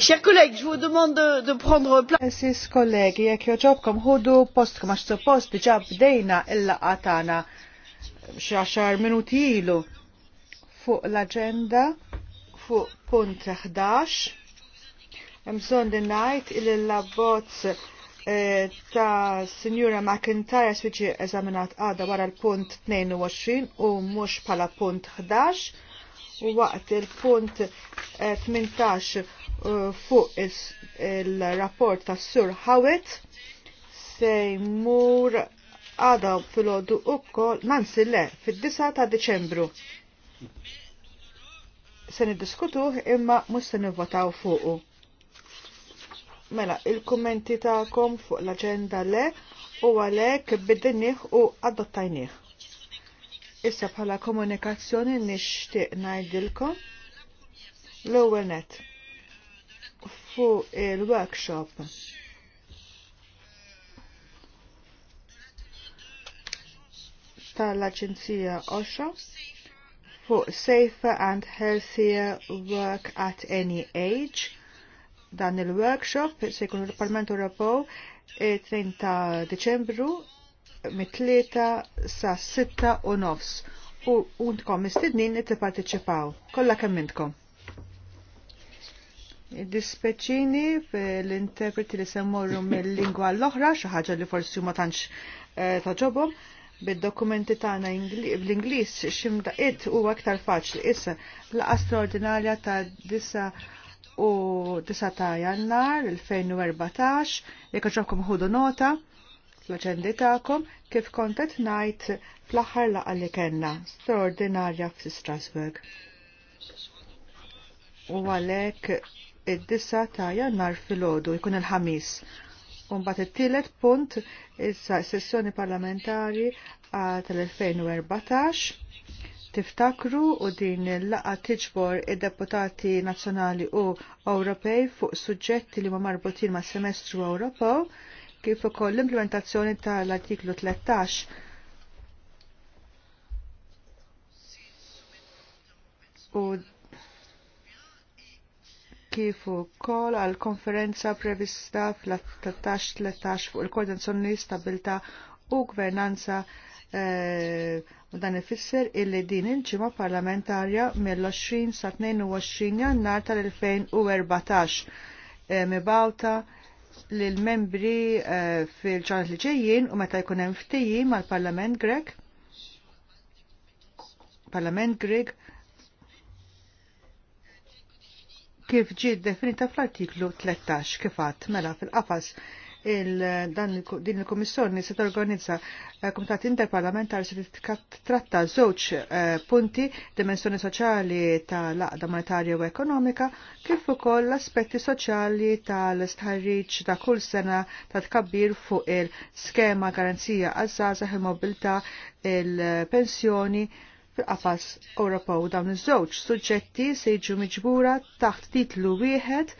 Chers collègues, je vous demande de, de prendre place. Sis kollegi, jekk joġobkom ħudu postkom għax suppost diġà bdejna il-laqa tagħna xi għaxar minuti ilu fuq l-aġenda fuq punt 11. Hemm bżonn li ngħid il l eh, ta' Sinjura McIntyre swiġi eżaminat għada wara l-punt 22 u mhux bħala punt 11 u waqt il-punt 18 eh, Eh, fuq il-rapport ta' Sur Hawet se għada fil-ħodu u nansi le, fil-9 ta' Deċembru. Se niddiskutuh imma mux se nivvotaw fuqu. Mela, il-kommenti ta'kom fuq l-agenda le u għalek bidinniħ u adottajniħ. Issa bħala komunikazzjoni nixtieq ngħidilkom l-ewwel net fuq il-workshop. tal-Aġenzija OSHA for Safer and Healthier Work at Any Age. Dan il-workshop se jkun il-Parlament Ewropew 2 ta' Deċembru mit-3 sa' 6 u nofs u untkom mistednin li tipparteċipaw. Kollha kemm intkom dispeċini fil-interpreti li semmorru mill-lingwa l-oħra, xaħġa li forsi ma tantx eh, taġobom, bid-dokumenti tagħna bl-Ingliż ximdaqiet huwa aktar faċli issa laqa straordinarja ta' disa u 9 ta' jannar 2014 jekk ġobkom ħudu nota l-aġendi tagħkom kif kontet ngħid fl-aħħar laqgħa li kellna straordinarja f'Strasburg. U għalhekk id-disa ta' jannar filgħodu jkun il-ħamis. Umbat it tillet punt issa sessjoni parlamentari tal-2014 tiftakru u din il-laqa tiġbor id-deputati nazzjonali u Ewropej fuq suġġetti li ma marbutin ma' semestru Ewropew kif ukoll l-implementazzjoni tal-artiklu 13 u kif ukoll għal konferenza prevista fl-13-13 fuq il-koordinazzjoni stabilta u gvernanza u eh, dan ifisser illi din il-ġimgħa parlamentarja mill-20 sa 22 jannar tal-2014 mibgħuta eh, mibawta lil membri eh, fil-ġurnat li ġejjin u meta jkun hemm ftehim mal-Parlament Grek Parlament Grek kif ġi definita fl-artiklu 13 kif mela fil-qafas il dan din il-Komissjoni se torganizza eh, Komitat Interparlamentar se tratta żewġ eh, punti dimensjoni soċjali tal laqda monetarja u ekonomika kif ukoll l-aspetti soċjali tal-istħarriġ ta' kull sena ta' tkabbir fuq il-skema garanzija għaż-żgħażagħ il-mobilità il-pensjoni il mobilta il pensjoni il il pensjoni fil-qafas Ewropew dawn iż-żewġ suġġetti se jiġu miġbura taħt titlu wieħed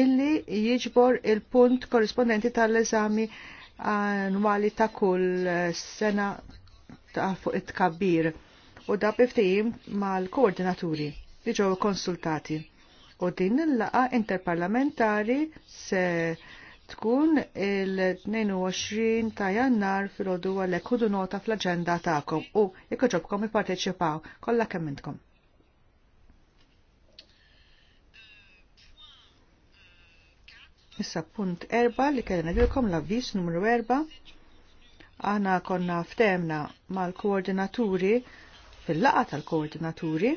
illi jiġbor il-punt korrispondenti tal-eżami annwali ta' kull sena ta' fuq it-kabbir u da biftijim mal-koordinaturi li ġew konsultati. U din il-laqa interparlamentari se tkun il-22 ta' jannar fil-ħodu għalek hudu nota fl-agenda ta'kom u jekkoġobkom i-parteċipaw kolla kemmintkom. Issa punt erba li kellna dilkom l-avvis numru erba. Aħna konna ftemna mal-koordinaturi fil-laqa tal-koordinaturi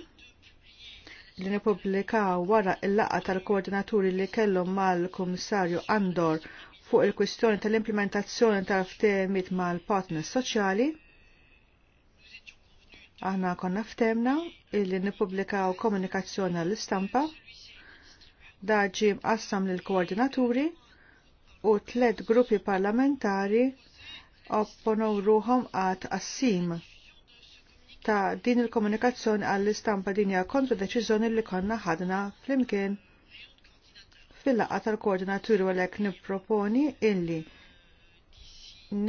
li nipublikaw wara il-laqa tal-koordinaturi li kellhom mal-Kummissarju Andor fuq il-kwistjoni tal-implementazzjoni tal-ftehmiet mal-partners soċjali. Aħna konna ftemna illi nipublikaw komunikazzjoni għall-istampa daġi mqassam lill koordinaturi u tlet gruppi parlamentari opponu ruħom għat qassim ta' din il-komunikazzjoni għall-istampa dinja kontra deċiżjoni li konna ħadna flimkien fil-laqqa tal-koordinaturi u għalek niproponi illi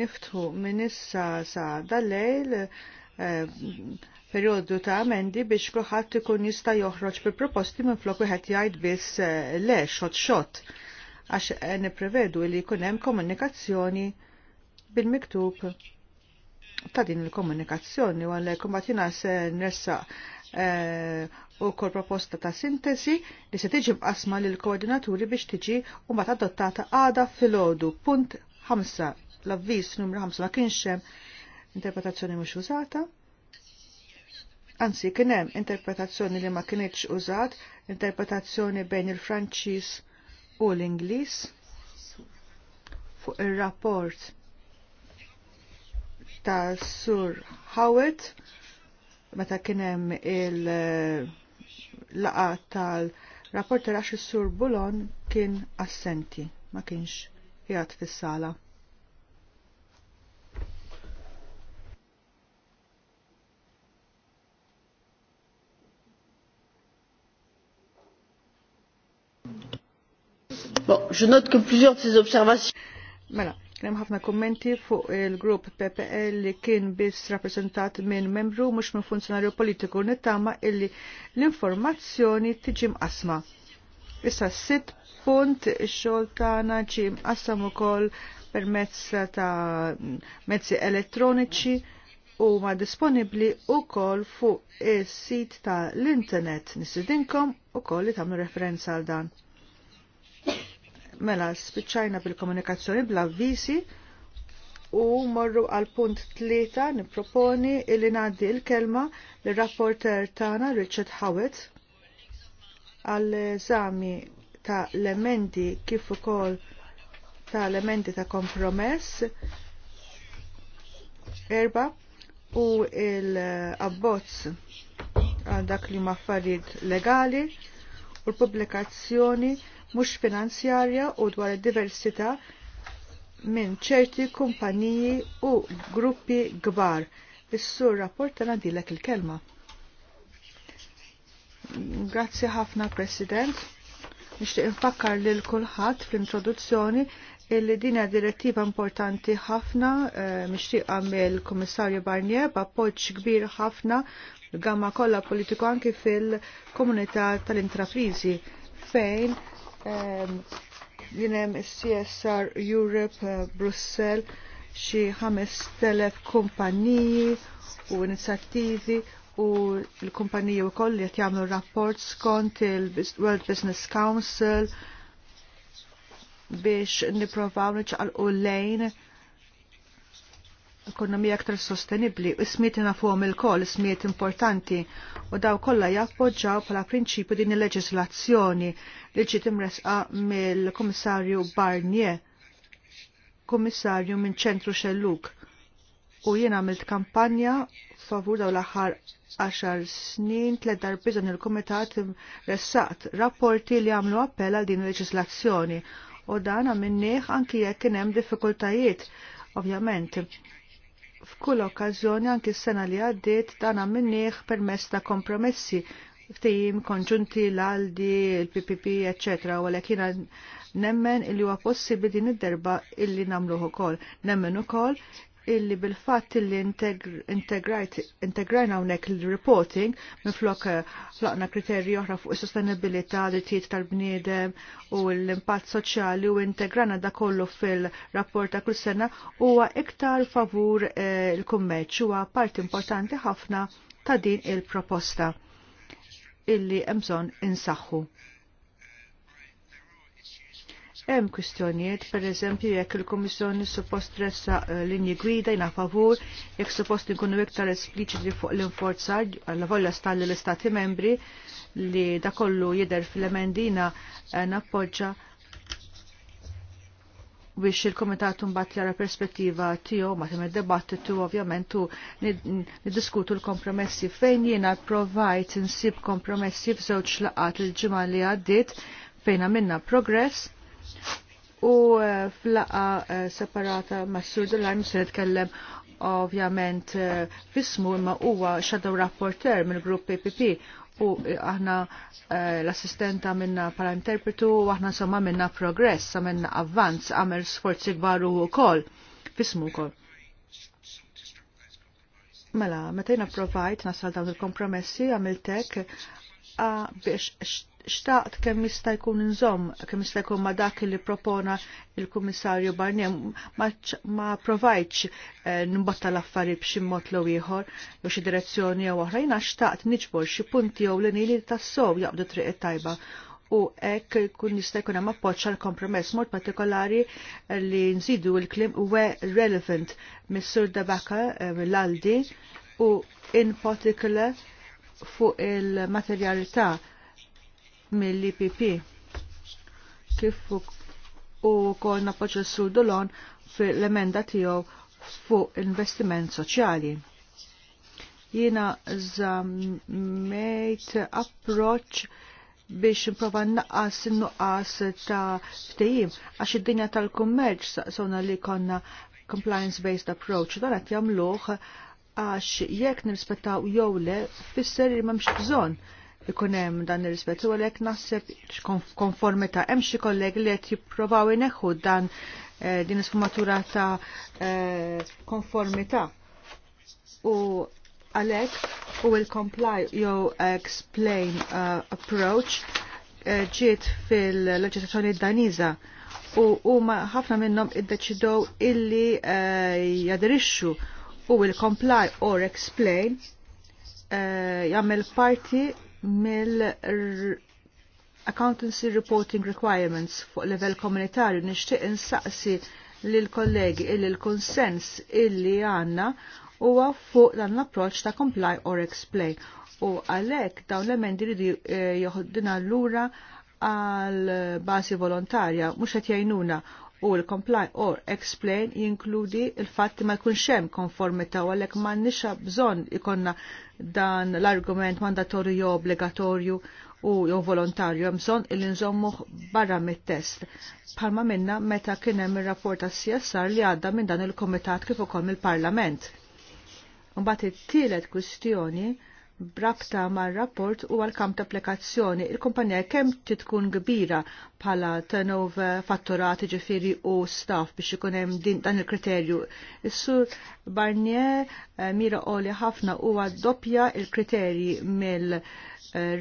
niftħu minissa sa dal-lejl eh, periodu ta' amendi biex kuħat ikun jista' joħroġ bi proposti minn flok wieħed jgħid biss eh, le xot xot għax eh, niprevedu li jkun hemm komunikazzjoni bil-miktub ta' din il-komunikazzjoni u għallek kumbatina se nersa eh, u kol proposta ta' sintesi li se tiġi mqasma l koordinaturi biex tiġi u mbagħad adottata għada fil-ħodu. Punt 5, l-avviż numru 5 ma kienx hemm interpretazzjoni mhux użata. Anzi, kien hemm interpretazzjoni li ma kienieċ użat, interpretazzjoni bejn il-Franċiż u l-Ingliż fuq ir-rapport ta' Sur Howard meta kien hemm il-laqa eh, tal-rapporter għax is-Sur Bulon kien assenti, ma kienx jgħat fis-sala. Bon, je note que plusieurs de ces observations. Voilà. Kien hemm ħafna kummenti fuq il-grupp PPL li kien biss rappresentat minn membru mhux minn funzjonarju politiku nittama illi l-informazzjoni tiġi asma. Issa s-sit punt ix-xogħol tagħna ġi mqassam ukoll permezz ta' mezzi elettroniċi u ma' disponibli ukoll fuq is-sit tal internet Nisidinkom ukoll li tagħmlu referenza għal dan. Mela, spiċċajna bil-komunikazzjoni bl-avvisi u morru għal punt tlieta niproponi illi ngħaddi l-kelma l lir-rapporter tagħna Richard Howitt għall eżami ta' elementi kif ukoll ta' elementi ta' kompromess erba u l-abbozz għal dak li maffarijiet legali u l-pubblikazzjoni mhux finanzjarja u dwar id-diversità minn ċerti kumpaniji u gruppi kbar. Is-sur rapport tana dilek il-kelma. Grazzi ħafna, President. Nixtieq infakkar lil kulħadd fl-introduzzjoni illi dina direttiva importanti ħafna mixtieq eh, mixtieqa mill-Kummissarju Barnier b'appoġġ kbir ħafna l-gamma kollha politiku anki fil-komunità tal-intraprizi fejn jinem CSR Europe uh, Brussel xi 5000 kumpaniji u inizjattivi u l-kumpaniji wkoll qed jagħmlu rapport skont il-World Business Council biex nipprovaw niċċaqalqu lejn ekonomija aktar sostenibli, smiet nafuhom il-koll, smiet importanti, u daw kollha jappoġġaw bħala prinċipju din il-leġislazzjoni li ġiet imresqa mill-Kummissarju Barnier, Kummissarju minn ċentru Xelluk. U jien għamilt kampanja favur daw l-aħħar 10 snin tliet darbizon il-Kumitat ressaqt rapporti li għamlu appell għal din il-leġislazzjoni u dan għamilniħ anki jekk kien hemm diffikultajiet ovvjament f'kull okkażjoni anki s-sena li għaddiet dan minnieħ permess ta' kompromessi ftim, konġunti l-Aldi, il-PPP, eccetera, u għalek jina nemmen illi huwa possibli din id-derba il-li namluħu kol. Nemmen u kol illi bil-fatt illi integrajna hawnhekk il-reporting flok flokna eh, kriterji oħra fuq is-sostenibilità, tiet tal-bniedem u l-impatt soċjali u integrana da kollu fil-rapport ta' kull sena huwa iktar favur eh, il-kummerċ huwa parti importanti ħafna ta' din il-proposta illi hemm bżonn insaħħu. Hemm kwistjonijiet, pereżempju jekk il-Kummissjoni suppost tressa eh, linji gwida jna favur, jekk suppost inkunu iktar espliċiti fuq l-inforzar la volja stalli l-Istati membri li dakollu jidher fil-emendina eh, nappoġġa biex il komitatu mbagħad jara perspettiva tiegħu ma tim id-dibattitu ovvjament tu niddiskutu l-kompromessi fejn jiena provajt insib kompromessi f'żewġ laqat il-ġimgħa li għaddiet fejn għamilna progress u eh, flaqa eh, separata ma' Sur Dillar se nitkellem ovvjament eh, fismu imma huwa shadow rapporter mill-grupp PPP u aħna l-assistenta minna para interpretu u aħna somma minna progress, sa minna avvanz, għamil sforzi gbaru u kol, fismu kol. Mela, meta jina provajt nasal dawn il-kompromessi għamiltek biex xtaqt kemm jista' jkun nżomm, kemm jista' jkun ma' dak li propona il-Kummissarju Barnier, ma provajtx eh, nimbotta l-affarijiet b'xi mod l ieħor jew xi direzzjoni jew oħra, jiena xtaqt niġbor xi punti jew l-ini li tassow jaqbdu triq tajba u hekk kun jista' jkun hemm appoġġ għal kompromess mod partikolari li nżidu l-klim huwa relevant mis-sur Dabaka eh, mill-Aldi u in particular fuq il-materjalità mill-IPP. Kif u kol napoċu s dolon fil-emenda tijow fuq investiment soċjali. Jina zammejt approċ biex nprova naqqas nuqqas ta' ftejim, għax id-dinja tal-kummerċ saqsona li konna compliance-based approach, dan qed jagħmluh għax jekk nirrispettaw jew le, fisser li m'hemmx bżonn ikun hemm dan ir-rispett u għalhekk naħseb konformità hemm xi kollegi li qed jiprovaw ineħħu dan eh, din is-sfumatura ta' eh, konformità. U għalhekk u il comply jew explain uh, approach eh, ġiet fil-leġislazzjoni daniza u huma ħafna minnhom iddeċidew illi jadrixxu u l comply or explain jagħmel parti mill Accountancy Reporting Requirements fuq level komunitarju nixtieq insaqsi lil kollegi illi l-konsens illi għanna huwa fuq dan l-approċ ta' comply or explain. U għalhekk dawn l-emendi li eh, joħdina lura għal basi volontarja mhux qed jgħinuna u l-comply or explain jinkludi il-fatt ma jkunx hemm konformità u għalhekk m'għandniex bżonn ikonna dan l-argument mandatorju obbligatorju u jew volontarju hemm bżonn il nżommu barra mit-test. Palma minna meta kien hemm ir-rapport tas-CSR li għadda minn dan il-Kumitat kif ukoll il parlament Mbagħad it-tielet kwistjoni brabta mar rapport u għal kamp ta' applikazzjoni. Il-kumpanija kemm titkun kbira bħala turnover fatturati ġifiri u staff biex ikun hemm din dan il-kriterju. Is-sur Barnier eh, mira oli ħafna huwa doppja il-kriterji mill eh,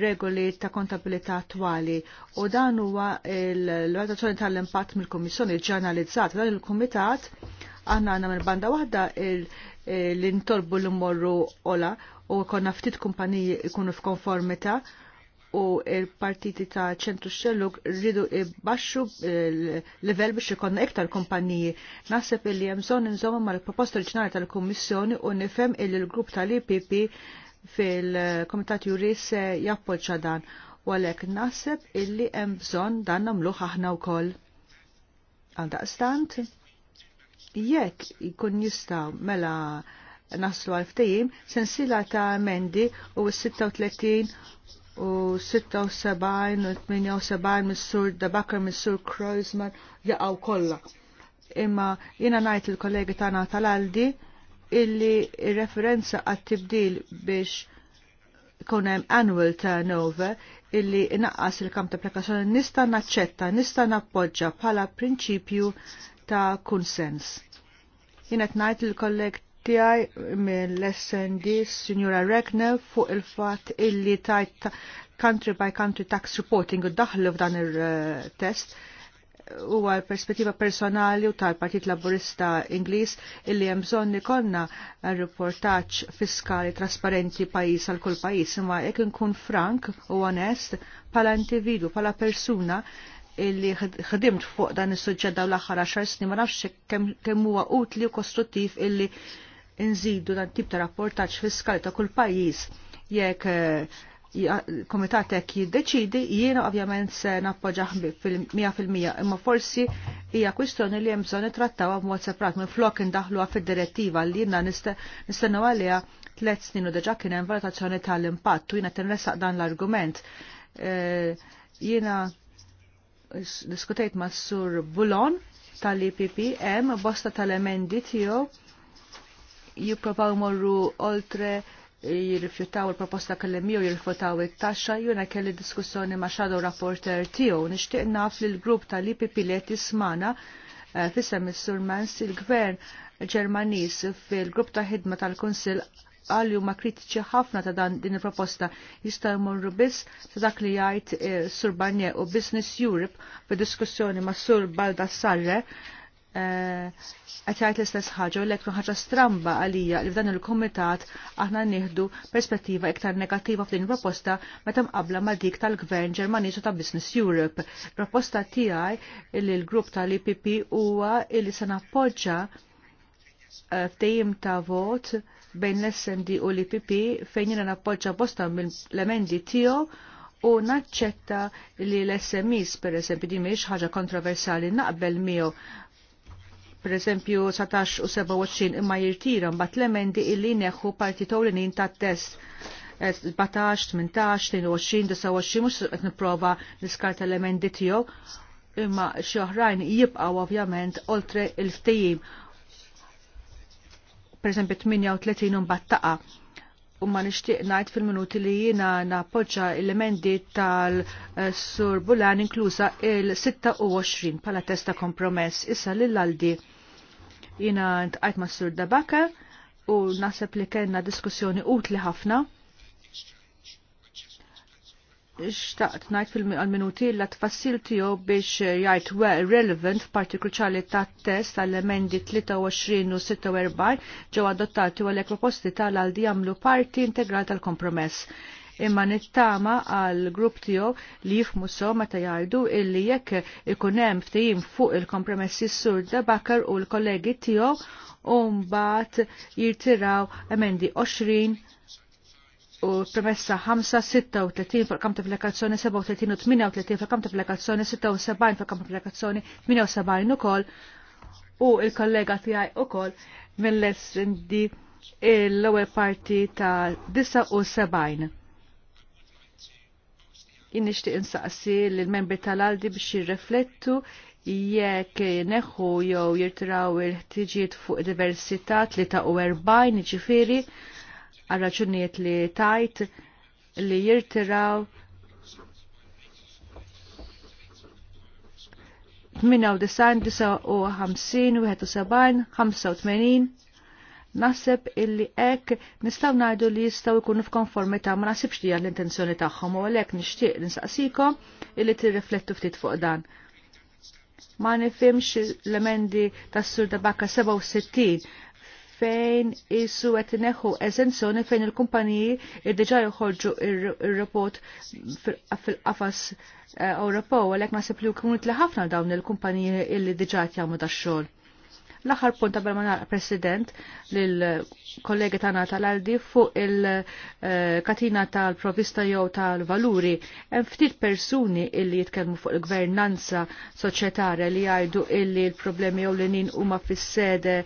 regoli ta' kontabilità attuali. u dan huwa l-valutazzjoni tal-impatt mill-Kummissjoni ġanalizzata dan il-Kumitat aħna għandna mill-banda waħda l eh, intorbu l-morru ola u konna ftit kumpaniji ikunu f'konformità u il-partiti ta' ċentru xelluk rridu baxxu level biex ikonna iktar kumpaniji. Naħseb illi hemm bżonn inżomma mal-proposta oriġinali tal-Kummissjoni u nifhem illi l-grupp tal-IPP fil-Komitat Juris se jappoġġa dan u għalhekk naħseb illi hemm bżonn dan nagħmluh aħna wkoll. Għaldaqstant? jekk ikun jista' mela naslu għal ftehim, sensila ta' mendi u 36 u 76 u 78 mis-sur Dabakar mis-sur Kreuzman jaqgħu kollha. Imma jiena ngħid il-kollegi t'ana tal-Aldi illi referenza għat-tibdil biex konem annual turnover illi inaqqas il-kam ta' applikazzjoni nista' naċċetta, nista' nappoġġa bħala prinċipju ta' kunsens. Jien qed ngħid il-kolleg tiegħi mill-SND Signora Regner fuq il-fatt illi tajt country by country tax reporting u daħlu f'dan il-test u għal perspettiva personali u tal-Partit Laburista Ingliż illi hemm bżonn ikollna reportaġġ fiskali trasparenti pajjiż għal kull pajjiż imma jekk inkun frank u onest bħala individu bħala persuna illi ħdimt fuq dan is-suġġett dawn l-aħħar 10 snin ma nafx kemm huwa utli u kostruttiv illi nżidu dan tip ta' rapportaġġ fiskali ta' kull pajjiż jekk eh, komitat hekk jiddeċidi jiena ovvjament se nappoġġaħ fil-100% imma forsi hija kwistjoni li hemm bżonn trattawha b'mod separat minn flok indaħluha fid-direttiva li jiena nistennew għaliha tliet snin u deġa kien hemm valutazzjoni tal-impatt u jiena tinresaq dan l-argument. Eh, jiena diskutejt ma' Sur Bulon tal ippm hemm bosta tal-emendi tiegħu jipprovaw morru oltre jirrifjutaw il-proposta kellemmiju jirrifjutaw il-taxxa juna kelli diskussjoni ma' shadow rapporter tiegħu nixtieq naf li l-grupp tal-IPP li qed jismana eh, fisem is-Sur Mans il-Gvern Ġermaniż fil-grupp ta' ħidma tal-Kunsill ju ma kritiċi ħafna ta' dan din il-proposta jista' jmorru biss ta' dak li jgħid eh, Sur Barnier u Business Europe fid-diskussjoni ma' Sur Balda Sarre Eh, għatjajt l-istess ħagġa u l-ekru ħagġa stramba għalija li f'dan il-komitat aħna nieħdu perspettiva iktar negativa f'din proposta meta mqabla ma' dik tal-Gvern Ġermaniż u ta' Business Europe. Proposta tiegħi li l-grupp tal-IPP huwa li se nappoġġa eh, f'dejjem ta' vot bejn l-SND u l-IPP fejn jiena nappoġġa bosta mill-emendi tiegħu u naċċetta li l-SMIs per esempio, di meċ ħaġa kontroversali naqbel miegħu per eżempju 17 u 27 imma jirtiram bat l-emendi illi neħu parti towlinin tat-test 17, 18, 22, 29 mhux qed nipprova niskarta l-emendi tiegħu imma xi oħrajn jibqgħu ovvjament oltre il-ftehim. Per eżempju 38 un battaqa u ma nixtieq ngħid fil-minuti li jiena nappoġġa l-emendi tal-Sur Bulan inklusa il-26 bħala testa kompromess issa lill-Aldi. Jiena ntqajt ma' Sur Dabaka u naħseb li kellna diskussjoni utli ħafna xtaqt najt fil-minuti la tfassil tiegħu biex jgħid well relevant f'parti kruċali tat-test għall-emendi 23 u 46 ġew adottati u għalhekk proposti tal-għaldi jagħmlu parti integrali tal-kompromess. Imma nittama għal grupp tiegħu li jifmu so meta jgħidu illi jekk ikun hemm ftehim fuq il-kompromessi surda bakar u l-kollegi tiegħu u mbagħad jirtiraw emendi 20 u premessa 5, 36 fil kamp ta' applikazzjoni 37 u 38 fil kamp ta' applikazzjoni 76 fil kamp ta' applikazzjoni 78 ukoll u il-kollega tiegħi kol mill di il-lower party ta' 79. Jien nixtieq insaqsi lill-membri tal-Aldi biex jirreflettu jekk neħu jew jirtiraw il-ħtiġiet fuq diversità 43 ġifieri għal raġunijiet li tajt li jirtiraw 98-59-85 Nasib illi ek nistaw najdu li jistaw ikunu ta' ma nasibx li l-intenzjoni tagħhom u għalhekk nixtieq ninsaqsikom illi tirriflettu ftit fuq dan. Ma nifhimx l-emendi tas-sur Baka 67 fejn isu qed neħu eżenzjoni fejn il-kumpaniji diġà joħorġu ir-report fil-qafas eh, Ewropew għalhekk naħseb li ħafna dawn il-kumpaniji illi diġà jagħmlu dax-xogħol. L-aħħar punt qabel ma nara President lill-kollegi tagħna tal-Aldi fuq il-katina eh, tal-provista jew tal-valuri. Hemm ftit persuni illi jitkellmu fuq il-gvernanza soċjetarja li jgħidu illi l-problemi jew l-inin huma fis-sede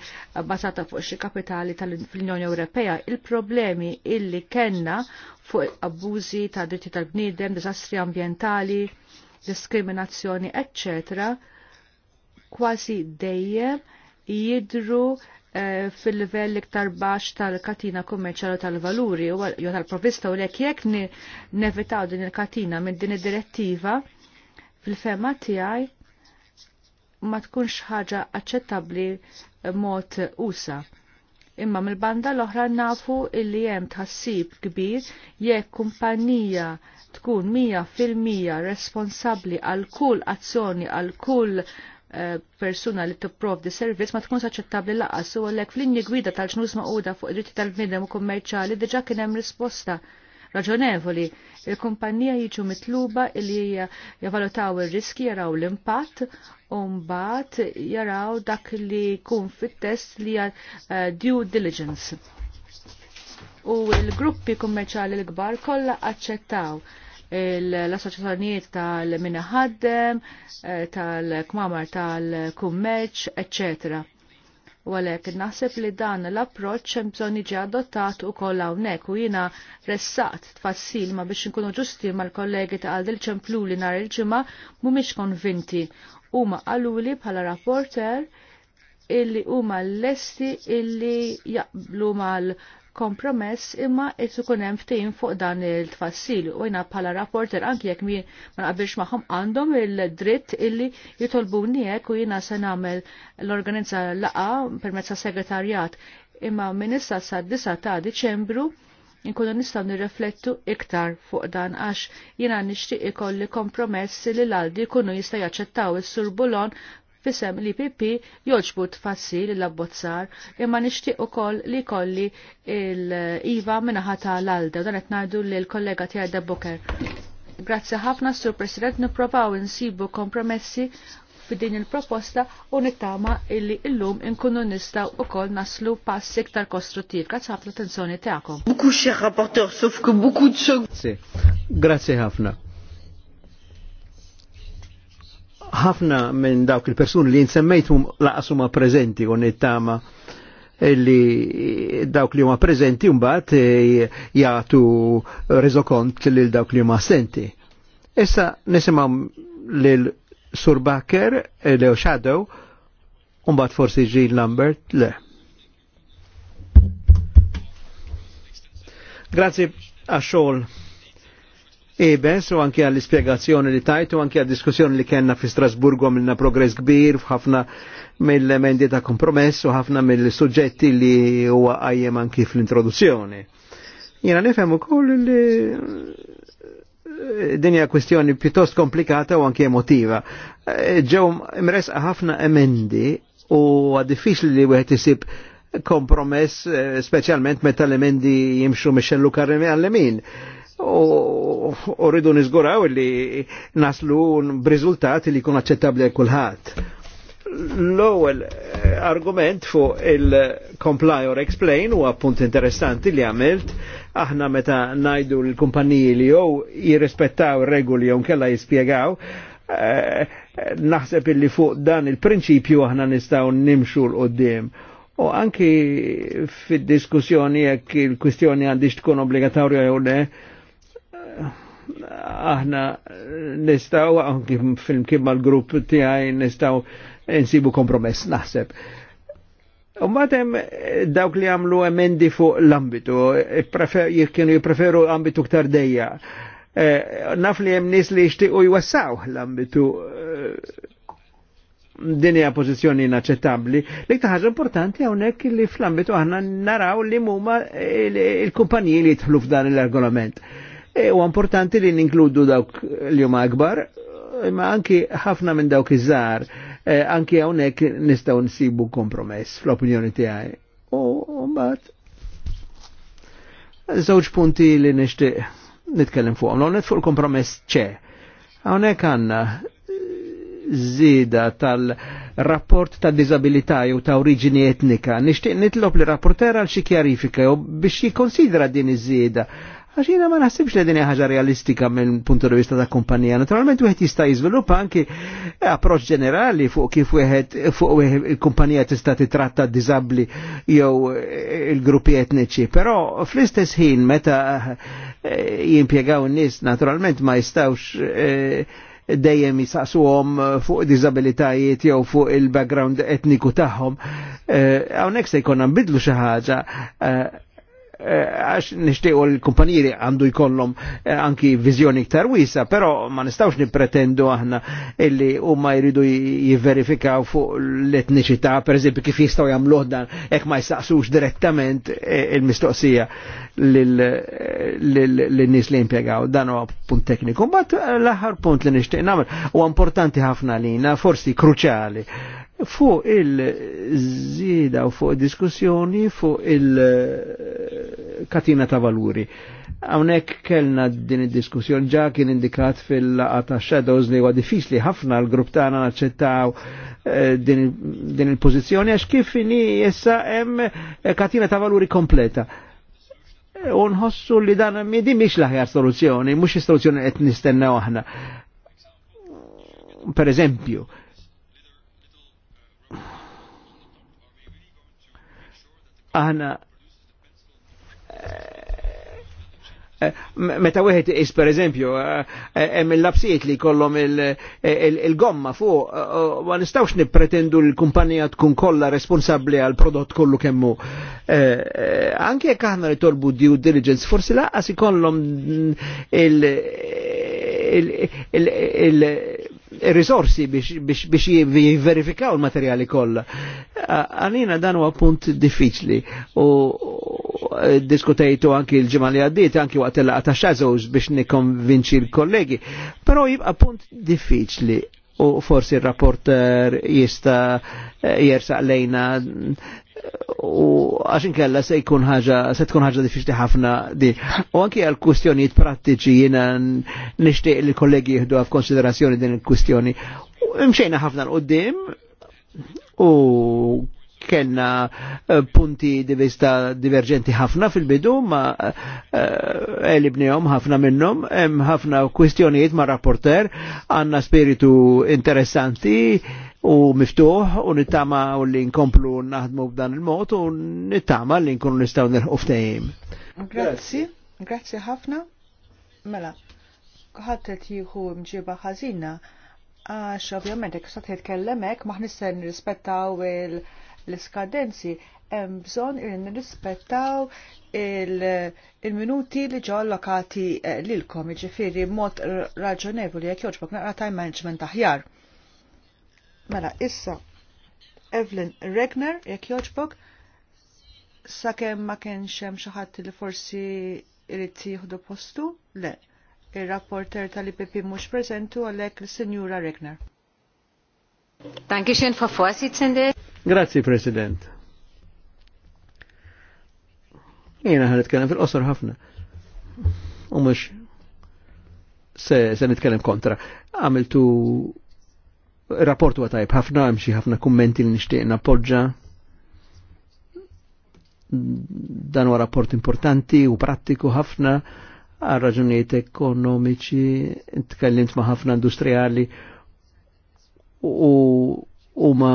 basata fuq xi kapitali tal-Unjoni Ewropea. Il-problemi illi kenna fuq abbużi ta' dritti tal-bniedem, disastri ambientali, diskriminazzjoni, eccetera, kważi dejjem jidru eh, fil-livell iktar baxx tal-katina kummerċjali tal-valuri jew tal-provista u lek jekk nevitaw din il-katina minn din id-direttiva fil-fema tiegħi ma tkunx ħaġa aċċettabbli mod usa. Imma mill-banda l-oħra nafu illi hemm tħassib kbir jekk kumpanija tkun mija fil-mija responsabbli għal kull azzjoni, għal kull persuna li di servizz ma tkunx aċċettabbli laqas u għalhekk fl-linji gwida tal-ġnus maquda fuq id-dritti tal bnidem u kummerċjali diġa' kien hemm risposta raġonevoli. Il-kumpanija jiġu mitluba li javalutaw ir-riski, jaraw l-impatt u mbagħad jaraw dak li jkun fit-test li hija eh, due diligence. U l-gruppi kummerċali l-kbar kollha aċċettaw l-assoċjazzjonijiet tal-minaħaddem, eh, tal-kmamar tal-kummerċ, eccetera. U għalhekk naħseb li dan l-approċċ hemm bżonn jiġi adottat ukoll hawnhekk u jiena ressaqt tfassil ma biex inkunu ġusti mal-kollegi ta' ċemplu ċempluli nhar il-ġimgħa mhumiex konvinti huma qaluli bħala rapporter illi huma lesti illi jaqblu mal kompromess imma qed ikun hemm ftehim fuq dan il-tfassil u jiena bħala rapporter anki jekk mi ma naqbilx magħhom għandhom il-dritt illi jitolbu hekk u jiena se nagħmel l-organizza laqa permezz segretarjat imma minissa issa sa' 9 ta' Diċembru nkunu nistgħu nirreflettu iktar fuq dan għax jiena nixtieq ikolli kompromess li l-għaldi jkunu jista' jaċċettaw is-sur Bulon fisem li Pipi joġbu tfassil l-abbozzar imma nixtieq ukoll li kolli il-IVA minnaħata l-alda dan qed ngħidu l kollega tiegħi Boker. Grazzi ħafna Sur President nipprovaw insibu kompromessi f'din il-proposta u nittama illi illum inkunu nistaw u kol naslu pass iktar kostruttiv. Grazie ħafna attenzjoni ta'kom. Bukux xeħ rapporteur, sofku bukux txog. Grazie ħafna ħafna minn dawk il-persuni li nsemmejtum laqasuma prezenti u tama li dawk li huma prezenti mbagħad eh, jagħtu rezokont lil dawk li huma assenti. Issa nisimgħu lil Sur Bakker, eh, li Shadow, mbagħad forsi Jean Lambert, le. Grazie għax xogħol Ebes u anki għall ispjegazzjoni li tajtu, anki għal diskussjoni li kena fi Strasburgu għamilna progress kbir, ħafna mill-emendi ta' kompromess u ħafna mill sujġetti li huwa għajjem anki fl-introduzzjoni. Jena nifem u koll li dinja kwestjoni pjuttost komplikata u anki emotiva. Ġew imres ħafna emendi u għaddifix li għet jisib kompromess, eh, specialment meta l-emendi jimxu l-ukarremi għall-emin u rridu nizguraw li naslu b'riżultati li jkun aċċettabbli kulħadd. L-ewwel eh, argument fuq il-comply or explain huwa punt interessanti li għamilt aħna meta ngħidu l-kumpaniji li jew jirrispettaw regoli jew kella jispjegaw eh, naħseb illi fuq dan il-prinċipju aħna nistgħu nimxu l-qoddim. U anki fid-diskussjoni jekk il-kwistjoni għandix tkun obbligatorja jew le, aħna nistaw, anki fil mal-grupp tiegħi nistaw nsibu kompromess naħseb. matem dawk li għamlu emendi fuq l-ambitu, kienu jipreferu ambitu ktar dejja. Eh, naf li jem nis li u jwassaw l-ambitu eh, dinja pozizjoni inaċċettabli. Li ħaġa importanti hawnhekk li fl-ambitu aħna naraw li huma il-kumpaniji li jidħlu f'dan il-regolament. l-argolament. il regolament E u importanti li ninkludu dawk li huma akbar, ma anki ħafna minn dawk iż-żar, e, anki hawnhekk nistgħu nsibu kompromess fl-opinjoni tiegħi. U mbagħad żewġ punti li nixtieq nitkellem fuqhom. l fuq il-kompromess ċe. Hawnhekk għandna zida tal-rapport ta' disabilità jew ta' oriġini etnika. Nixtieq nitlob li rapportera għal xi kjarifika jew biex jikkonsidra din iż-żieda Għax ma naħsibx li din ħaġa realistika minn punt di vista ta' kumpanija. Naturalment wieħed jista' jiżviluppa anki approċċ ġenerali fuq kif wieħed fuq il-kumpanija tista' titratta diżabbli jew il-gruppi etniċi, però fl-istess ħin meta eh, jimpjegaw n-nies naturalment ma jistawx eh, dejjem jisaqsuhom fuq diżabilitajiet jew fuq il-background etniku tagħhom. Eh, hawnhekk se jkollna nbidlu xi ħaġa Eh, għax u l-kumpaniri għandu jkollhom eh, anki vizjoni iktar wisa, però ma nistawx nipretendu aħna illi huma jridu jiverifikaw fuq l-etniċità, per eżempju kif jistgħu jamluħ dan ek ma jistaqsux direttament eh, il-mistoqsija lin-nies li impjegaw. Dan huwa punt tekniku. Bat l-aħħar punt li nixtieq nagħmel huwa importanti ħafna lina, forsi kruċali fuq il-żieda u fuq diskussjoni fuq il-katina ta' valuri. Hawnhekk kellna din id-diskussjoni ġa kien indikat fil-laqa ta' Shadows li huwa diffiċli ħafna l-grupp tagħna naċċettaw eh, din il-pożizzjoni għax kif inhi issa hemm eh, katina ta' valuri kompleta. Eh, Unħossu li dan di miex l-aħjar soluzzjoni, mhux is-soluzzjoni qed nistennew aħna. Per eżempju, aħna eh, eh, meta wieħed is per eżempju eh, hemm il-labsijiet li kollhom il-gomma fuq ma nistgħux nippretendu l-kumpanija tkun kollha responsabbli għal prodott kollu kemmu. Anke jekk aħna li tolbu due diligence forsi laqas ikollhom il risorsi biex jiverifikaw il-materjali kollha. Għalina dan huwa punt diffiċli u diskutejtu anki l ġemali għaddit, anki waqt il-laqgħa biex nikkonvinċi l-kollegi, però jibqa' punt diffiċli u forsi il-rapporter jista jersaq lejna u għaxin kella se jkun ħaġa, se tkun ħaġa diffiċli ħafna di. U anki għal kustjonijiet prattiċi jina nishtiq li kollegi jihdu għaf konsiderazzjoni din il-kustjoni. Mxejna ħafna l-qoddim u kellna eh, punti di vista divergenti ħafna fil-bidu ma eh, elibnijom ħafna minnom, hemm ħafna kwistjonijiet ma' rapporter, għanna spiritu interessanti, u miftuħ u nittama u li nkomplu naħdmu b'dan il-mod u nittama li nkunu nistaw nirħu ftehim. Grazzi, grazzi ħafna. Mela, ħattet jieħu mġiba ħażina għax ovvjament jekk s jitkellem hekk ma ħnissa nirrispettaw l-iskadenzi hemm bżonn irid nirrispettaw il-minuti li ġo allokati eh, lilkom, jiġifieri mod raġonevoli jekk jogħġbok naqra time management aħjar. Mela, issa, Evelyn Regner, jek joġbok, sakemm ma kienx hemm xi ħadd li forsi irid jieħdu postu? Le, ir-rapporter tal-IPP mhux preżentu għalhekk il-Sinjura Regner. Danke schön, Frau Vorsitzende. Grazie, President. Jena ħan nitkellem fil-qosor ħafna. U mux se, se nitkellem kontra. Għamiltu rapport huwa tajb ħafna hemm xi ħafna kummenti li nixtieq nappoġġa. Dan huwa rapport importanti u prattiku ħafna għal raġunijiet ekonomiċi, tkellimt ma' ħafna industrijali u huma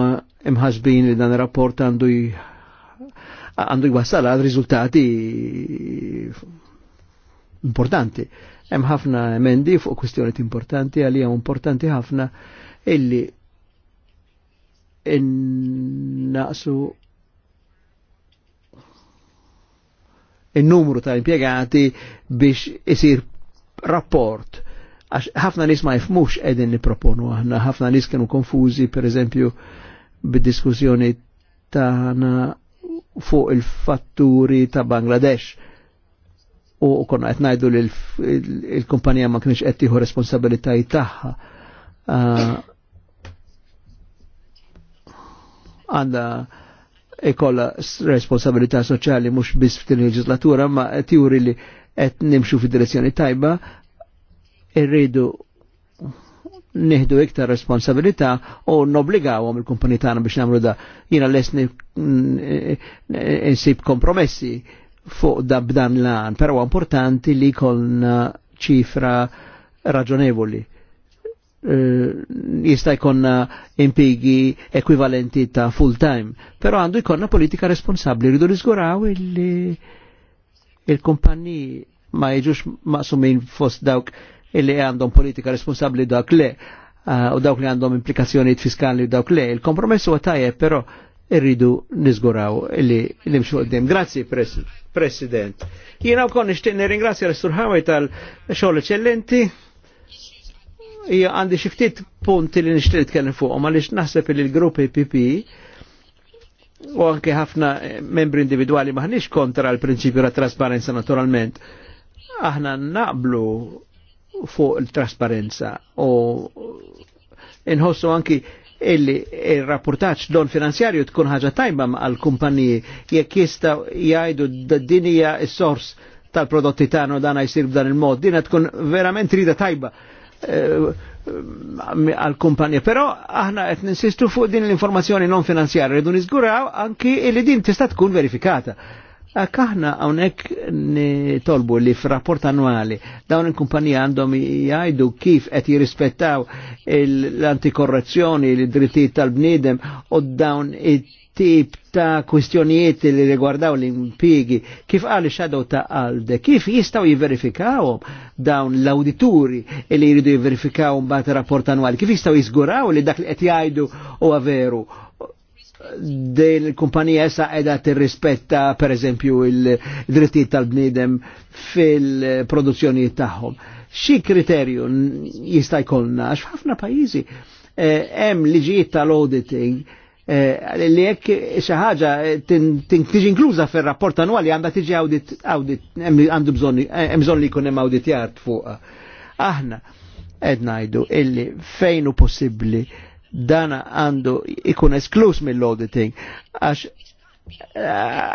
imħasbin li dan ir-rapport għandu għandu jwassal għal riżultati importanti. Hemm ħafna emendi fuq kwistjonijiet importanti għalija importanti ħafna illi innaqsu il-numru ta' impiegati biex isir rapport. Għax ħafna nis ma jifmux edin niproponu aħna, ħafna nis kienu konfuzi per eżempju bid-diskussjoni ta' fuq il-fatturi ta' Bangladesh u konna qed ngħidu li l-kumpanija ma kienx qed tieħu taħħa. tagħha. Ah, għandha ikolla responsabilità soċjali mhux biss f'din il-leġislatura, ma tiuri li qed nimxu fid-direzzjoni tajba, irridu neħdu iktar responsabilità u nobligawhom il-kumpani tagħna biex nagħmlu da. Jiena lest insib kompromessi fuq da b'dan l-għan, però importanti li jkollna ċifra raġonevoli Eh, jista' jkonna impigi ekvivalenti ta' full time, però għandu jkonna politika responsabli, rridu niżguraw li il-kumpaniji ma jġux maqsumin fost dawk illi għandhom politika responsabli dawk le eh, u dawk li għandhom implikazzjoni fiskali dawk le. Il-kompromess huwa tajjeb, però rridu nizguraw illi nimxu għoddim. Grazie, President. Jina u konni xtinni ringrazja l sturħawaj tal xol eccellenti hija għandi xi ftit punti li nixtieq nitkellem fuqhom għaliex naħseb li l-grupp PP u anke ħafna membri individwali maħniex kontra l-prinċipju ta' trasparenza naturalment. Aħna naqblu fuq il-trasparenza u inħossu anki illi il-rapportaċ don finanzjarju tkun ħaġa tajba għal kumpaniji jekk jista jgħidu d-dinija s-sors tal-prodotti t'ano dan jisir b'dan il-mod. Dina tkun verament rida tajba Eh, għal-kumpanja. Pero aħna qed ninsistu fuq din l-informazzjoni non finanzjarja rridu niżguraw anki li din tista' tkun verifikata. Ak aħna hawnhekk nitolbu li f'rapport annwali dawn il-kumpanija għandhom jgħidu kif qed jirrispettaw l-antikorrezzjoni, l-drittijiet tal-bniedem u dawn it tip ta' kwistjonijiet li rigwardaw l-impigi, kif għal xadow ta' għalde, kif jistaw jiverifikaw dawn l-awdituri li jridu jiverifikaw bat rapport annwali, kif jistaw jizguraw li dak li qed jgħidu u veru din il-kumpanija essa edha t-rispetta per eżempju il-drittijiet tal-bnidem fil-produzzjoni tagħhom. Xi kriterju jista' jkollna għax f'ħafna pajjiżi eh, hemm liġijiet tal-auditing Eh, li jekk xi ħaġa tiġi inkluża fir-rapport annwali għandha tiġi audit għandu eh, bżonn li jkun hemm awditjat fuqha. Aħna qed ngħidu illi fejn hu possibbli dan għandu ikun esklus mill-auditing għax eh,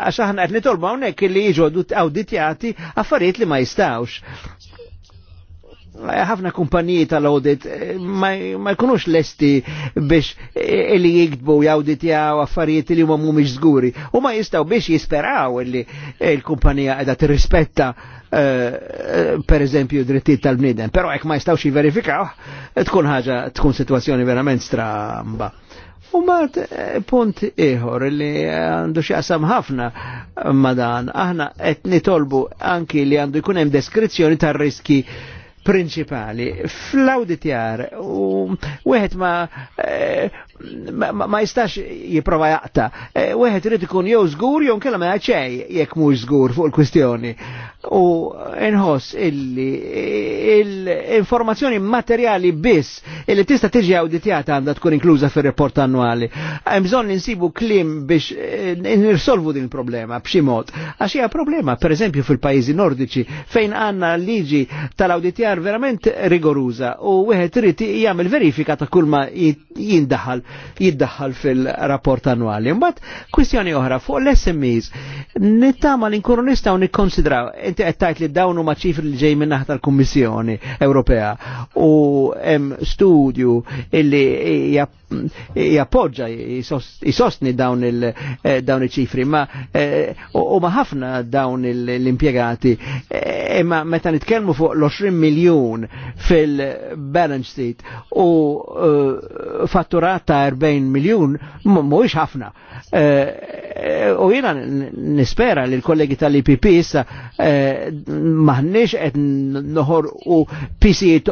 għax aħna qed nitolbu hawnhekk li jiġu awditjati affarijiet li ma jistawx ħafna kumpaniji tal-audit eh, ma jkunux lesti biex jikdbu eh, jiktbu jawditjaw affarijiet li huma mhumiex żguri u ma jistgħu biex jisperaw illi eh, l-kumpanija qiegħda tirrispetta per eżempju drittijiet tal-bniedem, però jekk ma jistgħux jiverifikaw tkun ħaġa tkun sitwazzjoni verament stramba. U mat punt iħor li għandu xaqsam ħafna madan, aħna etni tolbu anki li għandu jkun hemm deskrizzjoni tar riski prinċipali. Fl-auditjar, u wieħed ma eh, ma jistax jiprova jaqta. E, Weħet irid ikun jew żgur jew kellha ma jaċej jekk mhux żgur fuq il-kwistjoni. U inħoss illi l-informazzjoni materjali biss illi tista' tiġi awditjata għandha tkun inkluża fir-report annwali. Hemm bżonn insibu klim biex eh, nirsolvu din il-problema b'xi mod. Għax hija problema, pereżempju fil-pajjiżi nordiċi fejn għandna liġi tal-awditjar verament rigoruża u wieħed irid jagħmel verifika ta' kull ma jindaħal jiddaħħal fil-rapport annuali. Mbatt, kwistjoni oħra fuq l-SMEs. Nittama li nkunu nistgħu nikkonsidraw inti qed tajt li dawn huma ċifri li ġej minnaħ tal-Kummissjoni Ewropea u em, studju illi jappoġġa jisostni dawn il-ċifri eh, ma eh, u ma ħafna dawn l-impjegati eh, Ma meta nitkellmu fuq l-20 miljun fil-balance sheet u fatturata 40 miljun mhuwiex ħafna. Eh, eh, u jiena nispera li l-kollegi tal-IPP issa eh, maħniex qed noħor u pisijiet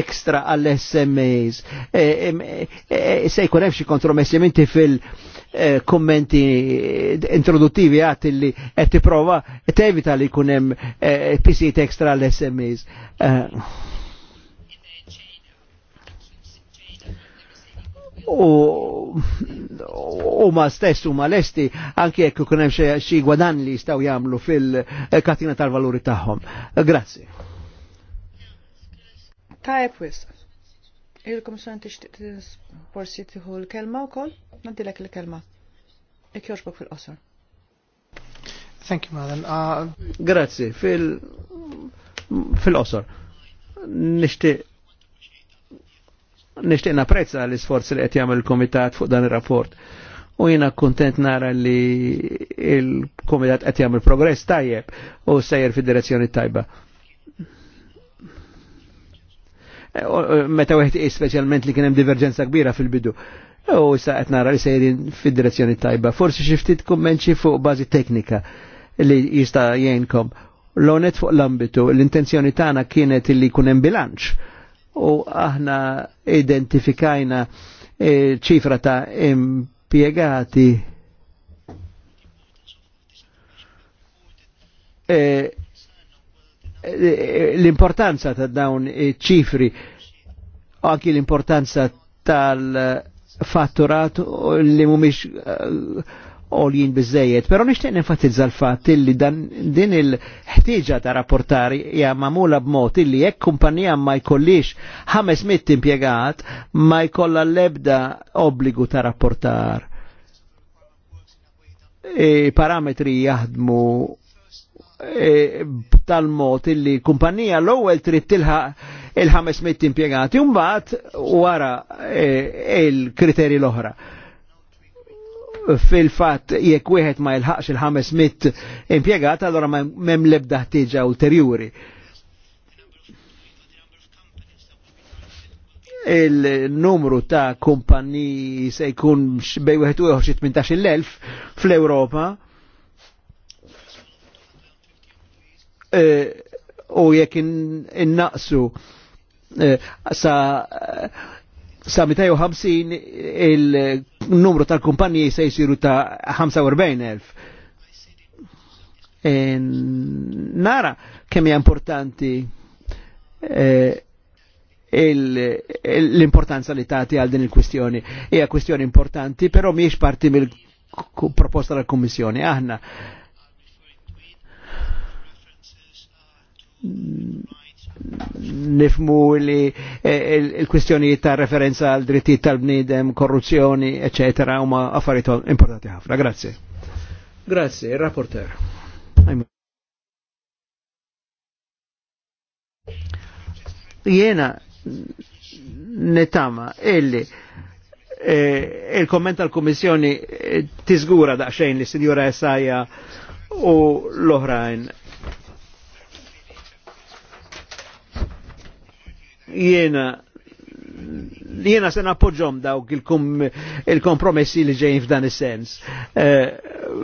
ekstra għall-SMEs. Se jkun hemm xi kontromessimenti fil- kommenti introduttivi għat li għet prova tevita li kunem pisijiet ekstra l-SMEs. u u ma stess u ma lesti anke jekk ikun hemm xi gwadan li jistgħu jagħmlu fil-katina tal-valuri tagħhom. Grazzi. Tajb wis. Il-Komissjon tixtieq forsi tieħu l-kelma wkoll? Nadilek il-kelma. Ik jorbok fil-qosor. Thank you, madam. Uh, Grazzi, fil- fil-qosor. Nixtieq nishtiq napprezza l-isforzi li qed jagħmel il-Komitat fuq dan ir-rapport. U jiena kuntent nara li il-Komitat qed jagħmel progress tajjeb u sejjer fid-direzzjoni tajba. E, e, meta wieħed speċjalment li kien hemm diverġenza kbira fil-bidu. E, u issa qed nara li sejrin fid-direzzjoni tajba. Forsi xi ftit kummenti fuq bażi teknika li jista' jgħinkom. L-onet fuq l-ambitu, l-intenzjoni tagħna kienet li jkun hemm bilanċ u aħna identifikajna e, ċifra ta' impiegati e, l-importanza ta' dawn ċifri u anki l-importanza tal-fatturat li mumiex uh, oljin bizzejiet, pero nishtiq nifatizza l-fatt illi dan din il-ħtieġa ta' rapportari hija mamula b'mod illi jekk kumpanija ma jkollix 500 impjegat ma jkollha l-ebda obbligu ta' rapportar. E, parametri jaħdmu E, tal-mod illi kumpanija l-ewwel trid tilħa il-500 impjegati u mbagħad wara e, il-kriterji l-oħra fil-fat jekk wieħed ma jilħaqx il-500 impjegat, allora m'hemm lebda ħtieġa ulterjuri. il-numru ta' kumpanni se jkun bej wieħed u ieħor xi 18,000 fl-Ewropa. E, u jekk innaqsu in e, sa' sa 250 il-numru tal-kumpanji se jisiru ta' 45.000. nara kemm hija importanti eh, l-importanza li tagħti għal din il-kwistjoni. Hija kwistjoni importanti, però mhijiex parti mill-proposta tal-Kummissjoni. Aħna nifmu li eh, il-kwistjoni ta' referenza għal dritti tal-bnidem, korruzzjoni, ecc. ma' affarijiet importanti ħafna. Grazie. Grazie, il-rapporter. Jena netama illi eh, il-komment tal komissjoni eh, tiżgura daqsxejn li Sinjura Esaja u l-oħrajn jiena jiena se nappoġġom dawk il-kompromessi li ġejn f'dan is-sens. Eh,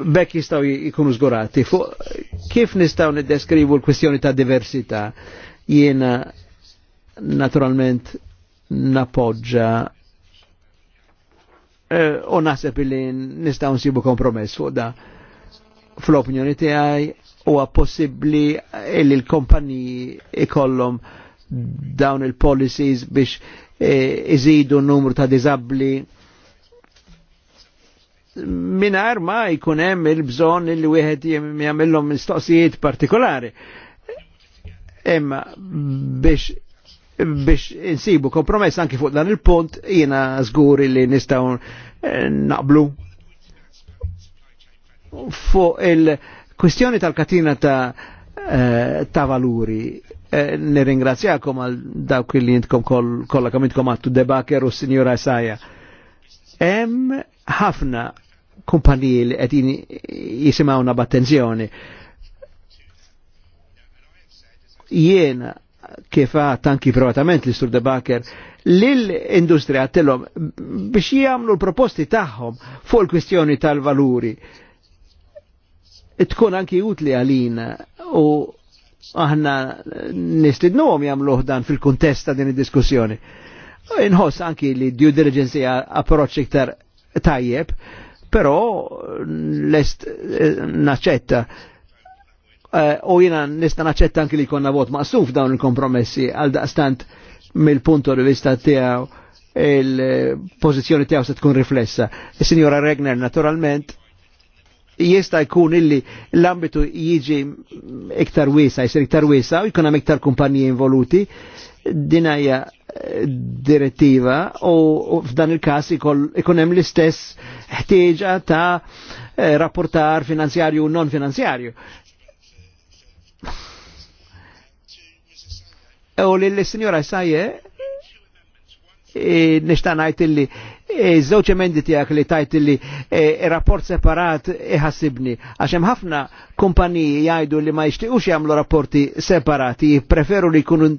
bekk jistgħu jkunu żgurati. kif nistgħu niddeskrivu l-kwistjoni ta' diversità jiena naturalment nappoġġa eh, u naħseb li nistgħu nsibu kompromess fuq da fl-opinjoni tiegħi huwa possibbli li l-kompaniji ikollhom e dawn il-policies biex eh, iżidu n-numru ta' dizabli minar ma jkun hemm il-bżonn li wieħed jagħmilhom mistoqsijiet partikolari. Imma biex biex insibu kompromess anki fuq dan il-punt jiena żguri li nistgħu eh, naqblu fuq il-kwistjoni tal-katina ta' eh, ta' valuri Eh, nirringrazzjakom għal dawk li jintkom kollha kemm intkom għattu debaker u sinjura Isaja. Hemm ħafna kumpaniji li qed jisimgħuna b'attenzjoni. Jiena kif għat anki privatament li sur debaker lill-industrija għattilhom biex jagħmlu l-proposti tagħhom fuq il-kwistjoni tal-valuri tkun anki utli għalina u aħna għom jagħmluh dan fil-kuntest ta' din id-diskussjoni. Inħoss anki li due diligence hija approċċ iktar tajjeb, però lest eh, naċċetta eh, u jina nista naċċetta anki li konna vot maqsuf dawn il-kompromessi għal daqstant mill-punto di vista tiegħu il-pożizzjoni eh, tiegħu se tkun riflessa. Is-Sinjora e, Regner naturalment jista' jkun illi l-ambitu jiġi iktar wiesa, jsir iktar wiesa, u jkun iktar kumpaniji involuti, din hija eh, direttiva u f'dan il-każ ikun hemm l-istess ħtieġa ta' eh, rapportar finanzjarju u non finanzjarju. U l-Sinjora Sajje eh, nishtanajt illi Iż-żewġ e, emendi tiegħek li tajt li e, rapport separat iħassibni għax hemm ħafna kumpaniji jgħidu li ma jixtiequx jagħmlu rapporti separati, preferu li jkunu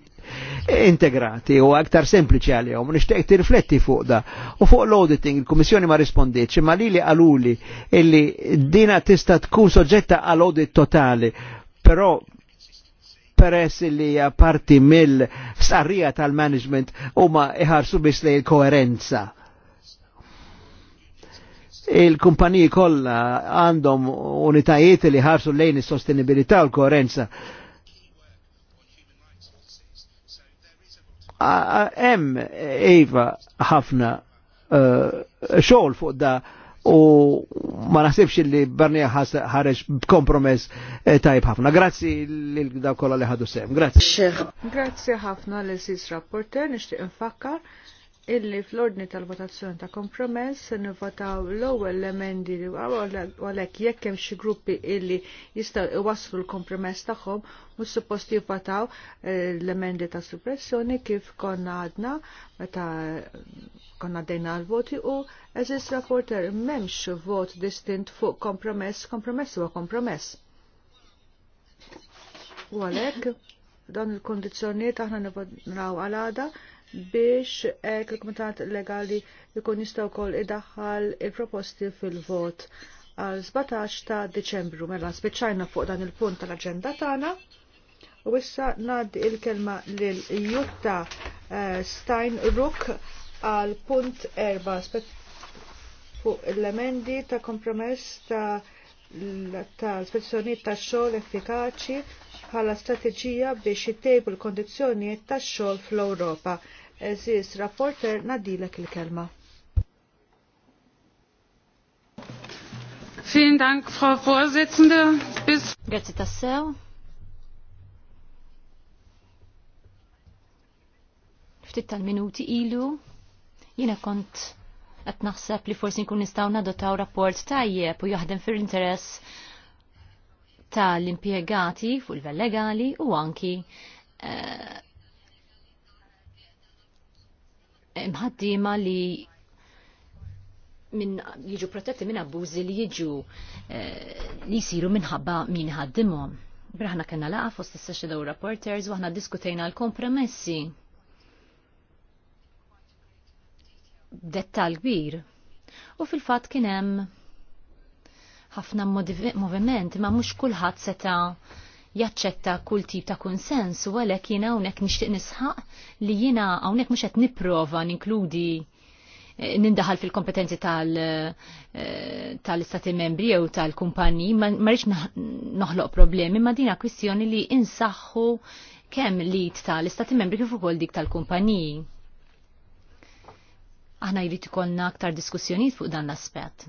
integrati u aktar sempliċi għalihom. Nixtieq tirrifletti fuq da. U fuq l-auditing il-Kummissjoni ma rispondietx, ma lili għaluli illi dina tista' tkun soġġetta għal audit totali, però peress li parti mill-sarrija tal-management huma iħarsu biss lejn koerenza il-kumpaniji kollha għandhom unitajiet li ħarsu lejn is-sostenibilità u l-koerenza. Hemm Eva ħafna uh, xogħol fuq da u ma naħsibx li Barnija ħareġ b'kompromess eh, tajb ħafna. Grazzi lil daw kollha li ħadu sem. Grazzi. Grazzi ħafna lil sis rapporter nixtieq infakkar illi fl-ordni tal-votazzjoni ta' kompromess se nivvotaw l-ewwel emendi li għalhekk jekk hemm xi gruppi illi jistgħu iwasslu l-kompromess tagħhom mhux suppost jivvotaw eh, l-emendi ta' suppressjoni kif konna għadna meta konna dejna l-voti u eżis rapporter m'hemmx vot distint fuq kompromess, kompromess huwa kompromess. U għalhekk dan il-kondizzjonijiet aħna nivvotaw għal għada biex ek il-Komitat Legali jkun kol wkoll idaħħal il-proposti fil-vot għal 17 ta' Deċembru. Mela spiċċajna fuq dan il-punt tal-aġenda tagħna. U issa ngħaddi il-kelma lil Jutta eh, Steinruck għal punt erba fuq l-emendi ta' kompromess ta' l spezzjoniet ta' xogħol effikaċi bħala strateġija biex jittejbu l-kondizzjonijiet tax-xogħol fl-Ewropa. Eżis rapporter nadilek il-kelma. Vielen Dank, Frau Vorsitzende. Bis Grazie tassew. Ftit tal-minuti ilu, jiena kont qed naħseb li forsi nkun nistgħu nadotaw rapport tajjeb u jaħdem fil-interess tal-impjegati fuq il-vel legali u anki uh, eh, mħaddima li min jiġu protetti minn abbużi li jiġu eh, li jisiru minħabba min ħaddimhom. Braħna kena laqa fost is-session reporters u aħna diskutejna l-kompromessi dettal kbir. U fil-fat kien hemm ħafna moviment, ma mhux kulħadd seta jaċċetta kull tip ta' konsens u għalhekk jien hawnhekk nixtieq nisħaq li jiena hawnhekk mhux qed nipprova ninkludi eh, nindaħal fil-kompetenzi eh, tal-istati membri jew tal-kumpanji, ma rridx noħloq problemi, ma dina kwistjoni li insaħħu kemm lid tal-istati membri kif ukoll dik tal kumpanji Aħna jrid ikollna aktar diskussjonijiet fuq dan l-aspett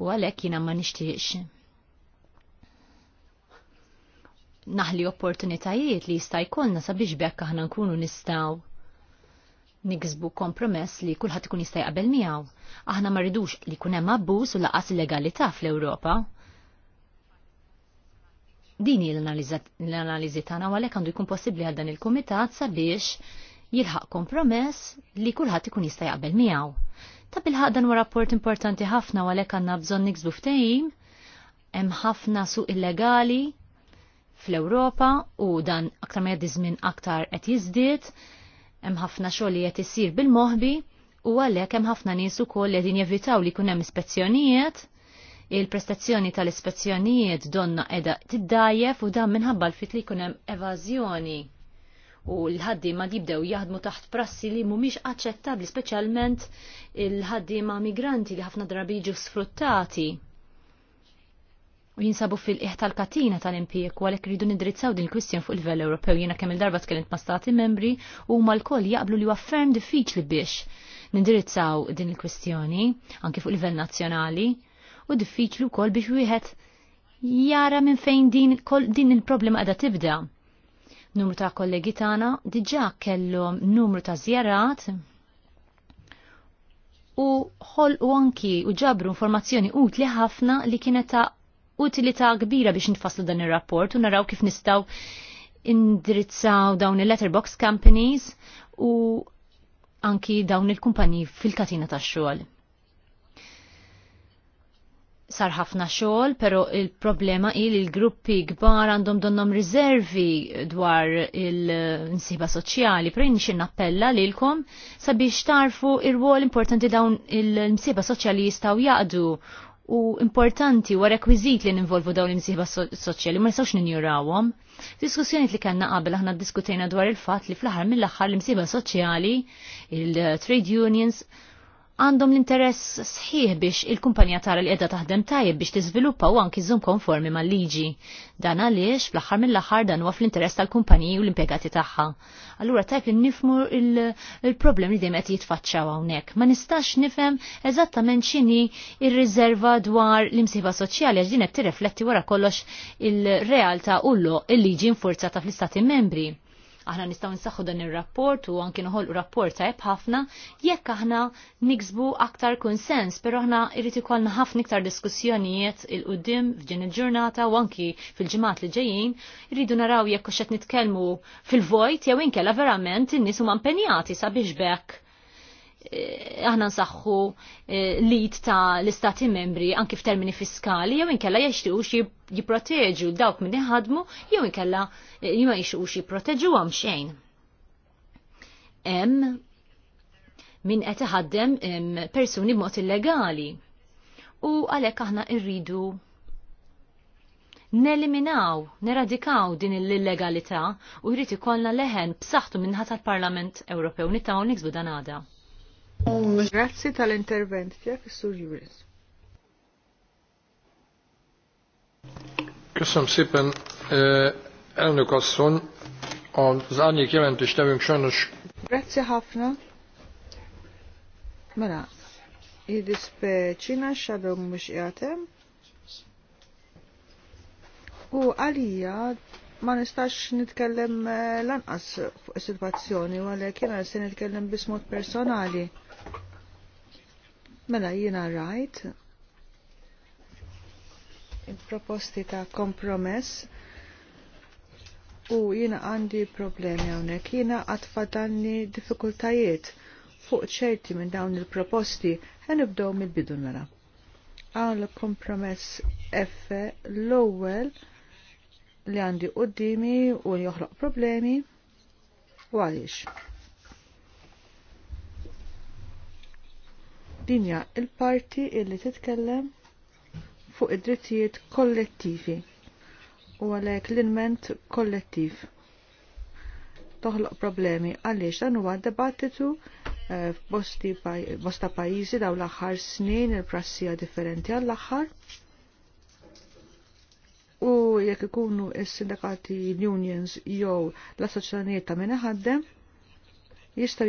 u għalhekk jiena ma nishtiqx. naħli opportunitajiet li jista' jkollna sabiex bekk aħna nkunu nistgħu niksbu kompromess li kulħadd ikun jista' jaqbel miegħu. Aħna ma rridux li jkun hemm abbuż u laqas illegalità fl-Ewropa. Din hi l-analiżi tagħna u għalhekk għandu jkun possibbli għal dan il-kumitat sabiex jilħaq kompromess li kulħadd ikun jista' jaqbel miegħu. Ta' bilħaq dan u rapport importanti ħafna għalek għanna bżon niksbu ftejim, hemm ħafna suq illegali fl-Ewropa u dan aktar ma jaddi aktar qed jiżdied, hemm ħafna xogħol li qed isir bil-moħbi, u għalhekk hemm ħafna nies ukoll qegħdin jevitaw li jkun hemm ispezzjonijiet, il-prestazzjoni tal-ispezzjonijiet donna qiegħda tiddajjef u dan minħabba l-fit li jkun hemm evażjoni u l-ħaddima jibdew jaħdmu taħt prassi li mhumiex aċċettabbli speċjalment il-ħaddima migranti li ħafna drabi ġu sfruttati u jinsabu fil-qiegħ tal-katina tal-impjeg u għalhekk ridu nidrizzaw din il-kwistjon fuq il-livell Ewropew jiena kemm il-darba tkellimt ma' stati membri u huma l-koll jaqblu li huwa ferm diffiċli biex nindirizzaw din il-kwistjoni anke fuq livell nazzjonali u diffiċli wkoll biex wieħed jara minn fejn din, din il-problema qiegħda tibda numru ta' kollegi tagħna diġà kellhom numru ta' żjarat u ħol u anki u ġabru informazzjoni utli ħafna li kienet ta' utilità kbira biex nfasslu dan ir-rapport u naraw kif nistgħu indirizzaw dawn il-letterbox companies u anki dawn il-kumpaniji fil-katina tax-xogħol sar ħafna xogħol, però il-problema il il-gruppi kbar għandhom donnom riservi dwar il-nsiba soċjali, però nixin nappella lilkom sabiex tarfu r wol importanti dawn il-nsiba soċjali jistgħu jaqdu u importanti u rekwizit li ninvolvu dawn il-nsiba soċjali, ma nistgħux ninjurawhom. Diskussjoni li kanna qabel aħna diskutejna dwar il-fatt li fl-aħħar mill-aħħar l-imsiba soċjali, il-trade unions, għandhom l-interess sħiħ biex il-kumpanija tara li qiegħda taħdem tajjeb biex tiżviluppa u anki żum konformi mal-liġi. Dan għaliex fl-aħħar mill-aħħar dan huwa fl-interess tal-kumpaniji u l-impjegati tagħha. Allura tajb li nifmu il-problem li dejjem qed jitfaċċaw hawnhekk. Ma nistax nifhem eżattament x'inhi ir-riserva dwar l-imsiba soċjali għax din qed tirrifletti wara kollox il-realtà u l-liġi infurzata fl-istati membri Aħna nistgħu nsaħħu dan ir-rapport u anke noħolqu rapport tajb ħafna jekk aħna niksbu aktar konsens, però aħna irrid ikollna ħafna iktar diskussjonijiet il qudiem f'din il-ġurnata u anki fil-ġimgħat li ġejjin, irridu naraw jekk qed nitkellmu fil-vojt jew inkella verament in-nies huma impenjati sabiex bekk Eh, aħna nsaħħu eh, lid ta' l-istati membri anki f'termini fiskali jew inkella xi jipproteġu dawk min iħadmu jew inkella eh, ma jixtiqux jipproteġuhom xejn. Hemm min qed iħaddem persuni b'mod illegali. U għalhekk aħna rridu neliminaw, neradikaw din l-illegalità u jrid ikollna leħen b'saħħtu minnħat tal-Parlament Ewropew nitgħu niksbu dan għada. Grazzi tal-intervent tiegħek is-Sur Juris. Köszönöm szépen, elnök asszony, az árnyék jelentést nevünk sajnos... Grazie ħafna. Mela, id-dispeċina xadom mux jatem. U għalija ma nistax nitkellem eh, lanqas fuq is-sitwazzjoni u għalhekk jiena se nitkellem bismod personali. Mela jiena rajt il-proposti ta' kompromess u jiena għandi problemi hawnhekk. Jiena danni diffikultajiet fuq ċerti minn dawn il-proposti ħen nibdew mill-bidu mela. l kompromess F l-ewwel li għandi qoddimi u joħloq problemi u għalix. dinja il-parti illi titkellem fuq id-drittijiet kollettivi u għalek l-inment kollettiv toħloq problemi għaliex dan huwa debattitu eh, bosta pajizi daw l-axar snin il-prassija differenti għall-axar. U jekk ikunu is-sindikati unions jew l-assoċjonijiet ta' minna ħaddem, jistaw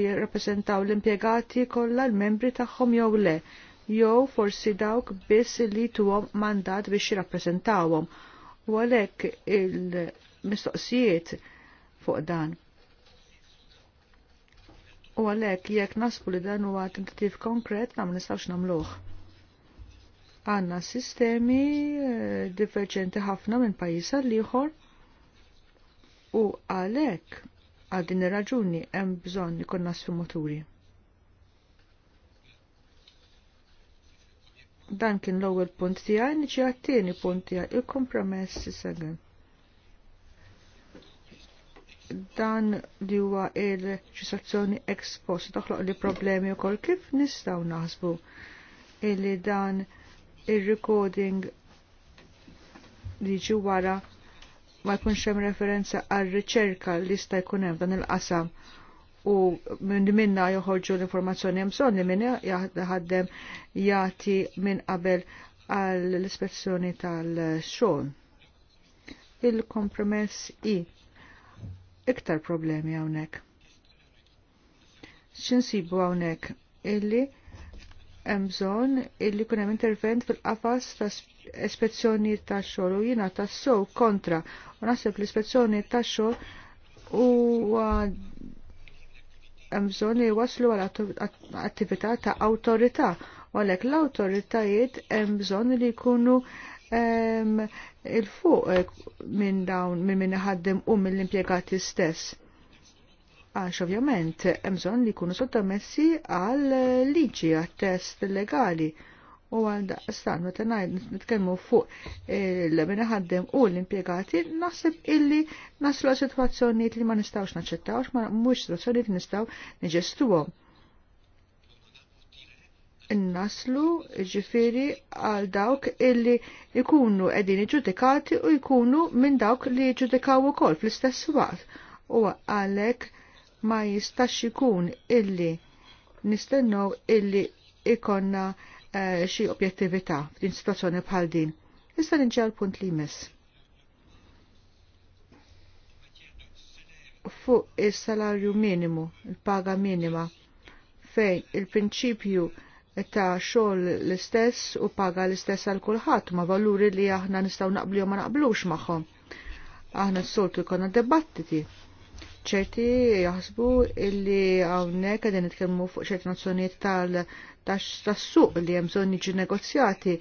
jirrappresentaw l-impiegati kollha l-membri tagħhom jew le, jew forsi dawk biss li tuhom mandat biex jirrappreżentawhom. U għalhekk il-mistoqsijiet fuq dan. U għalhekk jekk nasbu li dan huwa tentativ konkret ma nistgħux nagħmluh. Għanna sistemi eh, diverġenti ħafna minn pajjiż għal ieħor u għalhekk Għal din ir-raġuni hemm bżonn ikun moturi. Dan kien l-ewwel punt tiegħi niġi għat-tieni punt tiegħi il-kompromess segħen. Dan li huwa il-ċisazzjoni ex post toħloq li problemi wkoll kif nistgħu naħsbu illi dan ir-recording li ġi wara ma jkunx hemm referenza għal riċerka li jista' jkun hemm dan il-qasam u minn minna joħorġu l-informazzjoni hemm bżonn li minn ħaddem jagħti minn qabel għal l-ispezzjoni tal-xogħol. Il-kompromess i iktar problemi hawnhekk. X'insibu hawnhekk illi hemm bżonn illi kun hemm intervent fil-qafas ta' ispezzjoni ta' xogħol u jiena ta' sow kontra u naħseb l-ispezzjoni ta' xogħol u hemm bżonn li waslu għal attività ta' awtorità u għalhekk l-awtoritajiet hemm bżonn li jkunu ehm, il-fuq eh, minn dawn minn min ħaddem u mill-impjegati stess għax ovvjament hemm bżonn li jkunu sottomessi għal liġi għat-test legali U għal ma meta ngħid nitkellmu fuq eh, l mina ħaddem u l-impjegati, naħseb illi naslu situazzjonijiet li ma nistgħux naċċettawx, ma li nistaw nistgħu niġestuhom Naslu ġifiri għal dawk illi ikunu edini ġudikati u jkunu minn dawk li ġudikaw u kol fl-istess waqt. U għalek ma jistax ikun illi nistennu illi ikonna Eh, xi objettività f'din situazzjoni bħal din. Issa ninġi għal punt li jmiss. Fuq is-salarju minimu, il-paga minima, fejn il-prinċipju ta' xogħol l-istess u paga l-istess għal kulħadd ma' valuri li aħna nistgħu naqblu ma naqblux magħhom. Aħna s-soltu jkollna debattiti ċerti jaħsbu illi hawnhekk qegħdin nitkellmu fuq ċerti nazzjoniet tal suq li hemm bżonn negozjati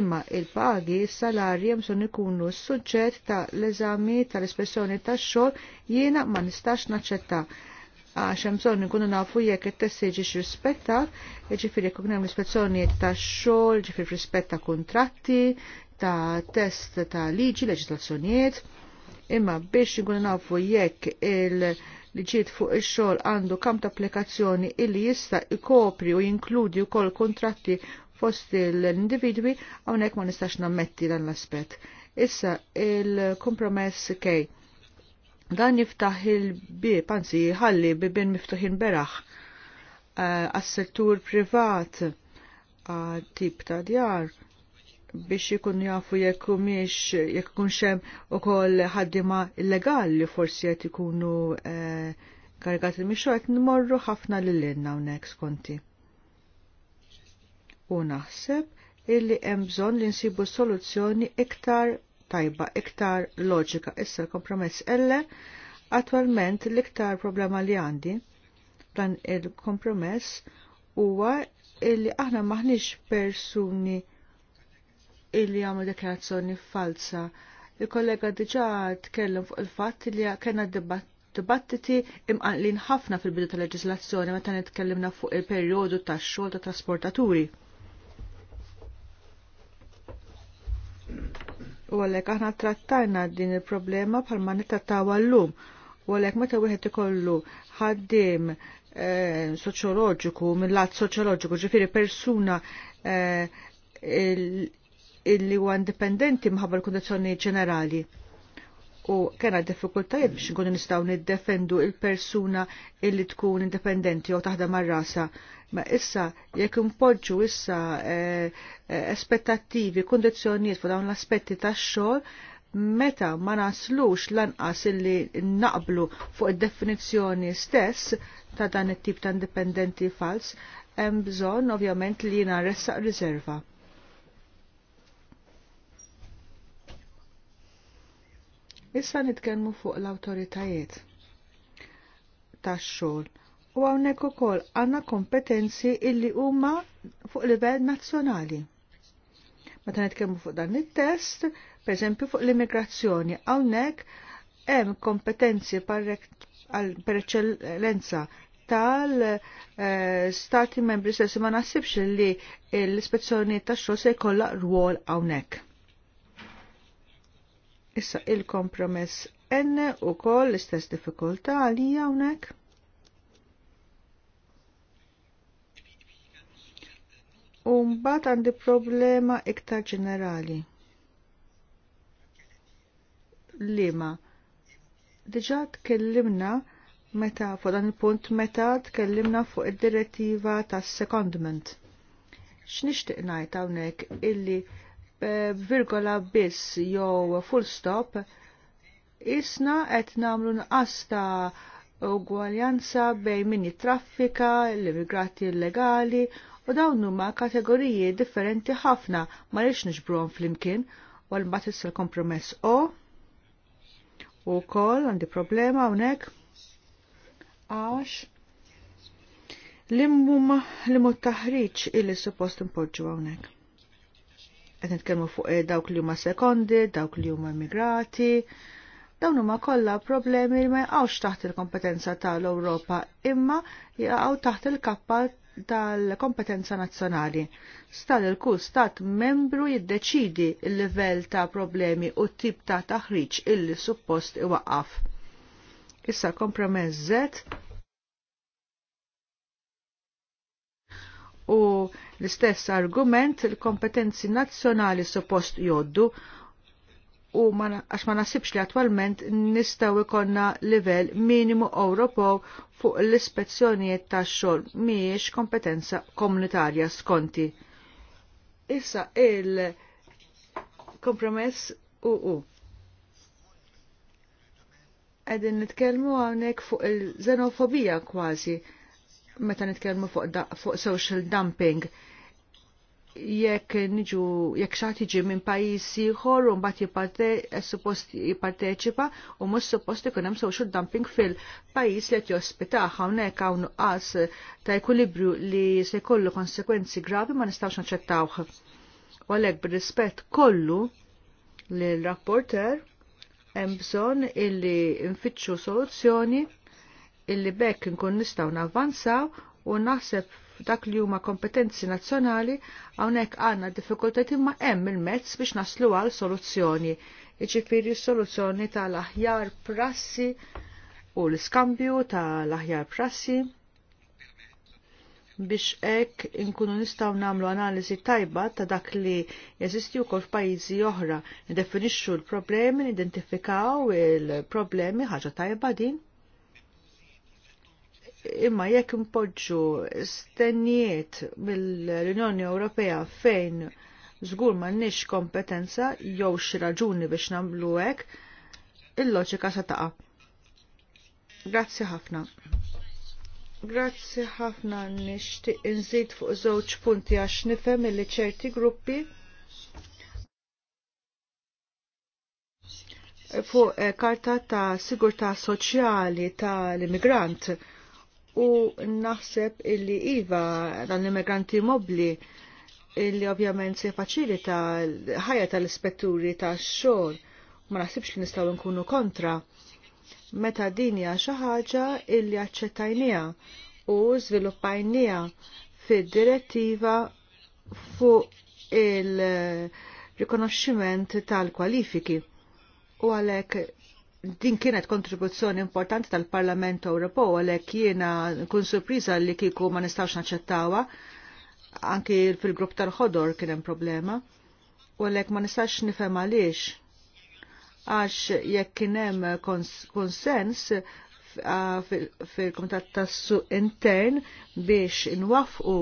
imma il-pagi, salari jemżon ikunu s-sujġet ta' l-eżami tal-espressjoni ta' xol jiena ma nistax naċċetta. Għax jemżon ikunu nafu jekk il-test jiġix rispetta, ġifiri kun hemm l espressjoni ta' xol, ġifiri rispett ta' kontratti, ta' test ta' liġi, leġislazzjonijiet Imma biex nkunu nafu jekk il- li ġiet fuq ix-xogħol għandu kam ta' applikazzjoni illi jista' ikopri u jinkludi wkoll kontratti fost l-individwi hawnhekk ma nistax nammetti dan l-aspett. Issa il-kompromess kej. Dan jiftaħ il-bib, anzi jħalli bibin miftuħin beraħ eh, għas-settur privat għal eh, tip ta' djar biex ikun jafu jekk miex jekk kun xem u kol ħaddima illegali forsi jett ikunu eh, karigati miexu għet nmorru ħafna l-linna unek skonti. U naħseb illi bżonn li nsibu soluzzjoni iktar tajba, iktar loġika. Issa l-kompromess elle, attualment l-iktar problema li għandi dan il-kompromess huwa illi aħna maħniex persuni illi għamlu deklarazzjoni falsa. Il-kollega diġa tkellem fuq il-fatt li kena dibattiti imqanlin ħafna fil-bidu tal-leġislazzjoni meta nitkellimna fuq il-perjodu tax-xogħol ta' trasportaturi. U għalhekk aħna trattajna din il-problema bħalma nittrattaw llum. U għalhekk meta wieħed ikollu ħaddiem eh, soċjoloġiku, mill-lat soċjoloġiku, ġifieri persuna eh, illi huwa indipendenti mħabba l-kondizzjoni ġenerali u kena diffikultajiet biex nkunu nistgħu niddefendu il-persuna illi tkun indipendenti u taħdem mar-rasa. Ma issa jekk impoġġu issa eh, eh, aspettattivi, kundizzjonijiet fuq dawn l-aspetti tax-xogħol, meta ma naslux lanqas illi naqblu fuq id-definizzjoni stess ta' dan it-tip ta' indipendenti fals, hemm bżonn ovvjament li jiena ressaq riserva Issa nitkellmu fuq l-awtoritajiet tax-xogħol. U hawnhekk ukoll għandna kompetenzi illi huma fuq livell nazzjonali. Meta nitkellmu fuq dan it-test, pereżempju fuq l-immigrazzjoni, hawnhekk hemm kompetenzi per eccellenza tal-stati eh, membri stessi ma naħsibx li l-ispezzjoni tax-xogħol se jkollha rwol hawnhekk Issa il-kompromess N u koll l-istess diffikulta għalija unek. Umbat għandi problema iktar ġenerali. Lima. Diġa tkellimna meta fuq dan il-punt meta tkellimna fuq id-direttiva tas secondment. X'nixtieq ngħid hawnhekk illi virgola biss jew full stop, isna qed nagħmlu nqas ta' ugwaljanza bejn min jittraffika, l-immigrati illegali u dawn huma kategoriji differenti ħafna ma rix nixbruhom flimkien u l-mbagħad issa l-kompromess O u wkoll għandi problema hawnhekk għax l-immum l-immu taħriċ illi suppost impoġġu hawnhekk qed nitkellmu fuq eh, dawk li huma sekondi, dawk li huma immigrati, dawn huma kollha problemi li ma jaqgħux taħt il-kompetenza tal-Ewropa imma jaqgħu taħt il-kappa tal-kompetenza nazzjonali. Stal il-kull stat membru jiddeċidi il-livell ta' problemi u tip ta' taħriġ illi suppost iwaqqaf. Issa kompromess u l-istess argument il-kompetenzi nazzjonali suppost joddu u għax ma nasibx li attualment nistaw ikonna livell minimu Ewropew fuq l-ispezzjonijiet tax xogħol mhijiex kompetenza komunitarja skonti. Issa il-kompromess u u. Qegħdin nitkellmu hawnhekk fuq il-xenofobija kważi meta nitkellmu fuq, fuq social dumping jekk niġu jekk xaħt iġi minn pajjiż ieħor u mbagħad suppost jipparteċipa u mhux suppost ikun hemm social dumping fil-pajjiż li qed jospitah hawnhekk hawn nuqqas ta' ekwilibrju li se jkollu konsekwenzi gravi ma nistgħux naċċettawh. U għalhekk bir-rispett kollu lil rapporter hemm bżonn illi nfittxu soluzzjoni illi bekk nkun nistgħu navvanzaw u naħseb dak li huma kompetenzi nazzjonali hawnhekk għandna diffikultajiet imma hemm il-mezz biex naslu għal soluzzjoni. Iġifieri soluzzjoni tal-aħjar prassi u l-iskambju tal-aħjar prassi biex hekk inkunu nistgħu nagħmlu analiżi tajba ta' dak li jeżisti wkoll f'pajjiżi oħra, nidefinixxu l-problemi, nidentifikaw il-problemi ħaġa tajba din imma jekk impoġġu stennijiet mill-Unjoni Ewropea fejn żgur m'għandniex kompetenza jew xi raġuni biex nagħmlu hekk, il-loġika se taqa'. Grazzi ħafna. Grazzi ħafna nixtieq inżid fuq żewġ punti għax nifhem li ċerti gruppi fuq eh, karta ta' sigurtà soċjali tal-immigrant u naħseb illi iva dan immigranti mobli illi ovvjament se faċilita ħajja tal-ispetturi tax-xogħol ma naħsibx li nistgħu nkunu kontra meta din hija xi ħaġa illi aċċettajniha u żviluppajniha fid-direttiva fuq il-rikonoxximent tal-kwalifiki u għalhekk din kienet kontribuzzjoni importanti tal-Parlament Ewropew għalhekk jiena nkun surpriża li kieku ma nistgħux naċċettawha anki fil-grupp tal-ħodor kien hemm problema u għalhekk ma nistax nifhem għaliex għax jekk kien hemm konsens fil-Kumitat tas-Suq Intern biex inwaffqu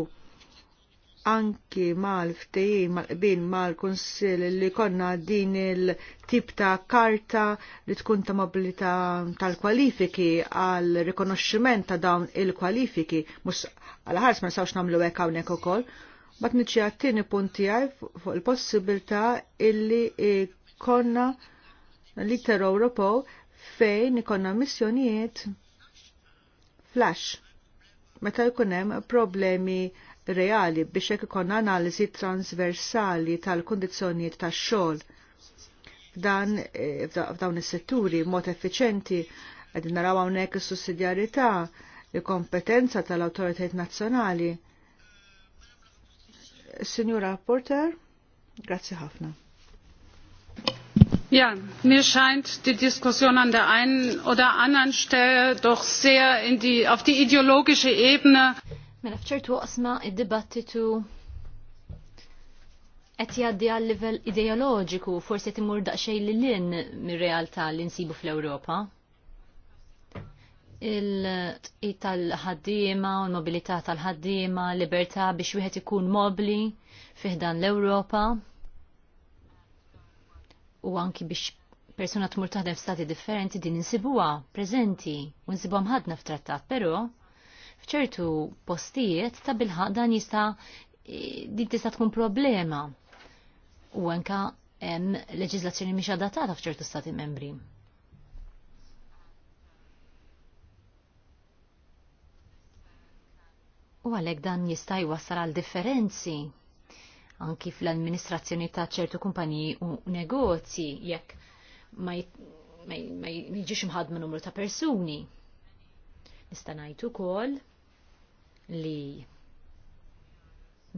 anki mal-ftejim mal-qbin mal-Konsil li konna din il-tip ta' karta li tkun ta' mobilità tal-kwalifiki għal rikonoxximent ta' dawn il-kwalifiki mhux għal-ħars ma namlu nagħmlu hekk hawnhekk ukoll. Bat niċċi għattini punti għaj fuq il-possibilità illi konna l-iter Ewropew fejn ikonna missjonijiet flash meta jkun hemm problemi reali biex hekk ikon analiżi transversali tal-kundizzjonijiet tax-xogħol. Dan e, f'dawn is-setturi mod effiċenti qed naraw hawnhekk is-sussidjarjetà, il-kompetenza tal-awtoritajiet nazzjonali. Signora Porter, grazzi ħafna. Ja, mir scheint die Diskussion an der einen oder anderen Stelle doch sehr in die, auf die ideologische Ebene Mela fċertu qasma id-dibattitu qed jgħaddi għal livell ideoloġiku forsi timur daqsxej lil lin mir-realtà li nsibu fl-Ewropa. Il-tqi tal-ħaddiema u l-mobilità tal-ħaddiema, libertà biex wieħed ikun mobli fiħdan l-Ewropa u anki biex persuna tmur taħdem f'stati differenti din insibuha preżenti u nsibuha mħadna f'trattat, però fċertu postijiet ta' bilħaq dan jista' din tista' tkun problema. U anka hemm leġiżlazzjoni mhix adattata f'ċertu stati membri. U għalhekk dan jista' jwassal għal differenzi anki fl-amministrazzjoni ta' ċertu kumpaniji u negozji jekk ma jiġix mħadma numru ta' persuni. Nista' ngħid ukoll li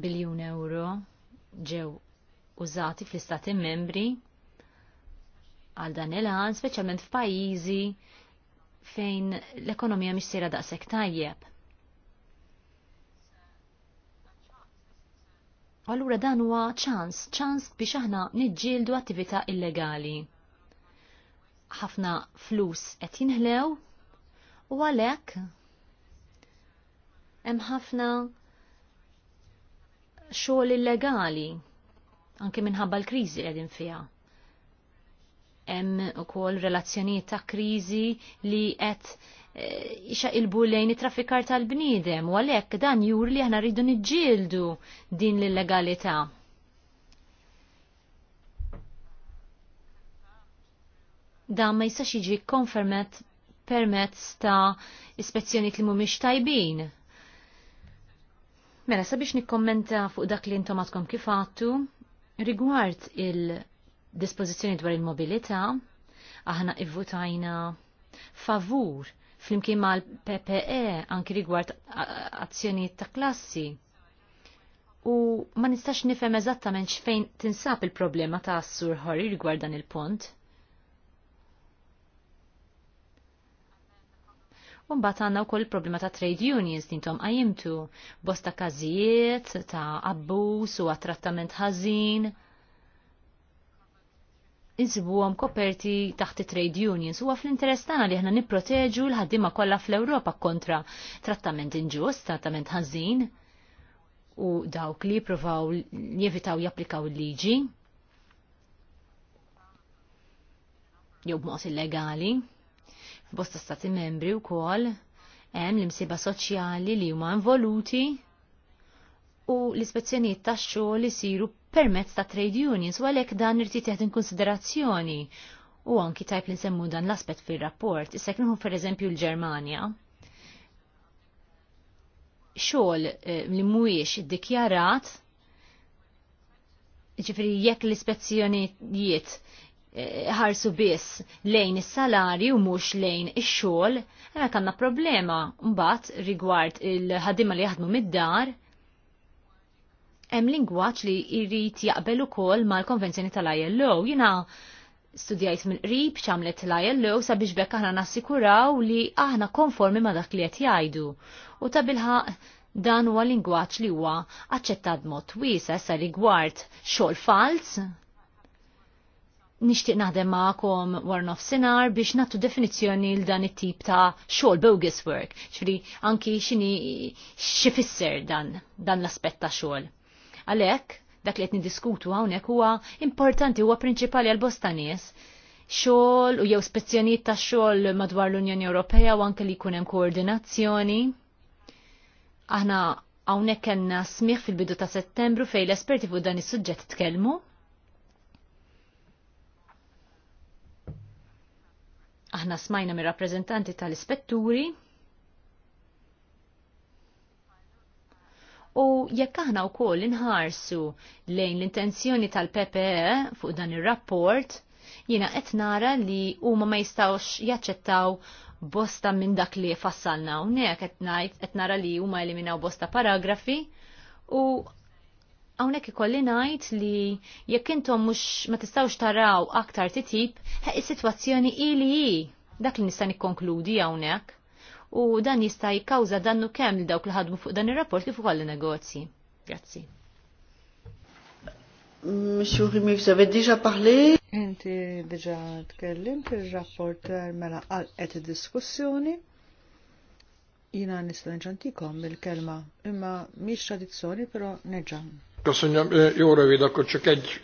biljun euro ġew użati fl-istati membri għal dan il-għan, speċjalment f'pajjiżi fejn l-ekonomija mhix sejra daqshekk tajjeb. Allura dan huwa ċans, ċans biex aħna niġġieldu attività illegali. Ħafna flus qed jinħlew u għalhekk hemm ħafna xogħol illegali anke minħabba l-kriżi qegħdin fiha. Hemm ukoll relazzjonijiet ta' kriżi li qed eh, ixaqilbu lejn it-traffikar tal-bniedem u għalhekk dan jur li aħna rridu niġġieldu din l-illegalità. Dan ma jistax jiġi konfermet permezz ta' ispezzjoni li mhumiex tajbin Mela, sabiex nikkommenta fuq dak li intom għatkom kif għattu, rigward il-dispozizjoni dwar il-mobilita, aħna ivvutajna favur flimkien mal PPE anki rigward azzjoni ta' klassi. U ma nistax nifhem eżattament x'fejn tinsab il-problema ta' Sur Hori rigward dan il-pont. mbagħad għanna u koll problema ta' trade unions dintom għajimtu, bosta kazijiet ta' abbus u għattrattament ħazin. Insibuhom koperti taħt trade unions huwa fl-interess tagħna li aħna nipproteġu l-ħaddiema kollha fl-Ewropa kontra trattament inġust, trattament ħażin u dawk li provaw jevitaw japplikaw il-liġi jew b'mod illegali bosta stati membri u kol, hemm l-imsiba soċjali li huma involuti u l-ispezzjonijiet tax-xogħol isiru permezz ta' trade unions u għalhekk dan irtid in konsiderazzjoni u anki tajb li nsemmu dan l-aspet fil-rapport, issa nħu per eżempju l ġermanja Xol eh, li mhuwiex dikjarat, ġifri jekk l-ispezzjonijiet ħarsu biss lejn is-salari u mhux lejn ix-xogħol, hemmhekk għandna problema mbagħad rigward il ħadima li jaħdmu mid-dar. Hemm lingwaġġ li jrid jaqbel ukoll mal-konvenzjoni tal-ILO. Jiena studjajt mill-qrib x'għamlet l-ILO sabiex bekk aħna nassikuraw li aħna konformi ma' dak li qed jgħidu. U ta' bilħa dan huwa lingwaġġ li huwa aċċettat mod wiesa sa rigward xogħol fals nixtieq naħdem maħkom war nofsinhar biex nagħtu definizzjoni l dan it-tip ta' xogħol bogus work, ċfri anki xini xifisser dan dan l-aspett ta' xogħol. Għalhekk dak li qed niddiskutu hawnhekk huwa importanti huwa prinċipali għal bosta nies xogħol u jew spezzjonijiet ta' xogħol madwar l-Unjoni Ewropea u anke li jkun hemm koordinazzjoni. Aħna hawnhekk kena smiħ fil-bidu ta' Settembru fejn l-esperti fuq dan is-suġġett tkellmu Aħna smajna mir rappreżentanti tal-ispetturi u jekk aħna wkoll inħarsu lejn l-intenzjoni tal-PPE fuq dan ir-rapport, jiena qed nara li huma ma jistgħux jaċċettaw bosta minn dak li fassalna hawnhekk qed ngħid qed nara li huma eliminaw bosta paragrafi u Hawnhekk ikolli ngħid li jekk intom mhux ma tistgħux taraw aktar titjib, il sitwazzjoni ili hi. Dak li nista' nikkonkludi hawnhekk. U dan jista' jikkawża dannu kemm li dawk li ħadmu fuq dan ir-rapport fuq ukoll negozji. Grazzi. Monsieur Rimi, vous avez déjà parlé? Inti diġa tkellimt il-rapporter mela għal diskussjoni jina nista' ġantikom il-kelma, imma miex tradizzjoni però neġan. Köszönöm, jó rövid, akkor csak egy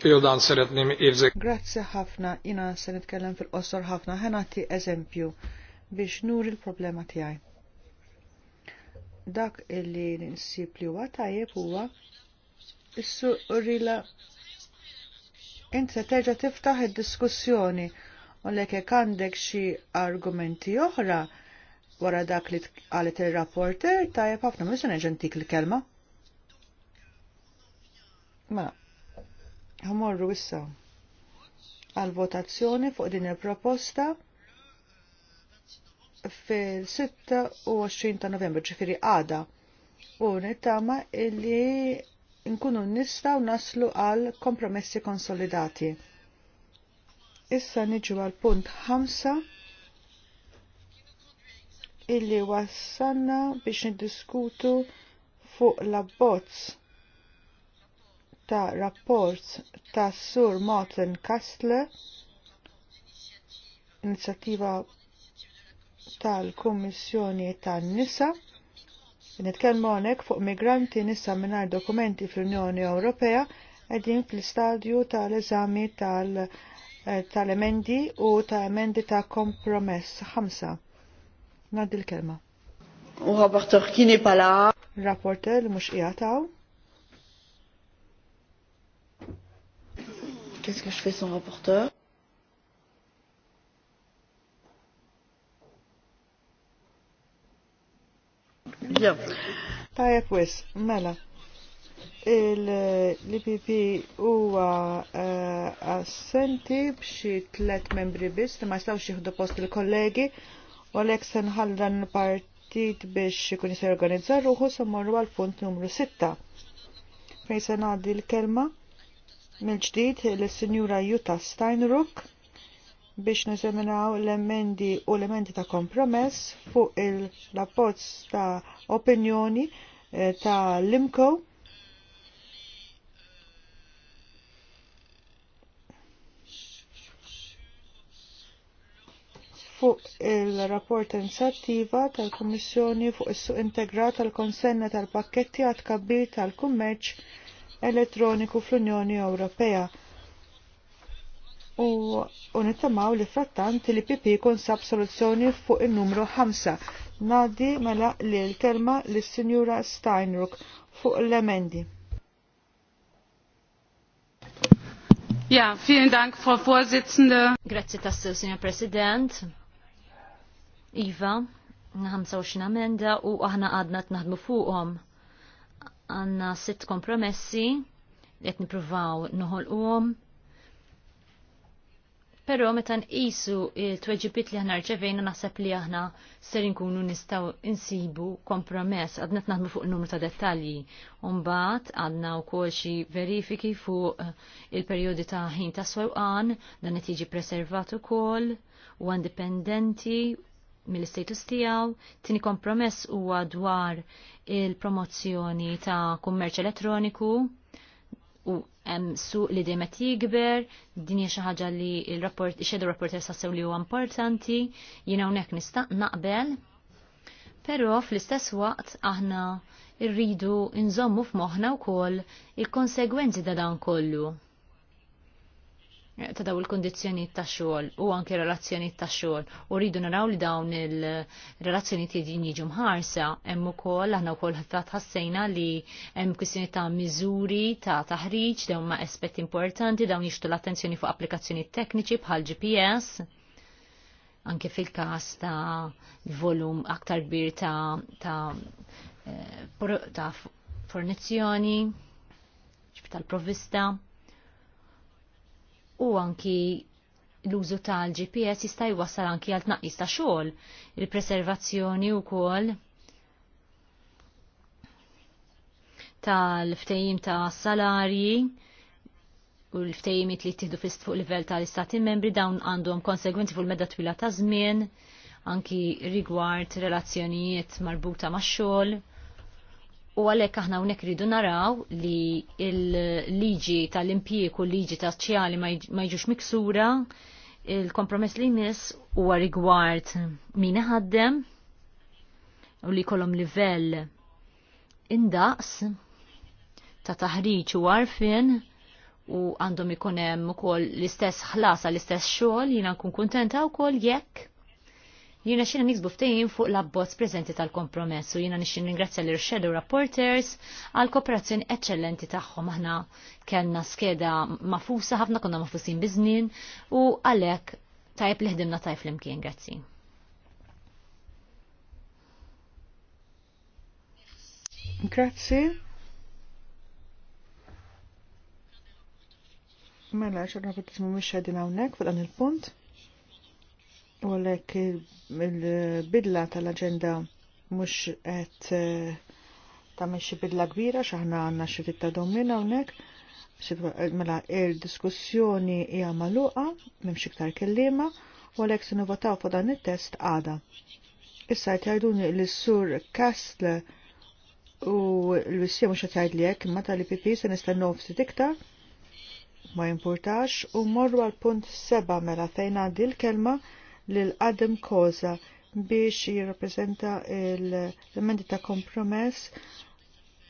példán szeretném érzékelni. Grazie ħafna, jina se nitkellem fil qossor ħafna, ħanati eżempju biex nur il-problema tiegħi. Dak illi ninsib li huwa tajjeb huwa issu rila inti se terġa' tiftaħ id-diskussjoni u lekek għandek xi argumenti oħra wara dak li qalet ir rapporter tajjeb ħafna mhux se neġentik il-kelma. Ma, għamorru issa għal votazzjoni fuq din il-proposta fil-26 ta' novembru, ġifiri għada. U nittama illi nkunu nistaw naslu għal kompromessi konsolidati. Issa niġu għal punt 5 illi wassanna biex niddiskutu fuq la bozz ta' rapport ta' Sur Martin Kastle, inizjattiva tal-Kummissjoni tan-Nisa, nitkellmu hawnhekk fuq migranti nisa mingħajr dokumenti fl-Unjoni Ewropea qegħdin fl-istadju tal-eżami eh, tal-emendi u ta' emendi ta' kompromess ħamsa. Ngħaddi l-kelma. U rapporter Kini pala. Rapporter mhux qiegħataw. Qu'est-ce que je fais sans rapporteur Bien. Tajja kwis, mela. Il-IPP huwa eh, assenti b'xi tlet membri biss li ma jistgħux jieħdu post il-kollegi u għalhekk se nħallan partit biex ikun jista' jorganizza ruħu se mmorru għal punt numru 6. Fejn se ngħaddi l-kelma? mill-ġdid l-Sinjura Jutta Steinruck biex neżaminaw l-emendi u l-emendi ta' kompromess fuq il-rappozz ta' opinjoni eh, ta' Limco fuq il-rapport inizjattiva tal-Kummissjoni fuq is-suq integrat tal-konsenna tal-pakketti għad kabbir tal-kummerċ elettroniku fl-Unjoni Ewropea. U unittamaw li frattant li PP kun sab soluzzjoni fuq il-numru 5. Nadi mela li l-kelma li s-Sinjura Steinruck fuq l-emendi. Ja, vielen Dank, Frau Vorsitzende. Grazie Tasse, Signor President. Iva, 25 amenda u aħna għadna t-naħdmu fuqom. -um għanna sitt kompromessi li qed nippruvaw noħolquhom. Però meta nqisu il-tweġibiet li aħna rċevejna naħseb li aħna ser nkunu nistgħu insibu kompromess għadna t naħdmu fuq numru ta' dettalji. Mbagħad għandna wkoll xi verifiki fuq eh, il-perjodi ta' ħin ta' swewqan dan qed jiġi preservat ukoll u indipendenti mill-status tijaw, tini kompromess huwa dwar il-promozzjoni ta' kummerċ elettroniku u hemm suq li dejjem qed jikber, din hija xi ħaġa li l-rapport ix xedu rapporter sassew li huwa importanti, jien hawnhekk nista' naqbel. Però fl-istess waqt aħna rridu nżommu f'moħħna wkoll il-konsegwenzi ta' dan kollu ta' daw il-kondizjoni ta' xogħol u anke relazzjoni ta' xogħol u rridu naraw li dawn il-relazzjoni tiegħin jiġu mħarsa hemm ukoll aħna wkoll ħassejna li hemm kwistjoni ta' miżuri ta' taħriġ dawn ma' aspetti importanti dawn jixtu l-attenzjoni fuq applikazzjoni tekniċi bħal GPS anke fil-każ ta' volum aktar kbir ta' ta' eh, ta' fornizzjoni tal-provvista u anki l-użu tal-GPS jista' jwassal anki għal tnaqqis ta' xogħol, il-preservazzjoni wkoll tal-ftehim ta' salarji u l-ftehimiet li fis fuq livell tal-istati membri dawn għandhom konsegwenzi fuq il-medda twila ta' żmien, anki rigward relazzjonijiet marbuta ma' xogħol U għalek aħna unek ridu naraw li il-liġi tal-impieku, liġi tal-ċjali ma jġux miksura, il-kompromess li jmiss u rigward min ħaddem u li kolom livell indaqs ta' taħriġ u għarfin u għandhom ikonem u kol l-istess ħlasa, l-istess xol, jina nkun kontenta u kol jekk Jina xina niksbu ftejn fuq l-abbozz prezenti tal-kompromess u jina nixin ringrazzja l shadow Rapporters għal kooperazzjoni eccellenti tagħhom aħna kellna skeda mafusa ħafna konna mafusin biznin u għalhekk tajb li ħdimna tajb l-imkien grazzi. Grazzi. Mela, xa bħed t-smu mux għedin għawnek fuq dan il-punt. U għalek il-bidla tal-agenda mux għet eh, ta' meċi bidla kbira xaħna għanna xifit ta' domina unnek eh, Mela il-diskussjoni er hija maluqa, memx iktar kellima, u għalek s-nivotaw fuq dan il-test għada. Issa jtajduni l-sur Kastle u l-wissija mux jtajd li jek, imma tal pipi se nistennu ftit iktar ma jimpurtax u morru għal punt seba mela fejn dil l-kelma l-qadem koza biex jirrapprezenta l-emendi ta' kompromess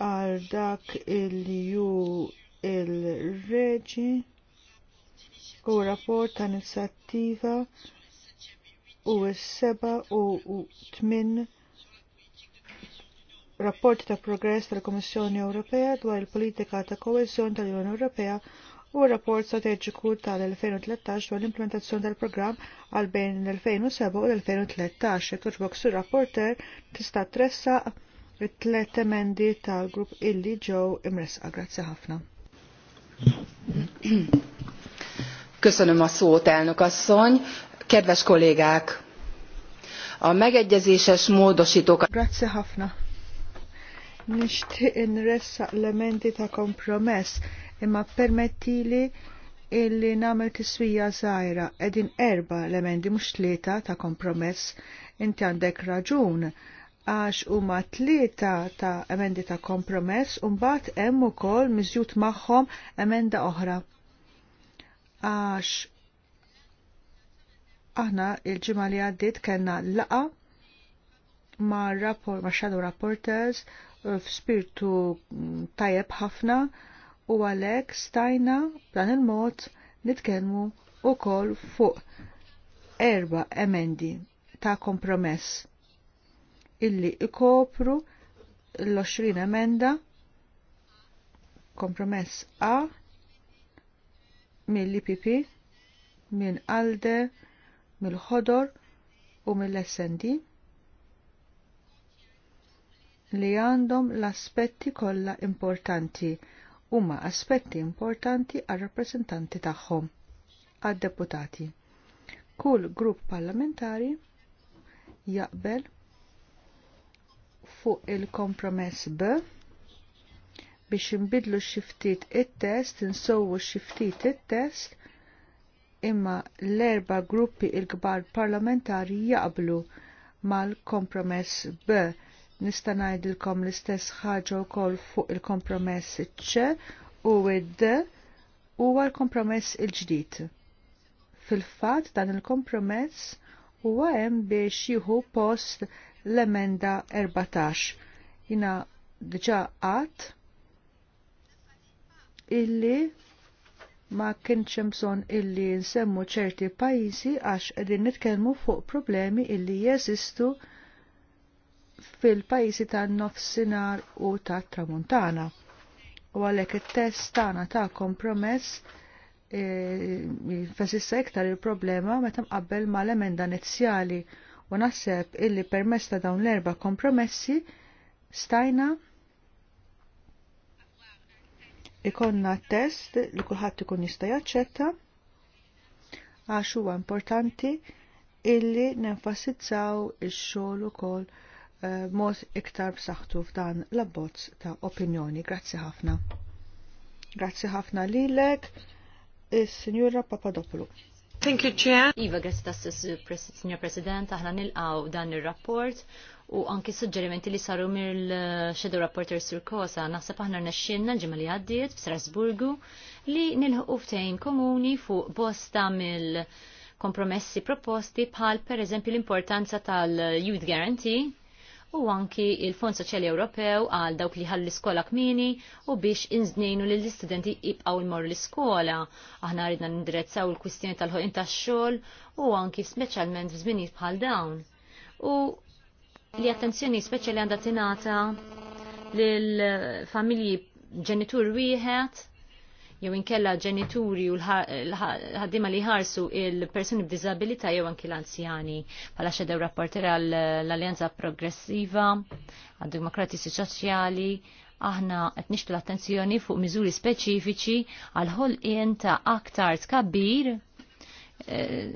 għal dak il-ju il-reġi u rapport ta' inizjattiva u s-seba u tmin rapport ta' progress tal-Komissjoni Ewropea dwar il-politika ta' koesjon tal-Unjoni Ewropea u r-rapport strateġiku tal-2013 dwar l-implementazzjoni tal-programm għal bejn l-2007 u l-2013. Kirchbox su rapporter tista' tressa it-tlet emendi tal-grupp illi ġew imresqa. Grazzi ħafna. Köszönöm a szót, elnök asszony. Kedves kollégák, a megegyezéses módosítókat... Grazie ħafna. in ressa lamenti ta' kompromess imma permettili illi namel tiswija zaħira edin erba l-emendi mux tlieta ta' kompromess inti għandek raġun għax huma tlieta ta' emendi ta' kompromess umbat hemm ukoll miżjut magħhom emenda oħra. Għax aħna il-ġimgħa li għaddiet kellna laqa ma' rapport ma' shadow rapporters uh, f'spirtu mm, tajjeb ħafna u għalhekk stajna dan il-mod nitkellmu wkoll fuq erba emendi ta' kompromess illi ikopru l-20 emenda kompromess A mill-IPP, minn Alde, mill-ħodor u mill-SND li għandhom l-aspetti kollha importanti huma aspetti importanti għal rappresentanti tagħhom għad deputati. Kull grupp parlamentari jaqbel fuq il-kompromess B biex imbidlu xiftit it-test, insowu xiftit it-test, imma l-erba gruppi il-kbar parlamentari jaqblu mal-kompromess B Nista' ngħidilkom l-istess ħaġa wkoll fuq il-kompromess iċe u id huwa l-kompromess il-ġdid. Fil-fatt dan il-kompromess huwa hemm biex jieħu post l-emenda 14. Jina diġà qatt illi ma kienx hemm bżonn illi nsemmu ċerti pajjiżi għax qegħdin nitkellmu fuq problemi illi jeżistu fil-pajjiżi tan-nofsinhar u tat-tramuntana. U għalhekk it-test tagħna ta' kompromess e, jifasissa iktar il-problema meta mqabbel mal-emenda inizjali u naħseb illi permess ta' dawn l-erba kompromessi stajna ikonna test li kulħadd ikun jista' jaċċetta għax huwa importanti illi nenfasizzaw ix-xogħol ukoll Eh, mod iktar b'saħħtu f'dan l-abbozz ta' opinjoni. Grazzi ħafna. Grazzi ħafna lilek, is-Sinjura Papadopoulou. Thank you, Chair. Iva, grazzi ta' Signor President, aħna nilqaw dan il-rapport u anki suġġerimenti li saru mill-Shadow Rapporter Sur Kosa. Naħseb aħna rnexxinna ġimgħa li għaddiet f'Strasburgu li nilħu ftejn komuni fuq bosta mill kompromessi proposti bħal per eżempju l-importanza tal-Youth Guarantee u anki il-Fond Soċjali Ewropew għal dawk li ħallu skola kmini u biex inżnejnu li l-istudenti jibqaw il l-iskola. Aħna rridna nindirezzaw il-kwistjoni tal-ħoqin tax-xogħol u anki speċjalment f'żminijiet bħal dawn. U li attenzjoni speċjali għandha tingħata lill familji ġenitur wieħed jew inkella ġenituri u l-ħaddima li ħarsu il-persuni b'dizabilità jew anki l-anzjani. Bħala xedew rapporter għall-Alleanza Progressiva, għad-Demokrati Soċjali, aħna qed nixtu l-attenzjoni fuq miżuri speċifiċi għal ħolqien ta' aktar tkabbir eh,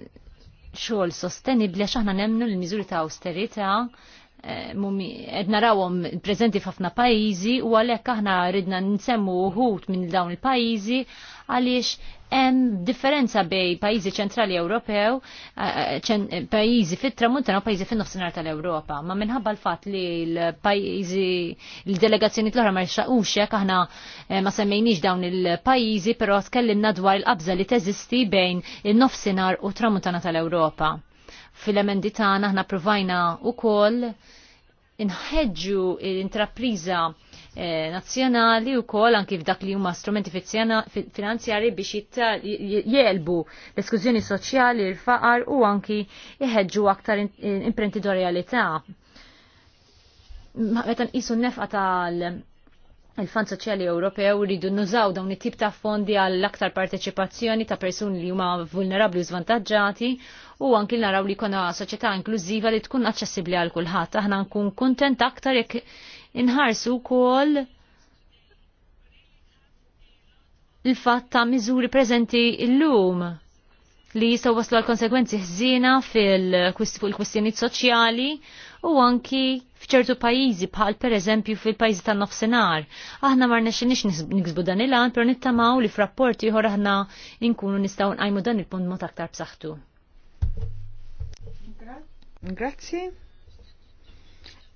xogħol sostenibli għax aħna nemmnu l-miżuri ta' austerità Eh, edna narawhom prezenti f'ħafna pajjiżi u għalhekk aħna ridna nsemmu uħut minn dawn il-pajjiżi għaliex hemm differenza bej pajjiżi ċentrali Ewropew, eh, eh, pajjiżi fit-tramuntana u pajjiżi fin-nofsinhar tal-Ewropa. Ma minħabba l-fatt li l-pajjiżi l-delegazzjoni l-oħra ma rixaqux hekk aħna ma semmejniex dawn il-pajjiżi, però tkellimna dwar il-qabża li teżisti bejn in-nofsinhar u tramuntana tal-Ewropa Fil-emendi tagħna aħna provajna wkoll inħeġġu l-intrapriża eh, nazzjonali u kol anki f'dak li huma strumenti finanzjari biex jelbu l-eskużjoni soċjali, l-faqar u anki jħedġu aktar imprenditorialità. Meta nqisu nefqa tal il-Fond Soċjali Ewropew rridu nużaw dawn it-tip ta' fondi għall aktar parteċipazzjoni ta' persuni li huma vulnerabbli u żvantaġġati u anki naraw li jkollna soċjetà inklużiva li tkun aċċessibbli għal kulħadd. Aħna nkun kuntent aktar jekk inħarsu wkoll il-fatt ta' miżuri preżenti llum li jistgħu waslu għal konsegwenzi ħżiena fil-kwistjonijiet soċjali u anki fċertu pajizi bħal per eżempju fil-pajizi tan nofsenar. Aħna marna xinix nixbu dan il-għan, pero nittamaw li f-rapporti jħor aħna inkunu nistaw nqajmu dan il-punt mot aktar b'saħħtu. Grazzi.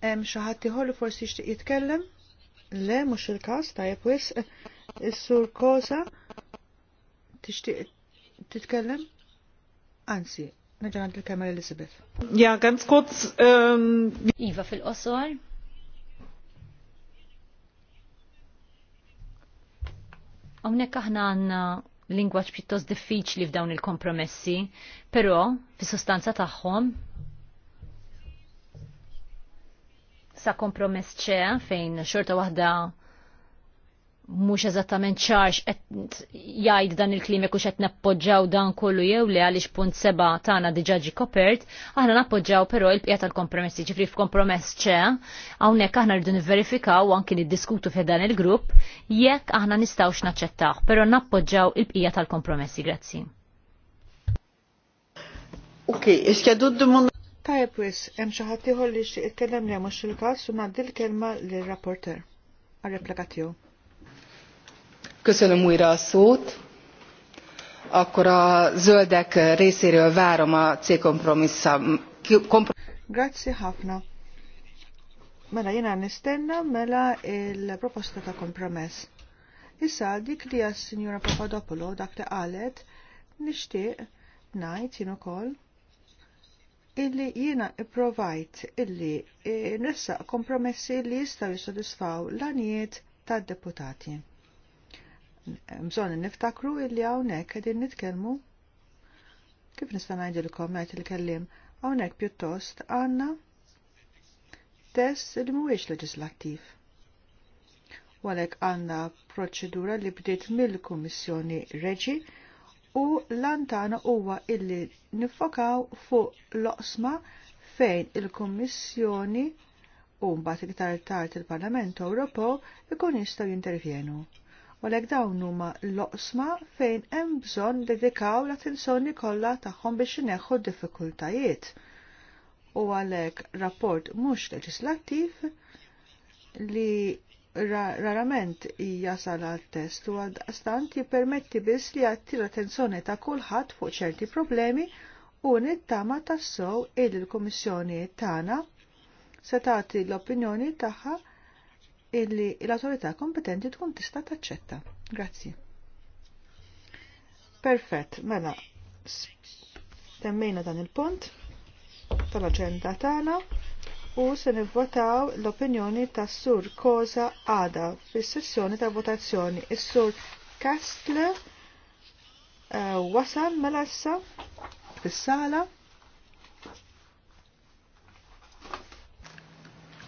Hemm xi li forsi jixtieq jitkellem? Le, mhux il-każ, tajjeb jepwis. Is-sur Kosa tixtieq titkellem? Anzi, il Elizabeth. Ja, ganz kurz. Ähm, iva fil-qosor. Għonek aħna għanna lingwaċ pjuttost diffiċli f'dawn il-kompromessi, però fi sostanza tagħhom sa kompromess ċe fejn xorta waħda mhux eżattament ċarx qed jgħid dan il-klim jekk qed nappoġġaw dan kollu jew li għaliex punt seba' tagħna diġà ġi kopert, aħna nappoġġaw però l bqija tal-kompromessi ġifri f'kompromess ċe, hawnhekk aħna rridu nivverifikaw anki niddiskutu fi dan il-grupp jekk aħna nistgħux naċċettaw, però nappoġġaw il bqija tal-kompromessi, grazzi. Ok, iskja duddu mun. Tajab wis, hemm xi ħadd ieħor li xi jitkellem li mhux il-każ u ngħaddi l-kelma lir-rapporter għal-replika tiegħu. Köszönöm újra a szót. Akkor a zöldek részéről várom a C kompromisszum. Grazie ħafna. Mela jena nistenna mela il-proposta ta' kompromess. Issa dik li għas signora Papadopolo dak li qalet nixtieq ngħid jien ukoll illi jiena ipprovajt illi eh, nessa kompromessi li jistaw jissodisfaw l-anijiet tad-deputati. Bżon niftakru illi hawnhekk qegħdin nitkellmu kif nista' ngħidilkom qed il-kellim hawnhekk pjuttost għandna test li mhuwiex leġislattiv. U għalhekk għandna proċedura li bdiet mill-Kummissjoni Reġi u lantana huwa illi nifokaw fuq loqsma fejn il-Kummissjoni u mbagħad iktar tard il-Parlament Ewropew ikun jistgħu jintervjenu. U l dawn huma l-oqsma fejn hemm bżonn dedikaw l-attenzjoni kollha tagħhom biex ineħħu diffikultajiet. U għalhekk rapport mhux leġislattiv li rarament jasal għal test u għal-stant jippermetti biss li għatti l-attenzjoni ta' kulħadd fuq ċerti problemi u nittama tassow il komissjoni kummissjoni tagħna se tagħti l-opinjoni tagħha illi l-autorità kompetenti tkun tista' taċċetta. Grazzi. Perfett, mela temmejna dan il-punt tal-aġenda tagħna u se nivvotaw l-opinjoni tas sur Koza Ada fis-sessjoni ta' votazzjoni. Is-sur Kastle uh, wasal mela issa fis-sala.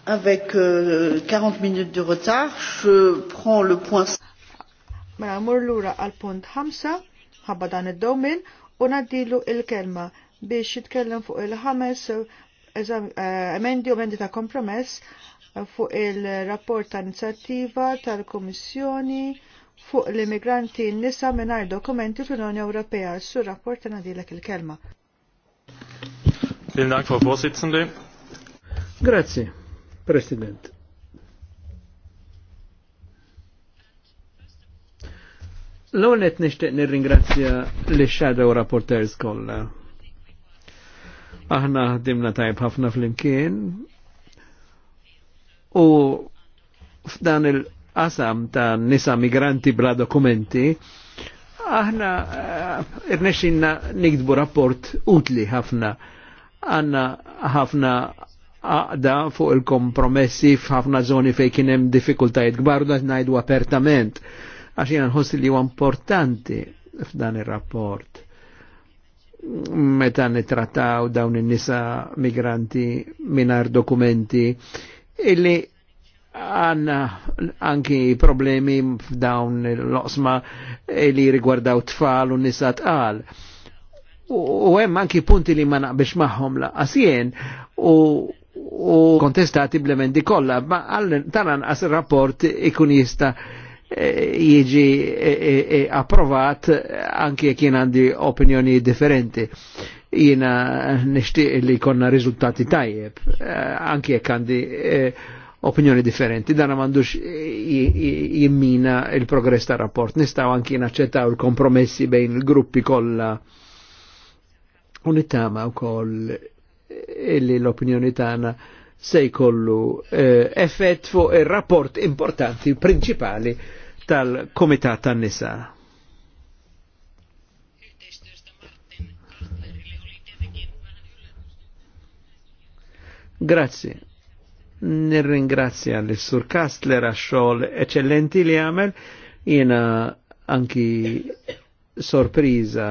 Avec euh, 40 minutes de retard, je prends le point. Mela mur lura għal punt 5, ħabba dan id-domin, u naddilu il-kelma biex jitkellem fuq il-ħames eh, emendi u emendi ta' kompromess fuq il-rapport ta' inizjattiva tal-Komissjoni fuq l-immigranti nisa minar dokumenti fl-Unjoni Ewropea. Sur rapport ta' nadilek il-kelma. Dank, Frau Vorsitzende. Grazie. President. L-għol qed nixtieq nirringrazzja li shadow rapporteurs kollha. Aħna ħdimna tajb ħafna fl-imkien u f'dan il-qasam ta' nisa migranti bla dokumenti aħna eh, irnexxinna nikdbu rapport utli ħafna għanna ħafna Aqda fuq il-kompromessi f'ħafna zoni fej kien hemm diffikultajiet kbar da ngħidu apertament għax jiena nħoss li huwa importanti f'dan ir-rapport meta nitrattaw dawn in-nisa migranti mingħajr dokumenti illi għanna anki problemi f'dawn l-osma li rigwardaw tfal u nisa tqal. U hemm anki punti li ma naqbex magħhom jien u u kontestati bl-emendi kollha, ma tanan as rapport ikunista jieġi eh, jiġi eh, eh, approvat anki jekk jien għandi opinjoni differenti. Jina nixtieq li konna rizultati tajjeb, anki jek għandi opinjoni differenti, dan mandux jimmina il-progress ta' rapport. Nistaw anki naċċettaw il-kompromessi bejn il-gruppi kollha unittama u koll illi l-opinjoni tagħna se jkollu eh, effett fuq ir-rapport importanti prinċipali tal-Komitat tan-Nisa. Grazie. Nirringrazzja l-Sur Kastler għax-xogħol eċċellenti li għamel. Jiena anki sorpriża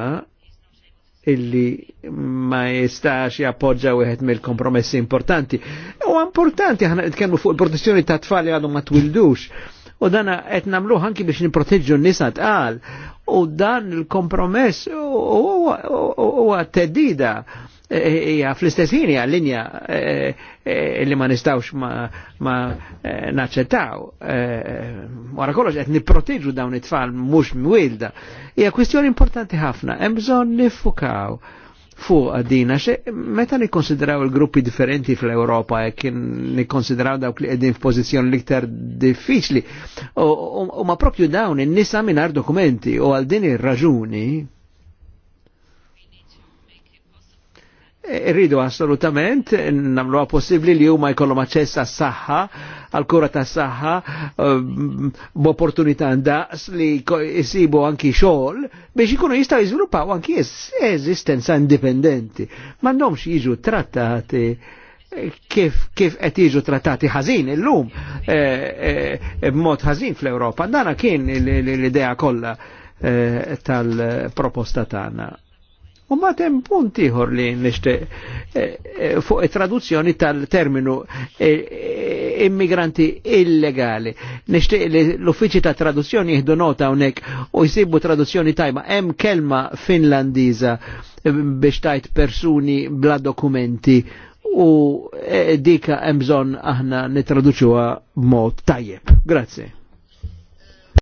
illi ma jistax jappoġġa wieħed mill-kompromessi importanti. U importanti ħana nitkellmu fuq il-protezzjoni ta' tfal li għadhom ma twildux. U dan qed nagħmluh anki biex nipproteġġu n-nisa tqal. U dan il-kompromess huwa teddida Eh, eh, hija fl-istess ħin hija linja eh, li ma nistgħux ma naċċettaw. Wara kollox qed nipproteġu dawn it-tfal mhux mwielda. Hija kwistjoni importanti ħafna, hemm bżonn nifukaw fuq għadina, meta nikkonsidraw il-gruppi differenti fl-Europa, kien nikkonsidraw dawk li għedin f'pozizjoni liktar diffiċli, u ma propju dawn in-nisa minar dokumenti, u għal din ir-raġuni, Irridu assolutament namluha possibbli li huma jkollhom aċċess għas-saħħa, għal kura tas-saħħa ehm, b'opportunità ndaqs li jisibu anki xogħol biex ikunu jistgħu jiżviluppaw anki eżistenza indipendenti. M'għandhomx jiġu trattati kif kif qed jiġu trattati ħażin illum eh, eh, b'mod ħażin fl-Ewropa. Dana kien l-idea kollha eh, tal-proposta tagħna. U ma tem punt ieħor li nishte eh, eh, fuq traduzzjoni tal-terminu eh, immigranti illegali. Nishte l-uffiċi ta' traduzzjoni jihdu nota unek u jsibu traduzzjoni tajma. Em kelma finlandiza biex tajt persuni bla dokumenti u dika emżon aħna nitraduċuha mod tajjeb. Grazie.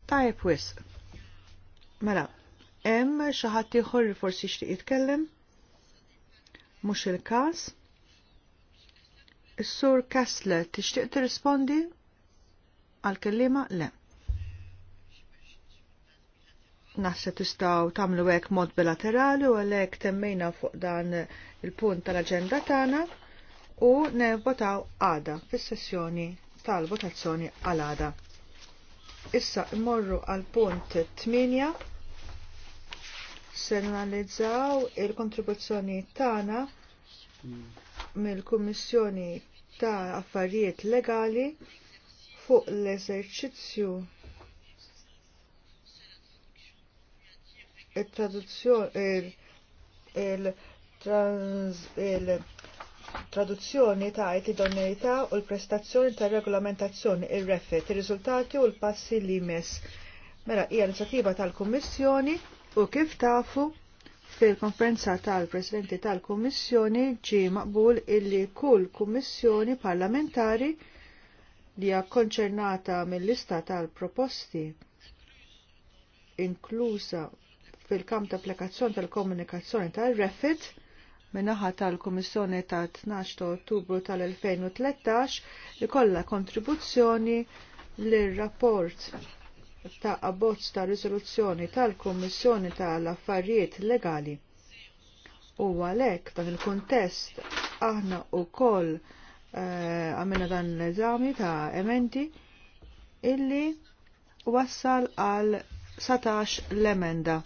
Tajjeb wisq. Mela, Em xi ħadd ieħor forsi jixtieq jitkellem? Mhux il-każ. Is-sur Kessler tixtieq tirrispondi għal-kellima? Le. Naħseb tistgħu tagħmlu hekk mod bilaterali u għalhekk temmejna fuq dan il-punt tal-aġenda tagħna u nevvotaw għada fis-sessjoni tal-votazzjoni għal għada. Issa immorru għal punt 8 se il-kontribuzzjoni tagħna mill-Kummissjoni ta' Affarijiet Legali fuq l-eżerċizzju il-traduzzjoni ta' id-idoneità u l-prestazzjoni ta' regolamentazzjoni il-refet, il-riżultati u l-passi li mis. Mela, hija inizjattiva tal-Kummissjoni U kif tafu fil-konferenza tal-Presidenti tal-Kummissjoni ġi maqbul illi kull kummissjoni parlamentari li hija konċernata mill-lista tal-proposti inklusa fil-kamp ta' applikazzjoni tal-komunikazzjoni tal-Refit minnaħa tal kommissjoni ta' 12 ta' Ottubru tal-2013 li kollha kontribuzzjoni l-rapport ta' abbozz ta' riżoluzzjoni tal-Kummissjoni tal-Affarijiet Legali. U għalhekk dan il-kuntest aħna wkoll eh, għamilna e, dan l-eżami ta' emendi illi wassal għal 17 l-emenda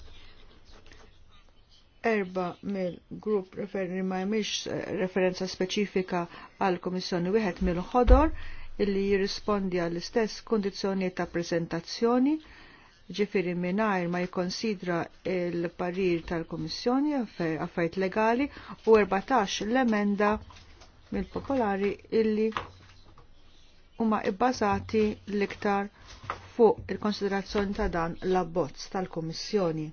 erba mill-grupp referenza ma eh, referenza speċifika għal kummissjoni wieħed mill-ħodor illi jirrispondi għall-istess kondizjoni ta' prezentazzjoni ġifiri minnajr ma jikonsidra il-parir tal-Komissjoni affarijiet legali u 14 l-emenda mill-popolari illi huma ibbażati l-iktar fuq il-konsiderazzjoni ta' dan l-abbozz tal-Komissjoni.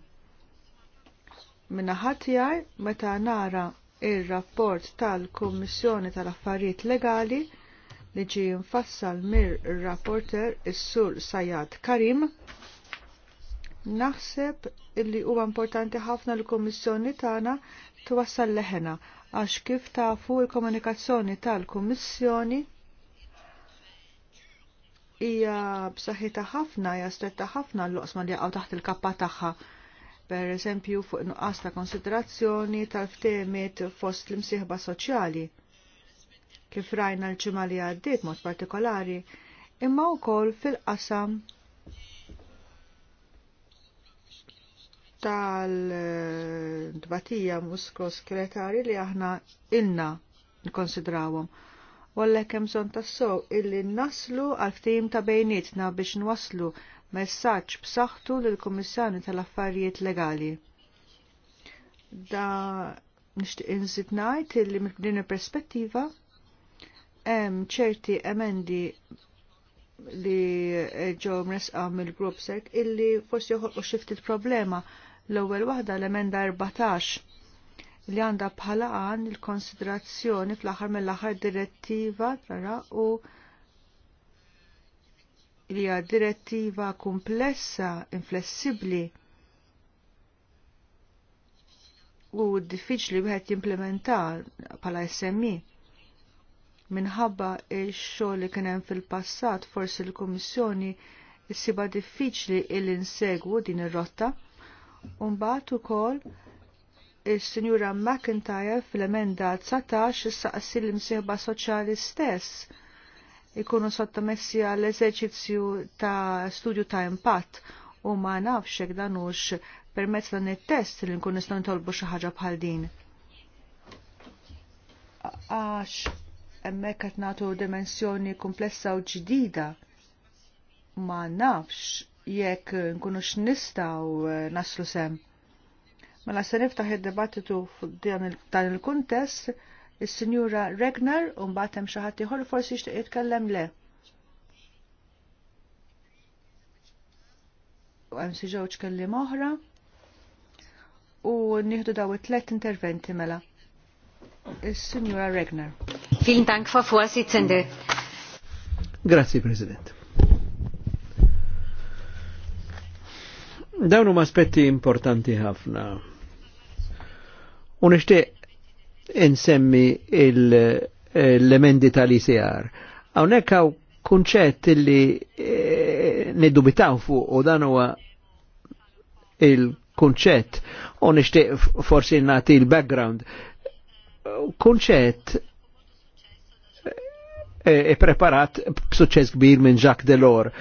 Minna ħatjar meta nara il-rapport tal komissjoni tal-Affarijiet Legali li ġi nfassal mir rapporter is-sur Sajad Karim. Naħseb illi huwa importanti ħafna l-Kummissjoni tagħna twassal leħena għax kif tafu l-komunikazzjoni tal-Kummissjoni hija b'saħħitha ħafna, hija stretta ħafna l-oqsma li jaqgħu taħt il-kappa tagħha per eżempju fuq nuqqas ta' konsiderazzjoni tal ftehmiet fost l-imsieħba soċjali kif rajna l-ġimgħa li għaddiet mod partikolari, imma wkoll fil-qasam tal-dbatija muskoskeletari li aħna ilna nkonsidrawhom. Walla hemm bżonn tassew illi naslu għal ftim ta' bejnietna biex nwaslu messaġġ b'saħħtu lill kummissjoni tal-Affarijiet Legali. Da nixtieq inżid ngħid illi minn din il-perspettiva hemm ċerti emendi li ġew mresqa mill-grupp sek illi forsi joħolqu xift il-problema. L-ewwel waħda l-emenda 14 li għandha bħala għan il-konsiderazzjoni fl-aħħar mill-aħħar direttiva tara u li hija direttiva komplessa, inflessibbli u diffiċli wieħed jimplementa bħala SMI minħabba x-xogħol li kien hemm fil-passat forsi l-Kummissjoni siba diffiċli il insegwu din ir-rotta. u mbagħad ukoll is-Sinjura McIntyre fil-emenda 19 issaqsi l-imsieħba soċjali stess ikunu sottomessi għall eżerċizzju ta' studju ta' impatt u ma nafx hekk dan hux permezz dan it-test li nkun nistgħu nitolbu xi ħaġa bħal din. Għax hemmhekk qed nagħtu dimensjoni komplessa u ġdida ma nafx jekk nkunux nistgħu eh, naslu sem. Mela se niftaħ id-dibattitu dan il-kuntest is-Sinjura Regner u mbagħad hemm xi ħadd ieħor forsi jixtieq jitkellem le. U hemm xi ġewġ kelliem oħra u nieħdu daw it-tlet interventi mela. Signora Regner. Vielen Dank, Frau Vorsitzende. Grazie, President. Dawn huma aspetti importanti ħafna. U nixtieq insemmi l-emendi tal-ICR. Hawnhekk hawn kunċet li e, eh, niddubitaw fuq u dan huwa il kunċet u nixtieq forsi nagħti il-background kunċet e eh, eh, eh, preparat b'suċċess kbir minn Jacques Delors,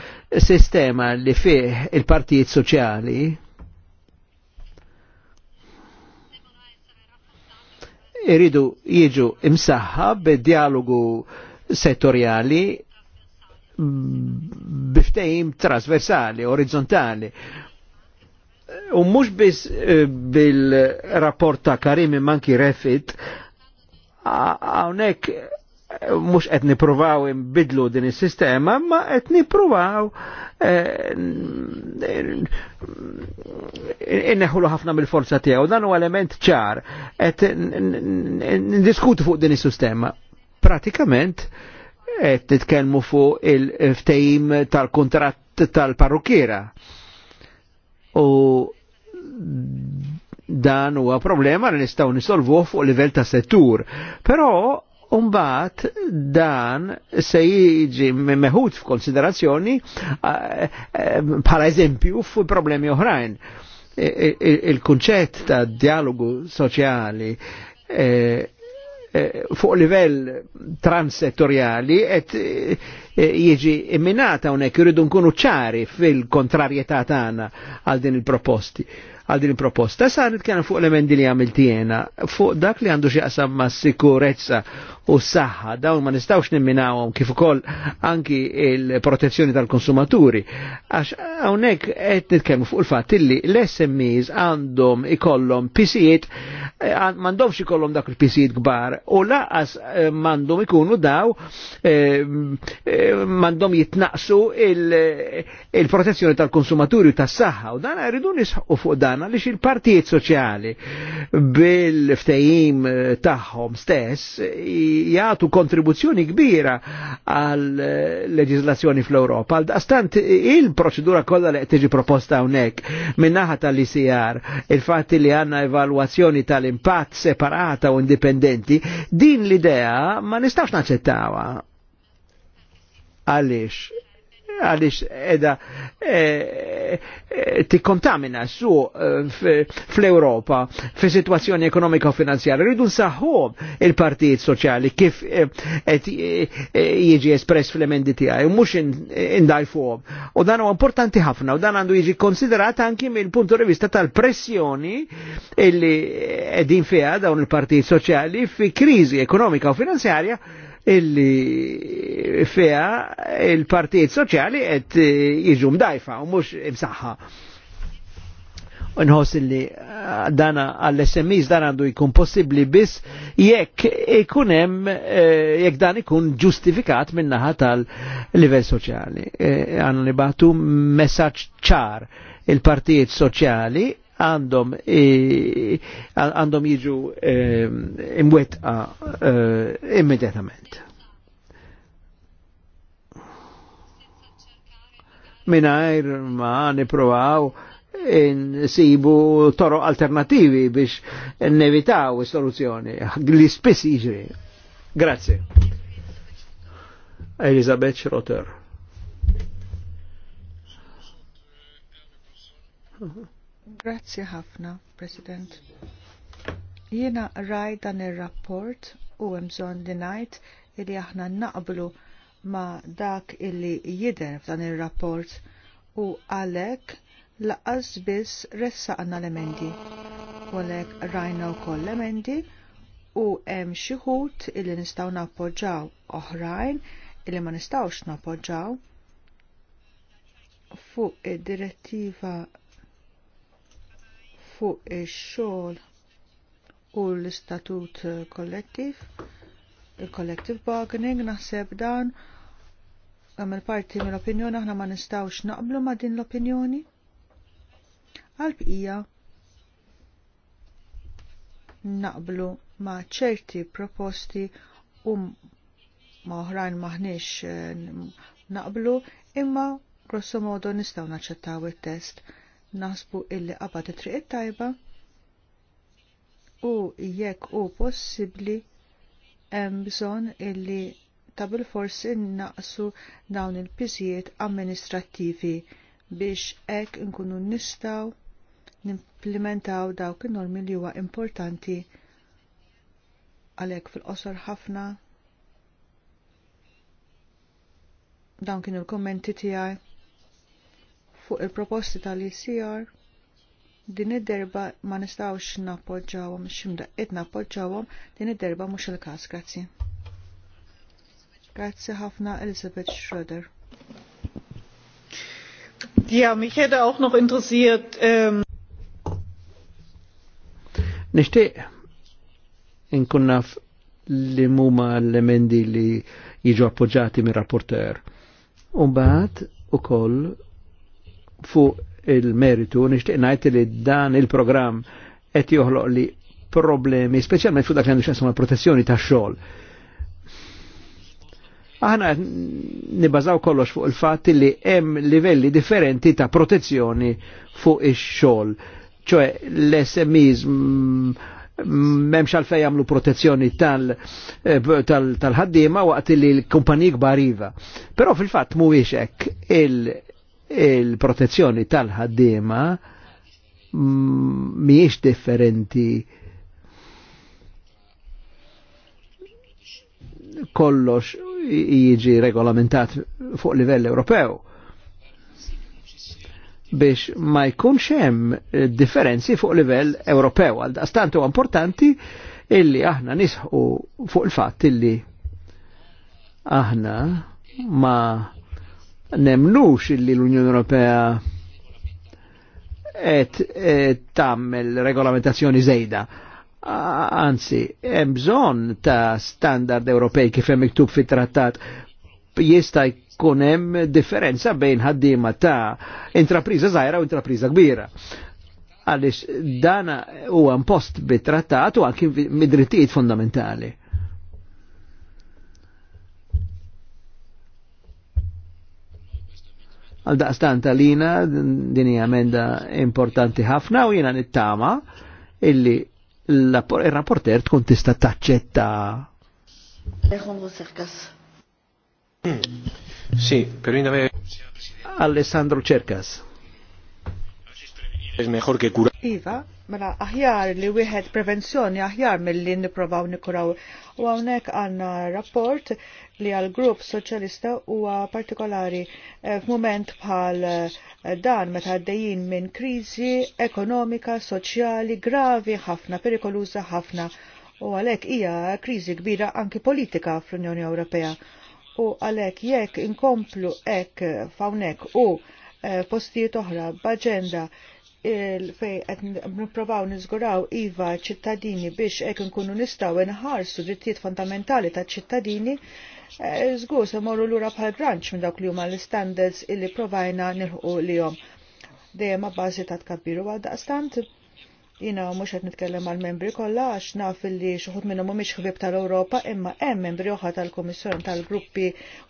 sistema li fih il-partijiet soċjali iridu jiġu imsaħħa bid-dialogu settorjali biftejim trasversali, orizzontali. U mux biz bil-rapport ta' Karim Karimi manki refit hawnhekk eh, mhux qed nippruvaw imbidlu din is-sistema, ma qed nippruvaw eh, inneħulu ħafna mill-forza tiegħu. Dan huwa element ċar qed ndiskutu fuq din is-sistema. Pratikament qed titkellmu fuq il-ftehim tal-kuntratt tal-parrukkiera. U dan huwa problema li nistgħu nisolvuh fuq livell ta' settur. Però Umbat dan se jiġi meħud f'konsiderazzjoni e, bħala eżempju fuq problemi oħrajn. E, e, il-kunċett ta' dialogu soċjali fuq livell transsettoriali et jieġi imminata unek jridu nkunu ċari fil-kontrarjetà tagħna għal din il-proposti għal din proposta. Sa nitkellem fuq l-emendi li għamiltijena, fuq dak li għandu xieqsam ma' sikurezza u s-saħħa. Dawn ma nistawx nimminawhom kif ukoll anki il-protezzjoni tal-konsumaturi. Għax hawnhekk qed nitkellmu fuq il-fatt illi l-SMEs għandhom ikollhom pisijiet m'għandhomx ikollhom dak il-pisijiet kbar u laqas eh, m'għandhom ikunu daw eh, eh, m'għandhom jitnaqsu il-protezzjoni il protezzjoni tal konsumaturi u tas-saħħa u dan rridu nisħu fuq dan għaliex il-partijiet soċjali bil-ftehim tagħhom stess jgħatu kontribuzzjoni kbira għal eh, leġislazzjoni fl-Europa. Għastant eh, il-proċedura kollha li tiġi proposta hawnhekk minnaħa tal-ICR, il fat li għandna evalwazzjoni tal-impatt separata u indipendenti, din l-idea ma nistax naċċettawha. Għaliex għalix edha eh, eh, ti kontamina su eh, fl-Europa fi situazzjoni ekonomika u finanzjarja. Ridu nsaħħom il-partijiet soċjali kif jiġi espress fl-emendi tiegħi u mhux indajfuhom. U dan huwa importanti ħafna u dan għandu jiġi konsiderat anki mill punto di vista tal-pressjoni illi qegħdin fiha dawn il-partijiet soċjali fi kriżi ekonomika u finanzjarja illi feha il-partijiet soċjali qed eh, jiġu mdajfa u mhux imsaħħa. Nħoss illi eh, dana għall-SMEs dan għandu jkun possibbli biss jekk ikun hemm eh, jekk dan ikun ġustifikat min-naħa tal-livell soċjali. Għandu nibatu messaġġ ċar il-partijiet soċjali għandhom għandhom jiġu ehm, imwetqa eh, immedjatament. Minajr ma niprovaw nsibu toro alternativi biex nevitaw soluzzjoni li spess jiġri. Grazie. Elisabeth Schroeter. Mm-hmm. Grazzi ħafna, President. Jiena raj dan ir-rapport u hemm bżonn li ngħid li aħna naqblu ma' dak illi jidher f'dan ir-rapport u għalhekk laqas biss ressaqna l-emendi. U għalhekk rajna wkoll l-emendi u hemm xi ħut illi nistgħu nappoġġaw oħrajn illi ma nistgħux nappoġġaw fuq id-direttiva fuq ix-xogħol u l-istatut kollettiv, il-collective bargaining, naħseb dan għamil parti mill-opinjoni aħna ma nistawx naqblu ma din l-opinjoni. Għalbqija naqblu ma ċerti proposti u ma oħrajn maħniex eh, naqblu imma grosso modo nistaw naċċettaw it-test naħsbu illi qabad triq it-tajba u jekk u possibbli hemm bżonn illi ta' forsi naqsu dawn il-piżijiet amministrattivi biex hekk inkunu nistgħu nimplementaw dawk in-normi li huwa importanti għalhekk fil-qosor ħafna dawn kienu l-kommenti tiegħi fuq il-proposti tal-ICR din id-derba ma nistawx nappoġġawhom x'imdaqqiet nappoġġawhom din id-derba mhux il-każ, grazzi. Grazzi ħafna Elizabeth Schroeder. Ja, mich hätte auch noch interessiert. Ähm Nishtiq inkun naf li muma l-emendi li jiġu appoġġati mir rapporter. Umbaħt u koll fuq il-meritu, nishtiq najt li dan il-programm qed joħloq li problemi, speċjalment fuq dak li għandu xansum protezzjoni ta' xogħol. Aħna nibbażaw kollox fuq il-fatt li hemm livelli differenti ta' protezzjoni fuq ix-xogħol. ċoe l smis memx mm, għalfej jamlu protezzjoni eh, tal-ħaddima waqt li l kumpani kbar iva. Però fil-fatt mhuwiex hekk il-protezzjoni tal-ħaddiema mm, miex differenti kollox jiġi regolamentat fuq livell Ewropew biex ma jkunx hemm differenzi fuq livell Ewropew. Għal daqstant huwa importanti illi aħna nisħu fuq il-fatt illi aħna ma nemnux illi l-Unjoni Ewropea et, et tammel regolamentazzjoni zejda. Anzi, hemm bżonn ta' standard Ewropej kif hemm miktub fit-trattat jista' jkun hemm differenza bejn ħaddiema ta' intrapriża żgħira u intrapriża kbira. Għaliex dana huwa impost bit-trattat u anki mid-drittijiet fundamentali Għal daqstan tal-lina din hija emenda importanti ħafna u jiena nittama illi il-rapporter tkun tista' taċċetta. Sì, per me... Alessandro Cercas. Es mejor que cura. Iva, Mela, aħjar li wieħed prevenzjoni aħjar mill-li nipprovaw nikuraw. U hawnhekk għandna rapport li għal grupp soċjalista huwa partikolari eh, f'mument bħal eh, dan meta għaddejjin minn kriżi ekonomika, soċjali gravi ħafna, perikoluża ħafna. U għalhekk hija kriżi kbira anki politika fl-Unjoni Ewropea. U għalhekk jekk inkomplu hekk f'hawnhekk u eh, postijiet oħra b'aġenda fej qed n niżguraw iva ċittadini biex hekk nkunu nistgħu nħarsu drittijiet fundamentali taċ-ċittadini, eh, żgur se morru lura bħal branċ minn dawk li huma l-standards illi provajna nilħu jom. Dejjem ma' bażi ta' tkabbiru għal daqstant Jina mhux qed nitkellem għal membri kolla għax naf illi xi ħut minnhom mhumiex ħbieb tal-Ewropa imma hemm membri oħra tal-Kummissjoni tal-gruppi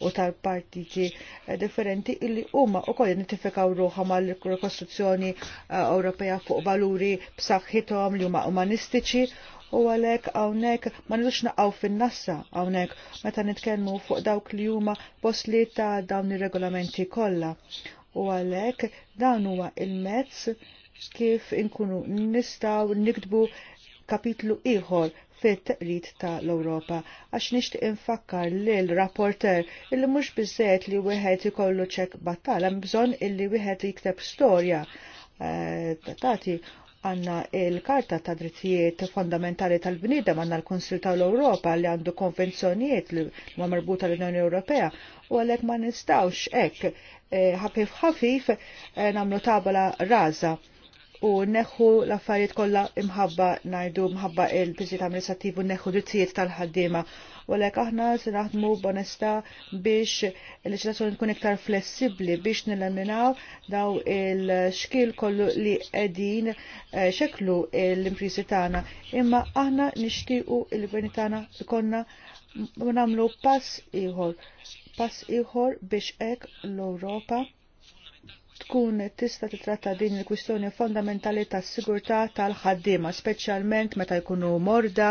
u tal-partiti eh, differenti illi huma wkoll ruħa ma l-rekostruzzjoni eh, Ewropea fuq valuri b'saħħithom li huma umanistiċi u għalek għawnek ma nidux naqaw fin-nassa għawnek meta nitkellmu fuq dawk li huma posli ta' dawn ir-regolamenti kollha. U għalek dawn huwa il-mezz kif inkunu nistaw nikdbu kapitlu ieħor fit ta' tal-Ewropa għax nixtieq infakkar lil rapporter illi mhux biżejt li wieħed ikollu ċek battala hemm bżonn illi wieħed jikteb storja eh, tagħti għanna il-Karta ta' Drittijiet Fondamentali tal-Bnidem għanna l-Konsil tal-Europa li għandu konvenzjonijiet li ma marbuta l-Unjoni Ewropea u għalek ma nistawx ek eh, ħafif ħafif eh, namlu tabla raza u neħu l-affarijiet kollha imħabba ngħidu mħabba il amministrativ u neħu drittijiet tal-ħaddiema. Walek aħna se naħdmu b'onesta biex il-leġislazzjoni tkun iktar flessibbli biex nilleminaw daw il-xkil kollu li qegħdin eh, xeklu l-impriżi tagħna. Imma aħna nixtiequ il-gvern tagħna ikonna nagħmlu pass ieħor pass ieħor biex hekk l-Ewropa tkun tista' titratta din il-kwistjoni fondamentali tas-sigurtà tal-ħaddiema, speċjalment meta jkunu morda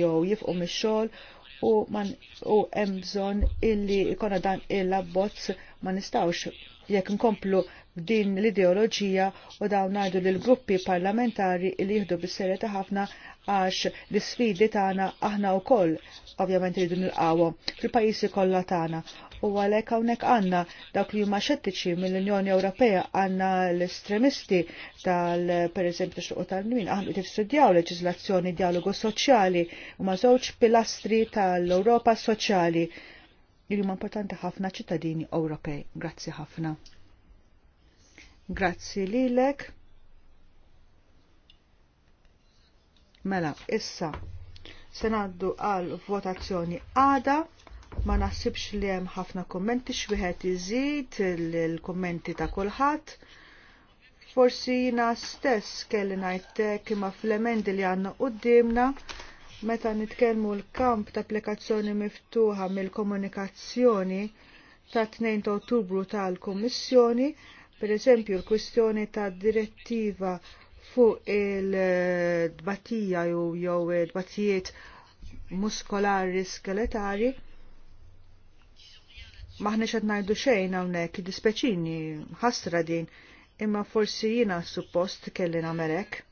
jew jifqu mix-xogħol u man u hemm bżonn illi jkollna dan il-abbozz ma nistgħux jekk nkomplu din l-ideoloġija u dawn ngħidu lil gruppi parlamentari li jieħdu bis-serjetà ħafna għax l-sfidi tagħna aħna wkoll ovvjament rridu nilqawhom fil-pajjiżi kollha tagħna. U għalhekk hawnhekk għandna dawk li huma xettiċi mill-Unjoni Ewropea għandna l-estremisti tal pereżempju xuq tal-min aħna qed studjaw leġiżlazzjoni dialogu soċjali huma żewġ pilastri tal-Ewropa soċjali li huma importanti ħafna ċittadini Ewropej. Grazzi ħafna. Grazzi lilek. Mela, issa se ngħaddu għal votazzjoni għada ma naħsibx li hemm ħafna kummenti x'wieħed iżid il-kummenti ta' kulħadd. Forsi jina stess kelli ngħidlek imma fl-emendi li għandna quddiemna, meta nitkellmu l-kamp ta' applikazzjoni miftuħa mill-komunikazzjoni ta' 2 ta' Ottubru tal-Kummissjoni, per eżempju l-kwistjoni ta' direttiva fuq il-dbatija jew jew dbatijiet muskolari skeletari maħna qed ngħidu xejn hawnhekk dispeċini ħasra din imma forsi jiena suppost kelli nagħmel hekk.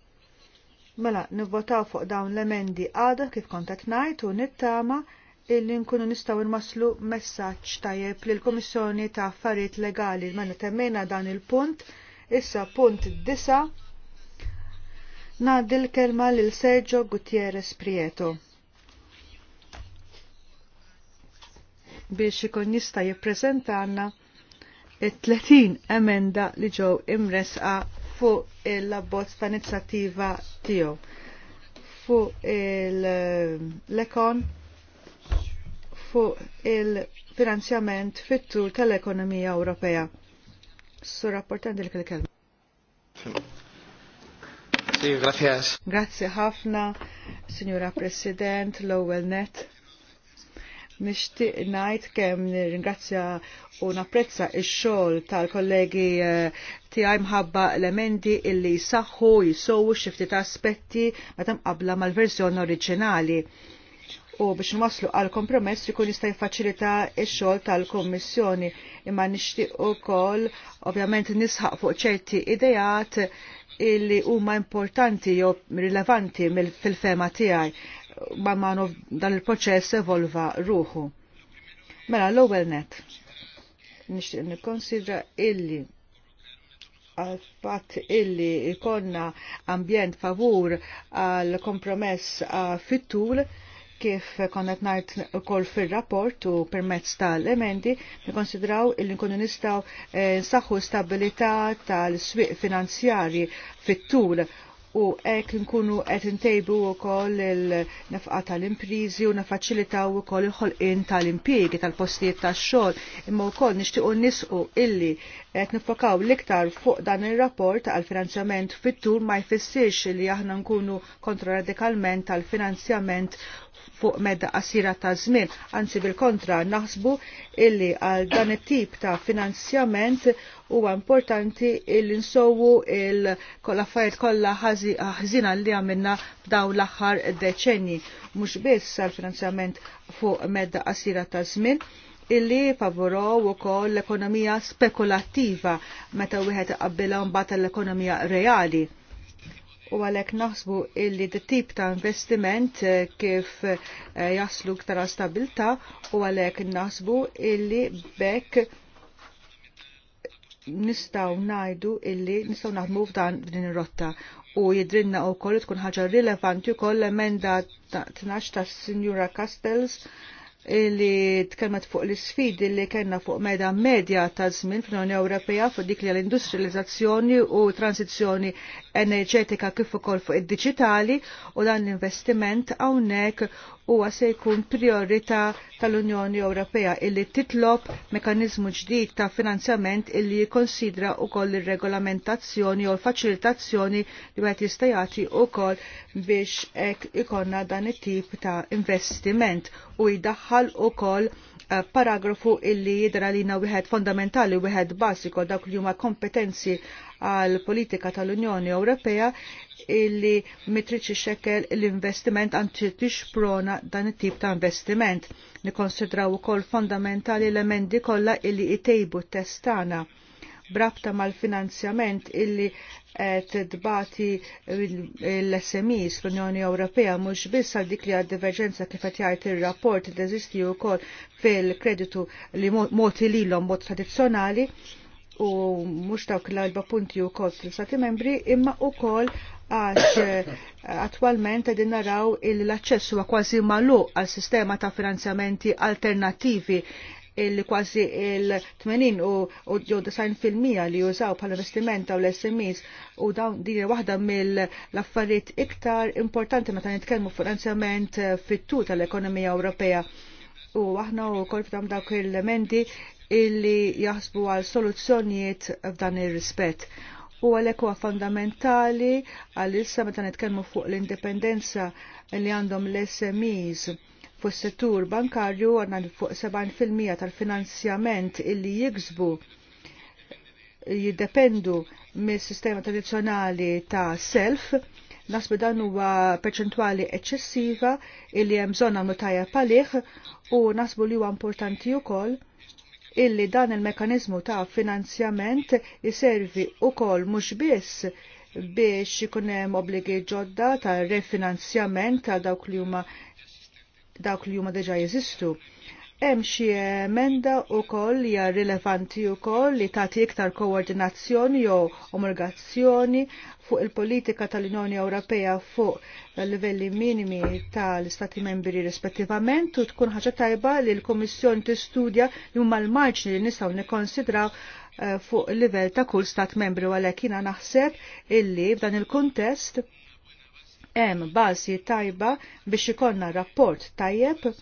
Mela nivvotaw fuq dawn l-emendi għada kif kont qed u nittama illi nkunu nistgħu maslu messaġġ tajjeb l kummissjoni ta' affarijiet legali mela temmena dan il-punt issa punt disa' Naddi l-kelma lil Sergio Gutierrez Prieto. biex ikun jista' jippreżentanna it-30 emenda li ġew imresqa fuq il-labbozz ta' inizjattiva tiegħu fuq il-lekon fuq il-finanzjament fit-tul tal-ekonomija Ewropea. Sur rapportant il-kelma. Sí, Grazie ħafna, Signora President, l-ewwel net. Nixtieq ngħid kemm nirringrazzja u napprezza x-xogħol tal-kollegi eh, tiegħi mħabba emendi illi saħħu jisowu xi ftit aspetti meta mqabbla mal-verżjoni oriġinali u biex nwaslu għal kompromess jkun jista' jfaċilita x-xogħol tal kummissjoni imma nixtieq ukoll ovvjament nisħaq fuq ċerti idejat illi huma importanti jew rilevanti fil-fema tiegħi man manu dan il-proċess evolva ruħu. Mela l-ewwel net nixtieq nikkonsidra illi għal fatt illi ikonna ambjent favur għal kompromess fit-tul kif konnet najt kol fil-rapport u permezz tal-emendi, nikonsidraw il-nkunu nistaw eh, nsaħħu stabilità tal-swiq finanzjari fit-tul u ek nkunu qed ntejbu wkoll il-nefqa tal-imprizi u nafaċilitaw ukoll il-ħolqien tal-impjiegi tal-postijiet tax-xogħol, imma wkoll nixtiequ nisqu illi qed nifokaw l-iktar fuq dan ir-rapport għall finanzjament fit-tul ma jfissirx li aħna nkunu kontra radikalment tal finanzjament fuq medda qasira ta' żmien, anzi bil-kontra naħsbu illi għal dan it-tip ta' finanzjament huwa importanti illi nsowu il-kollaffariet kollha ħażina li għamilna f'dawn l-aħħar deċenji, mhux biss sal finanzjament fuq medda qasira ta' żmien, illi favoraw koll l-ekonomija spekulattiva meta wieħed qabbilha mbagħad l-ekonomija reali u għalek naħsbu illi d-tip ta' investiment eh, kif eh, jaslu ktar stabilta u għalek naħsbu illi bekk nistaw najdu illi nistaw naħdmu f'dan din rotta u jidrinna u koll tkun ħaġa rilevanti u koll emenda 12 ta' Signora Castells li tkellmet fuq l-sfidi li kellna fuq meda medja ta' żmien fl-Unjoni Ewropea fuq dik li l-industrializzazzjoni u transizzjoni enerġetika kif ukoll fuq id-diġitali u dan l-investiment hawnhekk huwa se jkun priorità tal-Unjoni Ewropea illi titlob mekanizmu ġdid ta' finanzjament illi jikonsidra wkoll ir-regolamentazzjoni u l-faċilitazzjoni li wieħed jista' jagħti wkoll biex ek ikonna dan it-tip ta' investiment u jdaħħal ukoll eh, paragrafu illi jidra lina wieħed fondamentali wieħed basiko dak li huma kompetenzi għal politika tal-Unjoni Ewropea illi mitriċi xekkel l-investiment għanti prona dan it-tip ta' investiment. Nikonsidraw ukoll fondamentali l-emendi kollha illi itejbu testana brabta mal-finanzjament illi dbati l-SMEs l-Unjoni Ewropea mhux biss għal dik li għad diverġenza kif qed jgħid ir-rapport li teżisti wkoll fil-kreditu li moti lilhom mod tradizzjonali, u mhux dawk l-alba punti wkoll fl sati membri imma wkoll għax eh, attualment qegħdin naraw il-aċċess huwa kważi magħluq għal sistema ta' finanzjamenti alternattivi il kważi il-80 u ġew design fil-mija li jużaw pal investiment u l-SMEs u dawn din waħda mill-affarijiet iktar importanti meta nitkellmu finanzjament eh, fit-tu tal-ekonomija Ewropea. U aħna u kol f'dam dawk il mendi illi jaħsbu għal soluzzjonijiet f'dan ir-rispett. U għalhekk huwa fondamentali għal issa meta nitkellmu fuq l-indipendenza li għandhom l-SMEs fuq settur bankarju għandna fuq 70% tal-finanzjament illi jiksbu jiddependu mis-sistema tradizzjonali ta' self nasbi dan huwa perċentwali eċċessiva illi hemm bżonn nagħmlu tajjeb għalih, u nasbu li huwa importanti wkoll illi dan il-mekanizmu ta' finanzjament jiservi u kol mux biss biex jikunem obligi ġodda ta' refinanzjament ta' dawk li huma dawk li huma deġa jeżistu Hemm xi emenda wkoll li hija rilevanti wkoll li tagħti iktar koordinazzjoni jew omologazzjoni fuq il-politika tal-Unjoni Ewropea fuq livelli minimi tal-Stati membri rispettivament u tkun ħaġa tajba li l kummissjoni tistudja li huma l-marġni li nistgħu nikkonsidraw eh, fuq il-livell ta' kull stat membri għalhekk jiena naħseb illi f'dan il-kuntest hemm bażi tajba biex ikollna rapport tajjeb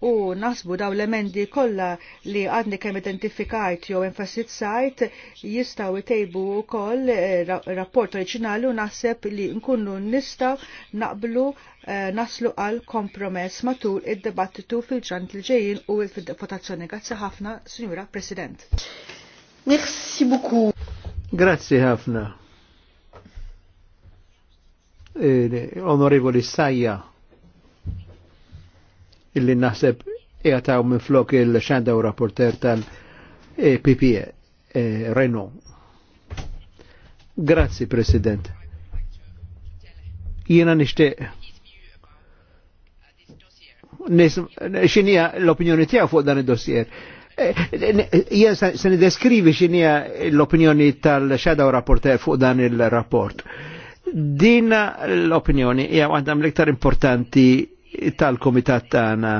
u nasbu daw l-emendi kollha li għadni kemm identifikajt jew enfasizzajt jistgħu u wkoll eh, rapport oriġinali u naħseb li nkunu nistaw naqblu eh, naslu għal kompromess matul id-debattitu fil-ġant li ġejjin u il votazzjoni Grazzi ħafna, Signora President. Merci beaucoup. Grazzi ħafna. Eh, onorevoli Sajja illi naħseb jgħataw minn flok il-xandaw rapporter tal-PPE, eh, Renault. Grazzi, President. Jena nishtiq xinija l-opinjoni tijaw fuq dan il dossier eh, Jien se nideskrivi xinija l-opinjoni tal-shadow rapporter fuq dan il-rapport. Dina l-opinjoni jgħu għandam mill-iktar importanti tal-komitat tagħna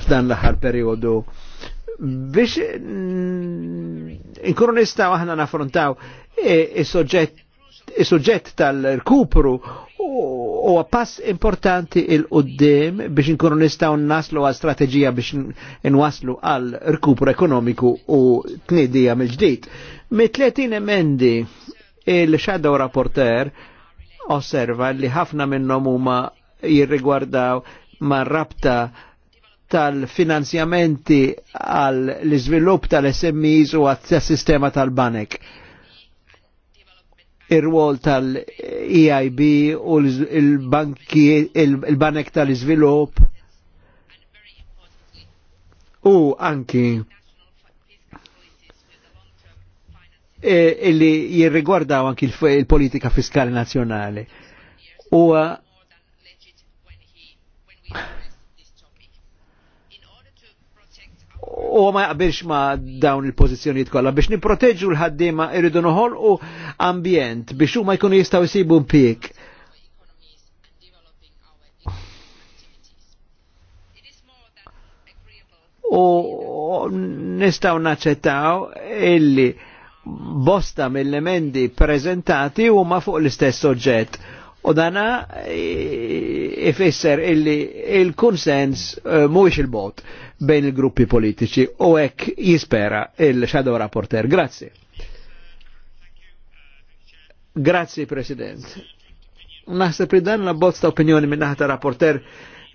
f'dan l-aħħar periodu biex mm, inkunu nistgħu aħna naffrontaw is-suġġett e, e e tal-rkupru u pass importanti il-qoddim biex inkunu nistgħu naslu għal strateġija biex nwaslu għal rkupru ekonomiku u tnedija mill-ġdid. Mit 30 emendi il-shadow rapporter osserva li ħafna minnhom huma jirrigwardaw ma' rabta tal-finanzjamenti għal izvilup tal-SMEs u għat-sistema tal-banek. Ir-rwol tal-EIB u l-banek tal izvilup u anki e, illi jirrigwardaw anki il-politika fiskali nazjonali. U u ma jaqbilx ma dawn il pozizjoniet kollha biex niproteġu l-ħaddiema irridu u ambjent biex huma jkunu jistgħu jsibu pik. U nistgħu naċċettaw illi bosta mill-emendi prezentati huma fuq l-istess oġġett U dana e, e, ifisser illi il-konsens uh, mhuwiex il-bot bejn il-gruppi politiċi u hekk jispera il-shadow rapporter. Grazzi. Grazzi President. Naħseb li dan la bozz ta' opinjoni minn ta' rapporter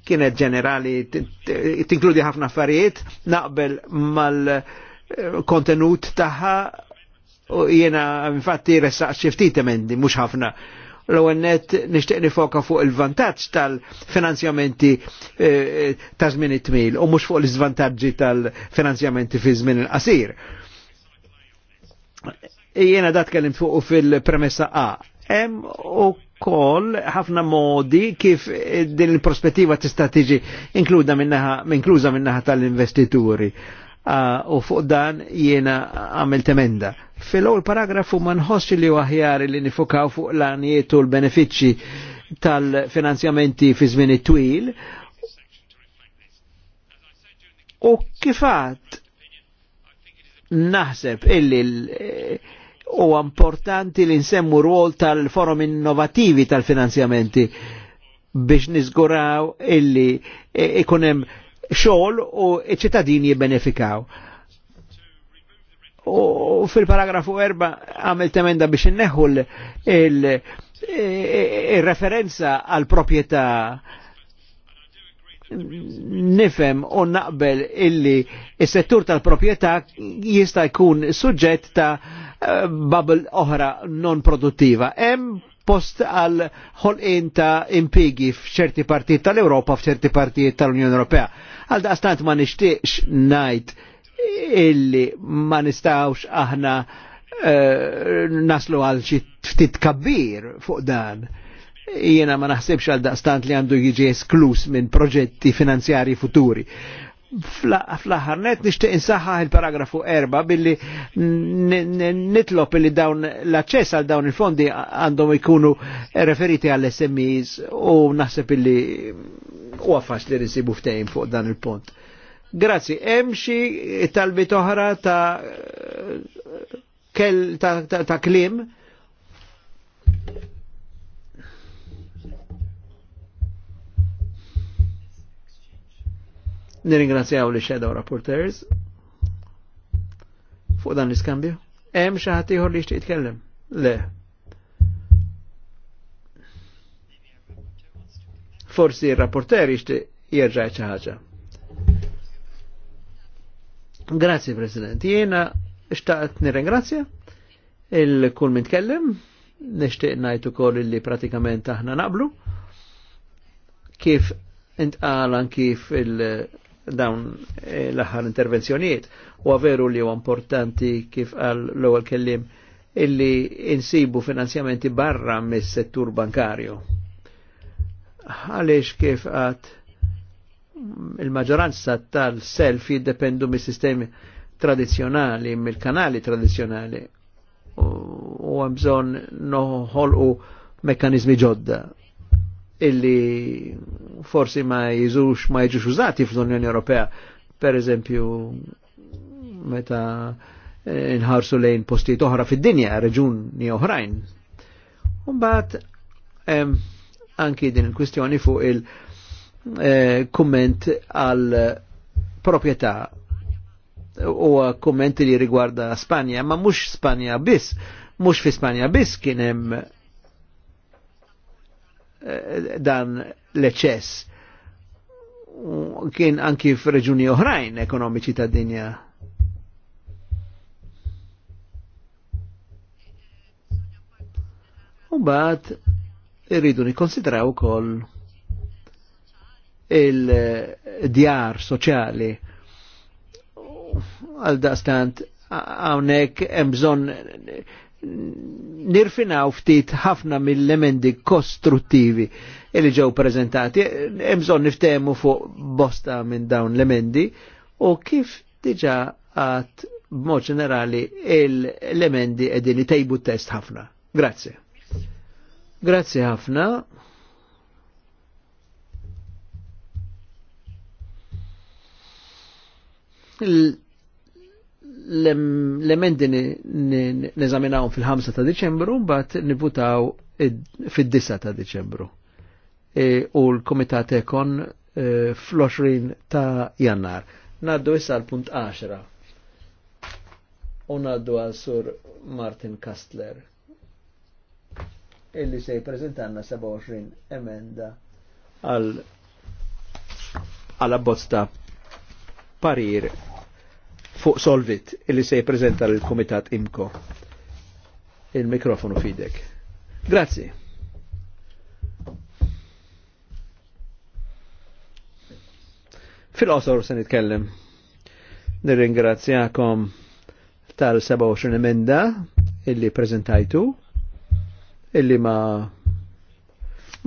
kienet ġenerali tinkludi ħafna affarijiet naqbel mal-kontenut taħħa jena infatti ressaq xiftit emendi mux ħafna L-għennet nishtiqni nifoka fuq il-vantaġġ tal-finanzjamenti eh, ta' żmien it-tmil u mhux fuq l-iżvantaġġi tal-finanzjamenti fi żmien il-qasir. Jiena dat kellim fuq fil-premessa A. Hemm u koll ħafna modi kif din il-prospettiva tista' tiġi inkluda minnaħa minnaħa tal-investituri. Ah, u fuq dan jiena għamilt emenda. Fil-ewwel paragrafu ma nħossx li aħjar li nifukaw fuq l-għanijiet u l-benefiċċji tal-finanzjamenti fi żmien twil u kifat naħseb illi u importanti li nsemmu rwol tal-forum innovativi tal-finanzjamenti biex nizguraw illi ikunem e xogħol u ċittadini jibbenefikaw. U fil-paragrafu 4 għamil temenda biex inneħu il-referenza għal proprjetà nifem u naqbel illi il settur tal-proprjetà jista' jkun suġġett ta' bubble oħra non produttiva. Hemm post għal ħolqien ta' impigi f'ċerti partijiet tal-Ewropa f'ċerti partijiet tal-Unjoni Ewropea Għal daqstant ma nishtiqx najt illi ma nistawx aħna eh, naslu għal xi ftit kabbir fuq dan. Jiena ma naħsibx għal daqstant li għandu jiġi esklus minn proġetti finanzjari futuri fl-aħħar net nixtieq insaħħaħ il-paragrafu erba' billi nitlob li dawn l-aċċess għal dawn il-fondi għandhom ikunu referiti għall smis u naħseb illi huwa faċli rinsibu ftehim fuq dan il-punt. Grazzi, hemm xi talbit oħra ta' kell ta, ta klim. Nirringrazzjaw li Shadow Rapporteurs fuq dan l-iskambju. Hemm xi ħadd ieħor li jixtieq jitkellem? Le. Forsi r-rapporter jixtieq jerġa' xi ħaġa. Grazzi President. Jiena xtaqt nirringrazzja il-kull min tkellem, nixtieq ngħid ukoll li pratikament aħna naqblu kif intqal kif il- dawn eh, l-aħħar intervenzjonijiet. U għaveru li huwa importanti kif għal l-ewwel kellim illi insibu finanzjamenti barra mis-settur bankarju. Għaliex kif għat il-maġoranza tal-self jiddependu mis-sistemi tradizjonali, mill-kanali tradizjonali. U għamżon noħolqu mekkanizmi ġodda illi forsi ma jizux ma jiġux użati fl-Unjoni Ewropea, per eżempju meta eh, inħarsu lejn posti toħra fid-dinja, reġuni oħrajn. Umbat, anki din il-kwistjoni fuq il-komment eh, għal propieta u komment li rigwarda Spanja, ma mux Spanja bis, mux fi Spanja bis kienem dan l-eċess kien anki f'reġuni oħrajn ekonomiċi ta' dinja. U bat irridu nikonsidraw kol il-djar soċjali għal daqstant għawnek emżon nirfinaw ftit ħafna mill-emendi kostruttivi li ġew prezentati, emżon niftemu fuq bosta minn dawn l-emendi u kif diġa għat b'mod ġenerali l-emendi edin tejbu test ħafna. Grazie. Grazie ħafna. Il l-emendi neżaminaw fil-5 ta' Deċembru, bat nibutaw fil-9 ta' Deċembru. E, u l-Komitat Ekon e, fl-20 ta' Jannar. Naddu issa l-punt 10. U naddu għal sur Martin Kastler. Illi se jiprezentanna 27 emenda għal abbozta parir fuq Solvit illi se jiprezenta l kumitat Imko. Il-mikrofonu fidek. Grazzi. Fil-qosor se nitkellem. Nirringrazzjakom tal-27 emenda illi prezentajtu illi ma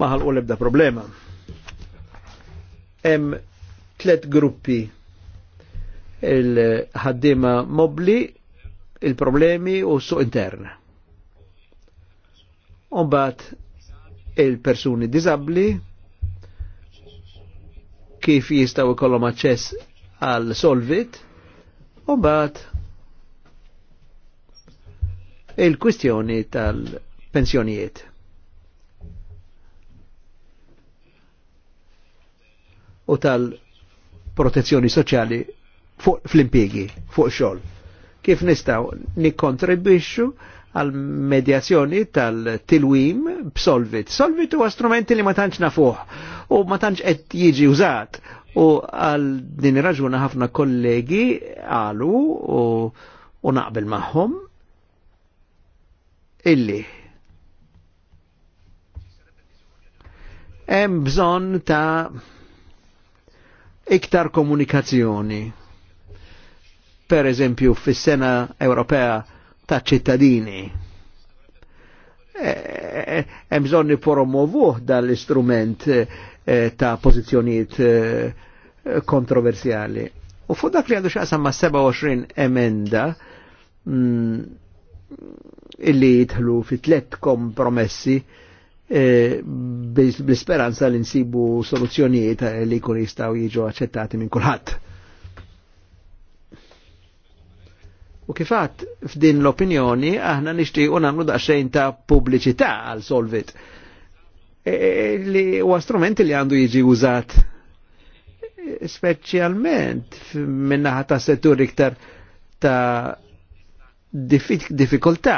maħal u lebda problema. Em tlet gruppi il-ħaddima mobli, il-problemi u s-suq intern. Umbat il-persuni disabli kif jistaw ikollhom aċċess għal solvit mbagħad il-kwistjoni tal-pensjonijiet. u tal-protezzjoni soċjali fuq fl-impiegi, fuq xogħol. Kif nistaw nikkontribwixxu għal medjazzjoni tal-tilwim b'solvit. Solvit huwa strumenti li ma tantx nafuh u ma tantx qed jiġi użat. U għal din raġuna ħafna kollegi għalu u, u naqbel magħhom illi hemm bżonn ta' iktar komunikazzjoni per eżempju fis-sena Ewropea ta' ċittadini. Hemm e, e, bżonn nipromovuh dal-istrument e, ta' pożizzjonijiet kontroversjali. U fuq dak li għandu xaqsam ma' 27 emenda mm, illi jidħlu fi tlet kompromessi E, bl-speranza li nsibu soluzzjonijiet li kun jistgħu jiġu accettati minn kulħadd. U kifat f'din l-opinjoni aħna nixtiequ nagħmlu xejn ta' pubbliċità għal solvit. E, e, e, li huwa strumenti li għandu jiġi użat speċjalment minnaħa ta' settur iktar ta' diffikultà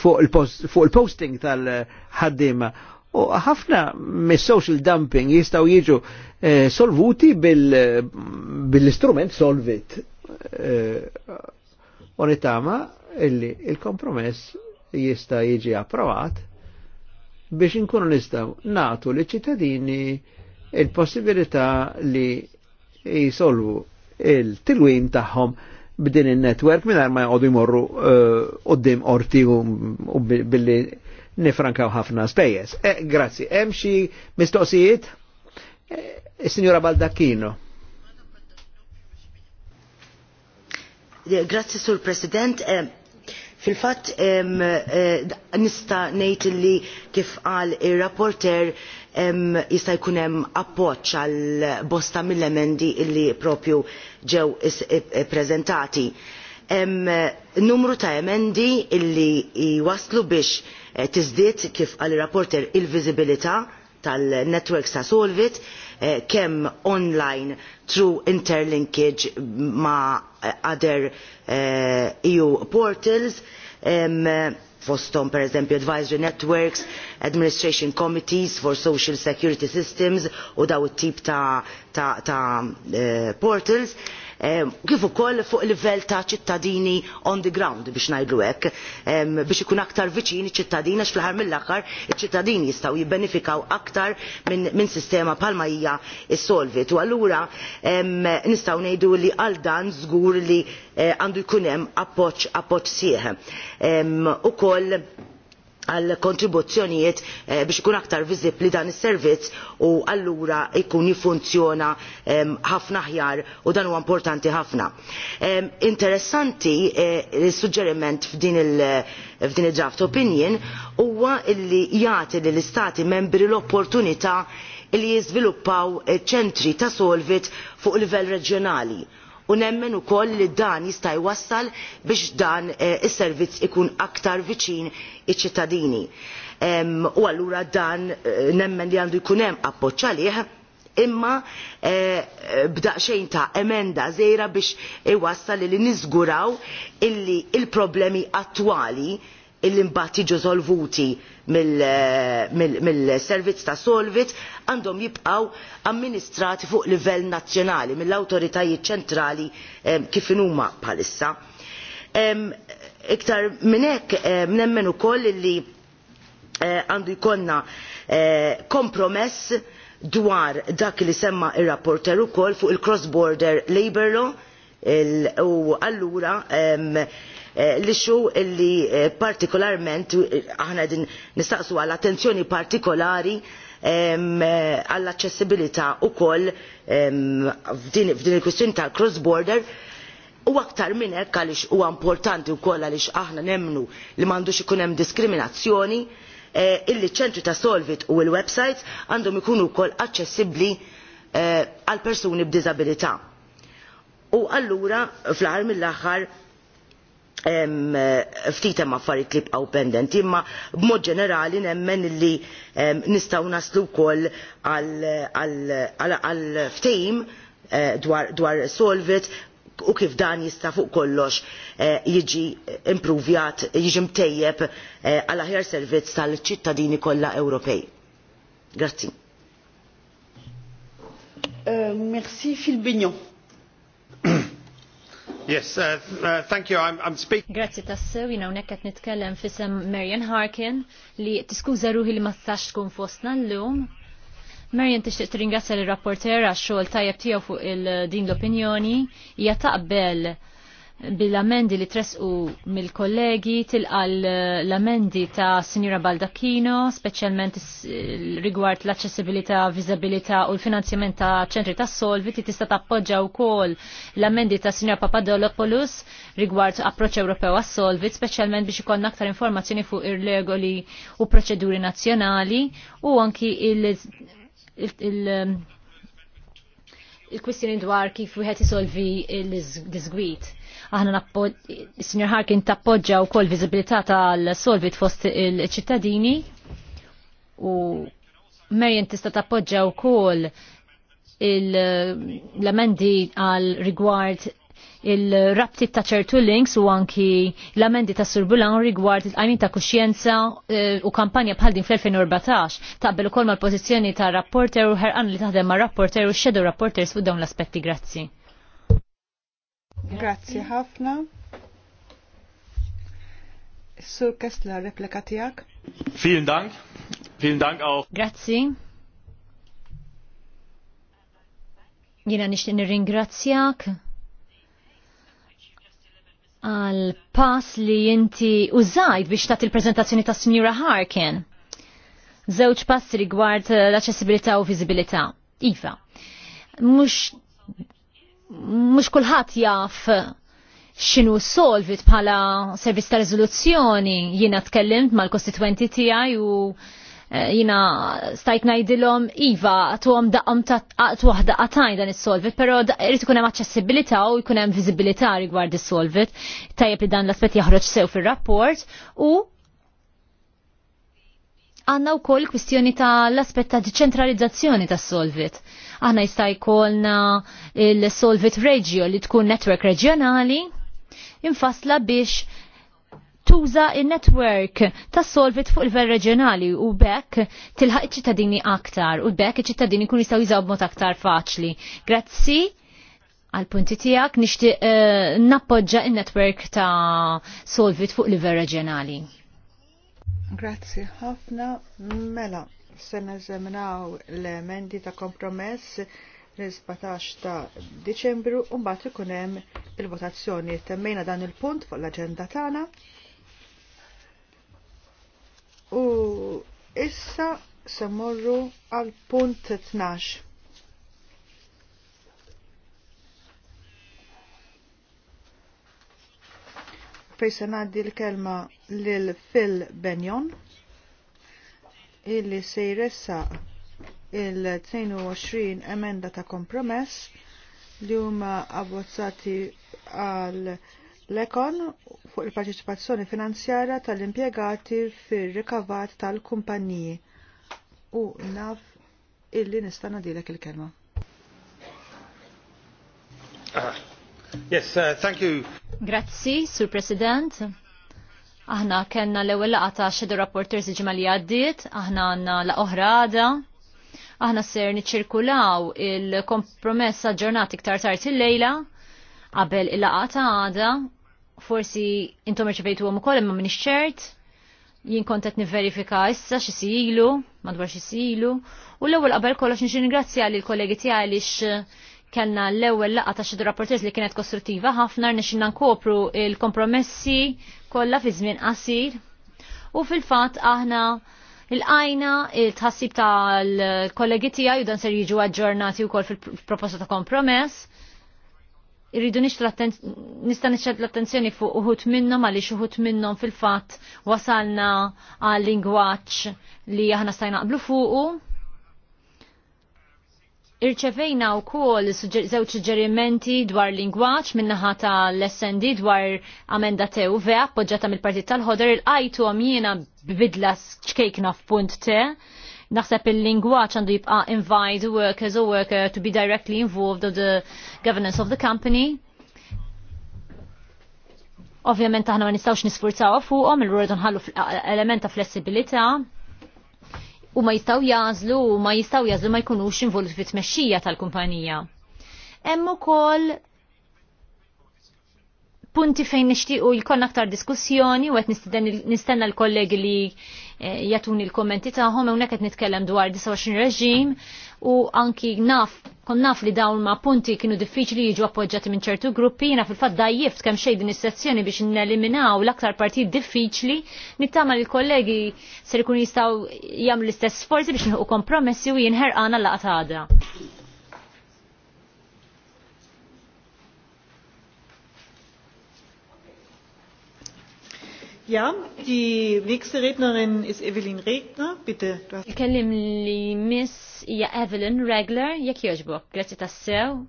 fuq il-posting tal-ħaddima U ħafna mis-social dumping jistaw jiġu eh, solvuti bil-istrument bil solvit. Eh, Onitama illi il-kompromess jista jiġi approvat biex inkunu nistaw natu li ċittadini il-possibilità li jisolvu il-tilwim tagħhom b'din il-network minn ma jgħodu jmorru eh, qoddim uh, orti u billi nifrankaw ħafna spejjeż. E, grazzi, hemm xi mistoqsijiet? is eh, signora Baldacchino. Eh, grazzi Sur President. Eh, Fil-fatt eh, nista' nejt li kif qal ir-rapporter jista' jkun hemm appoġġ għal bosta mill-emendi illi propju ġew ppreżentati. E, e, numru ta' emendi illi jwaslu biex Eh, tizdiet kif qal rapporter il vizibilita tal-networks ta' Solvit eh, kemm online through interlinkage ma' eh, other EU e portals fosthom per eżempju advisory networks, administration committees for social security systems u daw it-tip ta', ta, ta portals kif ukoll fuq livell ta' ċittadini on the ground biex ngħidlu hekk biex ikun aktar viċin iċ-ċittadin għax fl-aħħar mill-aħħar iċ-ċittadini jistgħu jibbenefikaw aktar minn sistema bħalma hija s-solvit. U allura nistgħu ngħidu li għal dan żgur li eh, għandu jkun hemm appoġġ appoġġ sieħ. Ukoll għal kontribuzzjonijiet eh, biex ikun aktar viżibbli dan is-servizz u allura jkun jiffunzjona ħafna aħjar u dan huwa importanti ħafna. Interessanti eh, l-suġġeriment f'din il-draft opinion huwa li jagħti lill istati membri l-opportunità li jiżviluppaw eh, ċentri ta' solvit fuq livell reġjonali u nemmen ukoll li dan jista' jwassal biex dan eh, is-servizz ikun aktar viċin iċ-ċittadini. U allura dan eh, nemmen li għandu jkun hemm appoġġ għalih imma eh, xejn ta' emenda żgħira biex iwassal li nizguraw illi il-problemi attwali illi mbagħad jiġu solvuti mill-servizz eh, ta' Solvit għandhom jibqaw amministrati fuq livell nazzjonali mill-awtoritajiet ċentrali eh, kif huma bħalissa. Iktar minn hekk eh, nemmen ukoll li għandu jkollna kompromess dwar dak li semma ir-rapporter ukoll fuq il-cross border labor law u allura Eh, l xu li eh, partikolarment eh, aħna din nistaqsu għal attenzjoni partikolari għall aċċessibilità wkoll f'din il-kwistjoni tal-cross border u aktar minn hekk għaliex huwa importanti wkoll għaliex aħna nemmnu li m'għandux ikun hemm diskriminazzjoni illi ċ-ċentri ta' Solvit u l-websites għandhom ikunu wkoll aċċessibbli għal persuni b'diżabilità. U allura fl-aħħar mill-aħħar ftit hemm affarijiet li bqgħu pendenti, imma b'mod ġenerali nemmen li nistgħu naslu wkoll għal ftehim eh, dwar solvit u kif dan jista fuq kollox eh, jiġi impruvjat, jiġi mtejjeb eh, għal aħjar servizz tal-ċittadini kollha Ewropej. Grazzi. Merci Phil Bignon. Yes, uh, uh, thank you. I'm, I'm speaking. Grazie tassew, jina unek għet nitkellem fissem Marian Harkin li tiskuza ruħi li ma t tkun fostna l-lum. Marian t tringrazzja l rapportera għax xogħol tajjeb tiegħu fuq il-din l-opinjoni hija taqbel bil-amendi li tresqu mill-kollegi tilqal eh, l-amendi ta' Sinjura Baldacchino, speċjalment rigward l-accessibilità, viżabilità u l-finanzjament ta' ċentri ta' solviti tista' tappoġġa wkoll l-amendi ta' Sinjura Papadolopoulos rigward approċċ Ewropew għas-solvit, speċjalment biex ikollna aktar informazzjoni fuq ir-regoli u proċeduri nazzjonali u anki il-, il, il il-kwistjoni dwar kif wieħed isolvi l-disgwit. Aħna Sinjor Harkin tappoġġa wkoll viżibilità tal-solvit fost il-ċittadini u Marian tista tappoġġa wkoll l-amendi għal rigward il-rabti ta' ċertu links u anki l-amendi ta' Surbulan rigward il-għajmin ta' kuxjenza eh, u kampanja bħal din fl-2014 taqbel ukoll mal-pożizzjoni ta' rapporter u ħerqan li taħdem ma' rapporter u xedu rapporters fuq dawn l-aspetti. Grazzi. Grazie ħafna. Sur Kessler, replika tijak. Vielen Dank. Vielen Dank auch. Grazie. Jena nishtin nirringrazzjak għal pass li jinti użajt biex tat il-prezentazzjoni ta' Signora Harkin. Zewċ pass rigward l-accessibilità u viżibilità. Iva, mux mhux kulħadd jaf xinu solvit bħala servizz ta' rezoluzzjoni jina tkellimt mal-kostituenti tijaj u eh, jina stajt najdilom Iva għom daqqom taqqat għahda għatajn dan il-solvit, pero irrit kunem accessibilita u jkunem vizibilita rigward il-solvit, tajjeb li dan l-aspet jahroċ sew fil-rapport u għanna u koll kwistjoni ta' l-aspet ta' deċentralizzazzjoni ta' solvit aħna jista' jkollna il-Solvit Regio li tkun netwerk reġjonali infasla biex tuża in-network ta' solvit fuq il-ver reġjonali u bekk tilħaq iċ-ċittadini aktar u bekk iċ-ċittadini kun jistgħu jżaw b'mod aktar faċli. Grazzi għal punti tiegħek nixtieq uh, eh, nappoġġa in-network ta' solvit fuq il-ver reġjonali. Grazzi ħafna mela se neżaminaw l-emendi ta' kompromess l-17 ta' Diċembru u mbagħad ikun hemm il-votazzjoni temmejna dan il-punt fuq l-aġenda tagħna. U issa se morru għal punt 12. Fejn se ngħaddi l-kelma lil Phil Benjon illi se jressaq il-22 emenda ta' kompromess li huma abbozzati għal l-ekon fuq il-parċipazzjoni finanzjara tal-impjegati fir-rikavat tal-kumpaniji. U naf illi nista' nadilek il-kelma. Uh, Yes, uh, thank you. Grazzi, Sur President. Aħna kellna l-ewwel laqgħa ta' Shadow Rapporters ġimgħa li għaddiet, aħna għandna la oħrada. Aħna ser niċċirkulaw il-kompromess ġurnati ktar tard il-lejla qabel il-laqgħa ta' għada. Forsi intom irċevejtuhom ukoll imma minix ċert. Jien kont qed nivverifika issa xi sijilu, madwar xi sijilu, u l-ewwel qabel kollox nixi ningrazzja lill kollegi tiegħi għaliex eh, kellna l-ewwel laqgħa ta' xi rapporters li kienet kostruttiva ħafna rnexxinna nkopru il-kompromessi kollha fi żmien qasir u fil-fatt aħna il-għajna il-tħassib tal-kollegi tiegħi u dan ser jiġu aġġornati wkoll fil-proposta ta' kompromess irridu nista nixċed l-attenzjoni fuq uħut minnom għaliex uħut minnom fil-fatt wasalna għal lingwaċ li aħna stajna qblu fuqu Irċevejna u kol zew suġġerimenti dwar lingwaċ minnaħa ta' l-SND dwar amenda tew vea appoġġata mill-partit tal-ħoder il-qajtu għamjena bidla ċkejkna f'punt te. Naħseb il-lingwaċ għandu jibqa invite workers or worker to be directly involved of the governance of the company. Ovvjament aħna ma nistgħux nisfurzaw fuqhom il-rwed nħallu element ta' flessibilità u ma jistaw jazlu u ma jistaw jazlu ma jkunux involuti fit tmexxija tal-kumpanija. Hemm ukoll punti fejn nixtiequ jkollna aktar diskussjoni u għet nistenna l-kollegi li eh, jatuni l-kommenti tagħhom hawnhekk qed nitkellem dwar 29 reġim u anki naf kon naf li dawn ma punti kienu diffiċli jiġu appoġġati minn ċertu gruppi, jina fil-fat dajjift kemm xejn din is-sezzjoni biex neliminaw l-aktar partit diffiċli, nittama li l-kollegi ser ikun jistgħu jagħmlu l-istess sforzi biex nħuq kompromessi u jinħerqana l-laqta Ja, die nächste Rednerin ist Evelyn Regner, bitte. Kellim li miss ja Evelyn Regler, jek joġbok, grazzi tassew.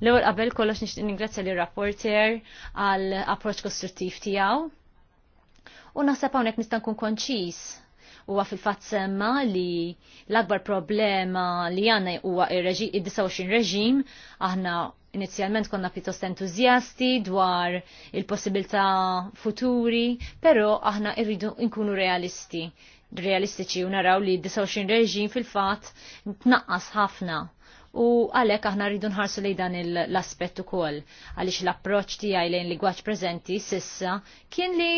L-ewwel qabel kollox nixtieq ningrazzja lir rapporter għal approċċ kostruttiv tiegħu. U naħseb hawnhekk nista' nkun konċis huwa fil-fatt semma li l-akbar problema li għandna huwa ir-29 reġim aħna Inizjalment konna pjuttost entuzjasti dwar il-possibilità futuri, però aħna irridu nkunu realisti realistiċi u naraw li 29 reġim fil-fat tnaqqas ħafna. U għalek aħna rridu nħarsu li dan l-aspettu kol, għalix l-approċ ti lejn li gwaċ prezenti sissa kien li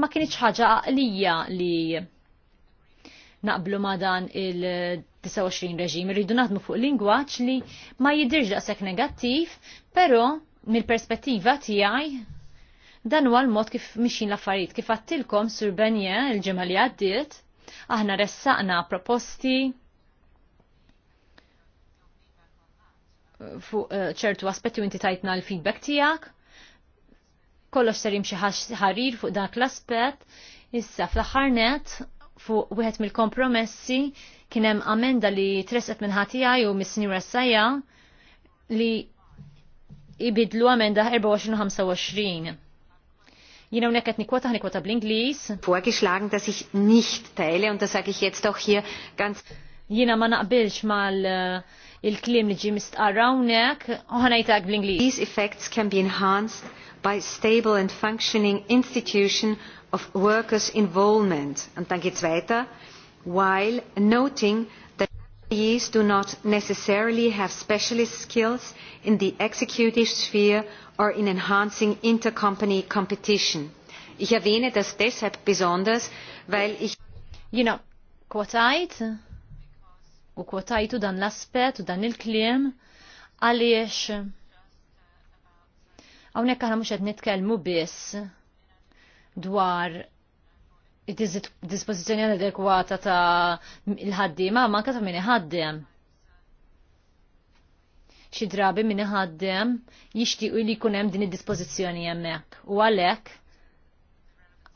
ma kienieċ ħaġa għalija li naqblu ma dan il-29 reġim. Irridu naħdmu fuq lingwaċ li ma jidirġ daqsek negattiv, però mill-perspettiva tiegħi dan huwa l-mod kif mixin l-affarijiet. Kif għattilkom sur Benje il-ġimgħa li għaddiet, aħna ressaqna proposti fuq eh, ċertu aspetti u inti tajtna l-feedback tiegħek. Kollox ser jimxi ħarir fuq dak l-aspett. Issa fl-aħħar net fuq wieħed mill-kompromessi kien hemm amenda li tresqet minn ħatijaj u mis-sinjura Sajja li ibidlu amenda 24-25. Jina unek għet nikwota għan bl-Inglis. Vorgeschlagen, dass ich nicht teile, und das sage ich jetzt auch hier ganz... Jina ma naqbilx mal eh, il-klim li ġi mistqarra unek, uħanajtak bl-Inglis. These effects can be enhanced by stable and functioning institution of workers' involvement. Und dann geht es weiter, while noting that employees do not necessarily have specialist skills in the executive sphere or in enhancing intercompany competition. Ich erwähne das deshalb besonders, weil ich... You know, kwotajt, u kwotajtu dan l-aspet, u dan il-kliem, għaliex... Għawnek għana mux għed nitkelmu biss dwar id dispozizjoni adekwata ta' il-ħaddiema manka ta' min ħaddim. Xi drabi min iħaddem jixtiequ li jkun hemm din id-dispożizzjoni hemmhekk u għalhekk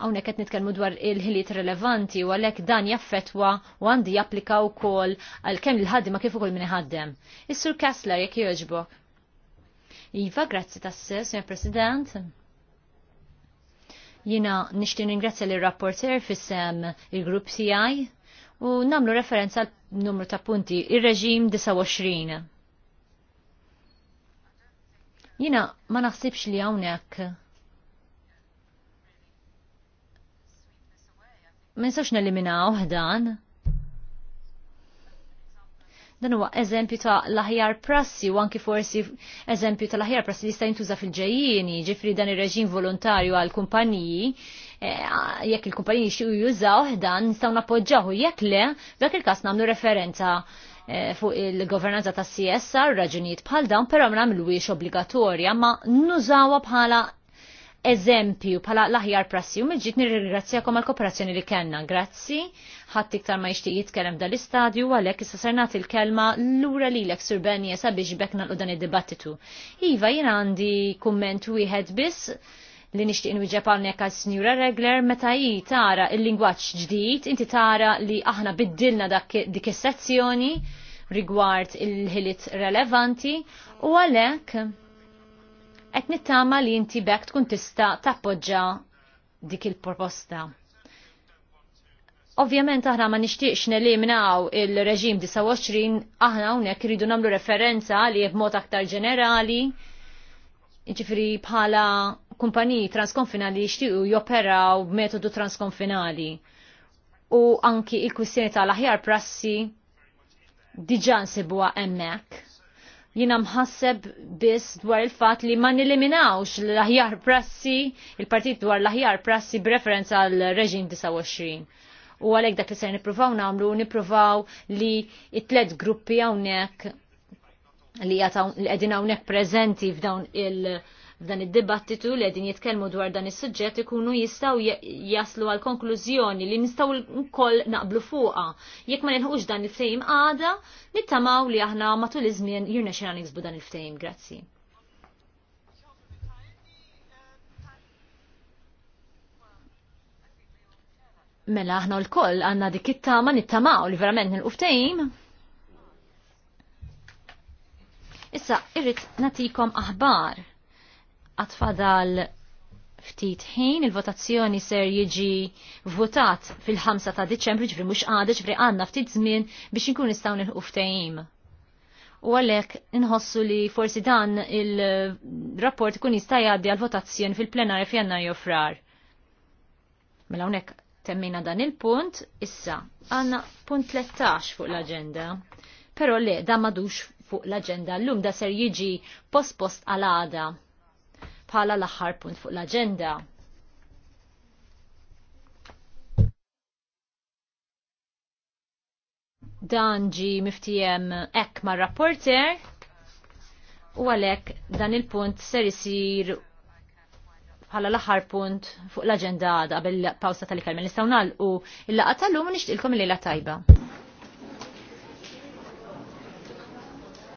hawnhekk qed nitkellmu dwar il-ħiliet relevanti u għalhekk dan jaffetwa u għandi japplika wkoll għal kemm il ma' kif ukoll min iħaddem. Is-Sur Kessler jekk jogħġbok. Iva, grazzi tassis, President. Jina nishti ringrazzja li rapporter fissem il-grupp CI u namlu referenza numru ta' punti il-reġim 29. Jina ma naħsibx li hawnhekk ma nistax neliminaw dan Dan huwa eżempju ta' l-aħjar prassi u anki forsi eżempju ta' l-aħjar prassi li jista' jintuża fil-ġejjieni, ġifri dan ir-reġim volontarju għal kumpaniji eh, jekk il-kumpaniji xi jużaw dan nistgħu nappoġġaw jekk le f'dak il-każ nagħmlu referenza eh, fuq il-governanza ta' CSR raġunijiet bħal dawn però nagħmlu obbligatorja ma nużawha bħala eżempju pala laħjar aħjar prassi u mill-ġit nirringrazzjakom għal-kooperazzjoni li kellna. Grazzi, ħadd iktar ma jixtieq jitkellem dal-istadju għalhekk issa ser nagħti l-kelma lura lilek ek surbenja sabiex bekna l dan id-dibattitu. Iva, jina għandi kumment wieħed biss li nixtieq inwiġġeb hawnhekk għal Sinjura Regler meta ji tara l-lingwaġġ ġdid, inti tara li aħna biddilna dik is-sezzjoni rigward il ħilit relevanti u għalhekk qed nittama li inti bekk tkun tista' tappoġġa dik il-proposta. Ovvjament aħna ma nixtieqx neliminaw il-reġim 29, aħna hawnhekk iridu nagħmlu referenza li b'mod aktar ġenerali, jiġifieri bħala kumpaniji transkonfinali jixtiequ joperaw b'metodu transkonfinali. U anki il kwissjoni tal-aħjar prassi diġà nsibuha hemmhekk jina mħasseb biss dwar il-fat li ma niliminawx l-aħjar prassi, il-partit dwar l-aħjar prassi b'referenza għal reġim 29. U għalek dak li ser niprofaw namlu, niprofaw li it-tlet gruppi għawnek li għedin għawnek prezenti f'dawn il- f'dan id-dibattitu li għedin jitkellmu dwar dan is-suġġett ikunu jistgħu jaslu għal konklużjoni li nistgħu nkoll naqblu fuqha. Jekk ma nħuġ dan il-ftehim għada, nittamaw li aħna matul iż-żmien jirna xi niksbu dan il-ftehim. Grazzi. Mela aħna l-koll għanna dik it-tama nittamaw li verament nil-ftehim. Issa, irrit natikom aħbar għatfadal ftit ħin il-votazzjoni ser jiġi votat fil-5 ta' Diċembru ġifri mhux għadha ġifri għandna ftit żmien biex inkun nistawni nilħu U għalhekk inħossu li forsi dan il-rapport ikun jista' jgħaddi għal votazzjoni fil plenar f'jannar jofrar. Mela hawnhekk temmina dan il-punt, issa għandna punt 13 fuq l-aġenda. Però le, da madux fuq l-aġenda l-lum da ser jiġi post-post għal għada bħala l-aħħar punt fuq l-aġenda. Dan ġi miftijem ekk ma' rapporter u għalek dan il-punt ser isir bħala l-aħħar punt fuq l-aġenda qabel pawsa tal-ikalmen nistgħu nagħlqu il-laqgħa tal-lum u nixtieqilkom il-lejla tajba.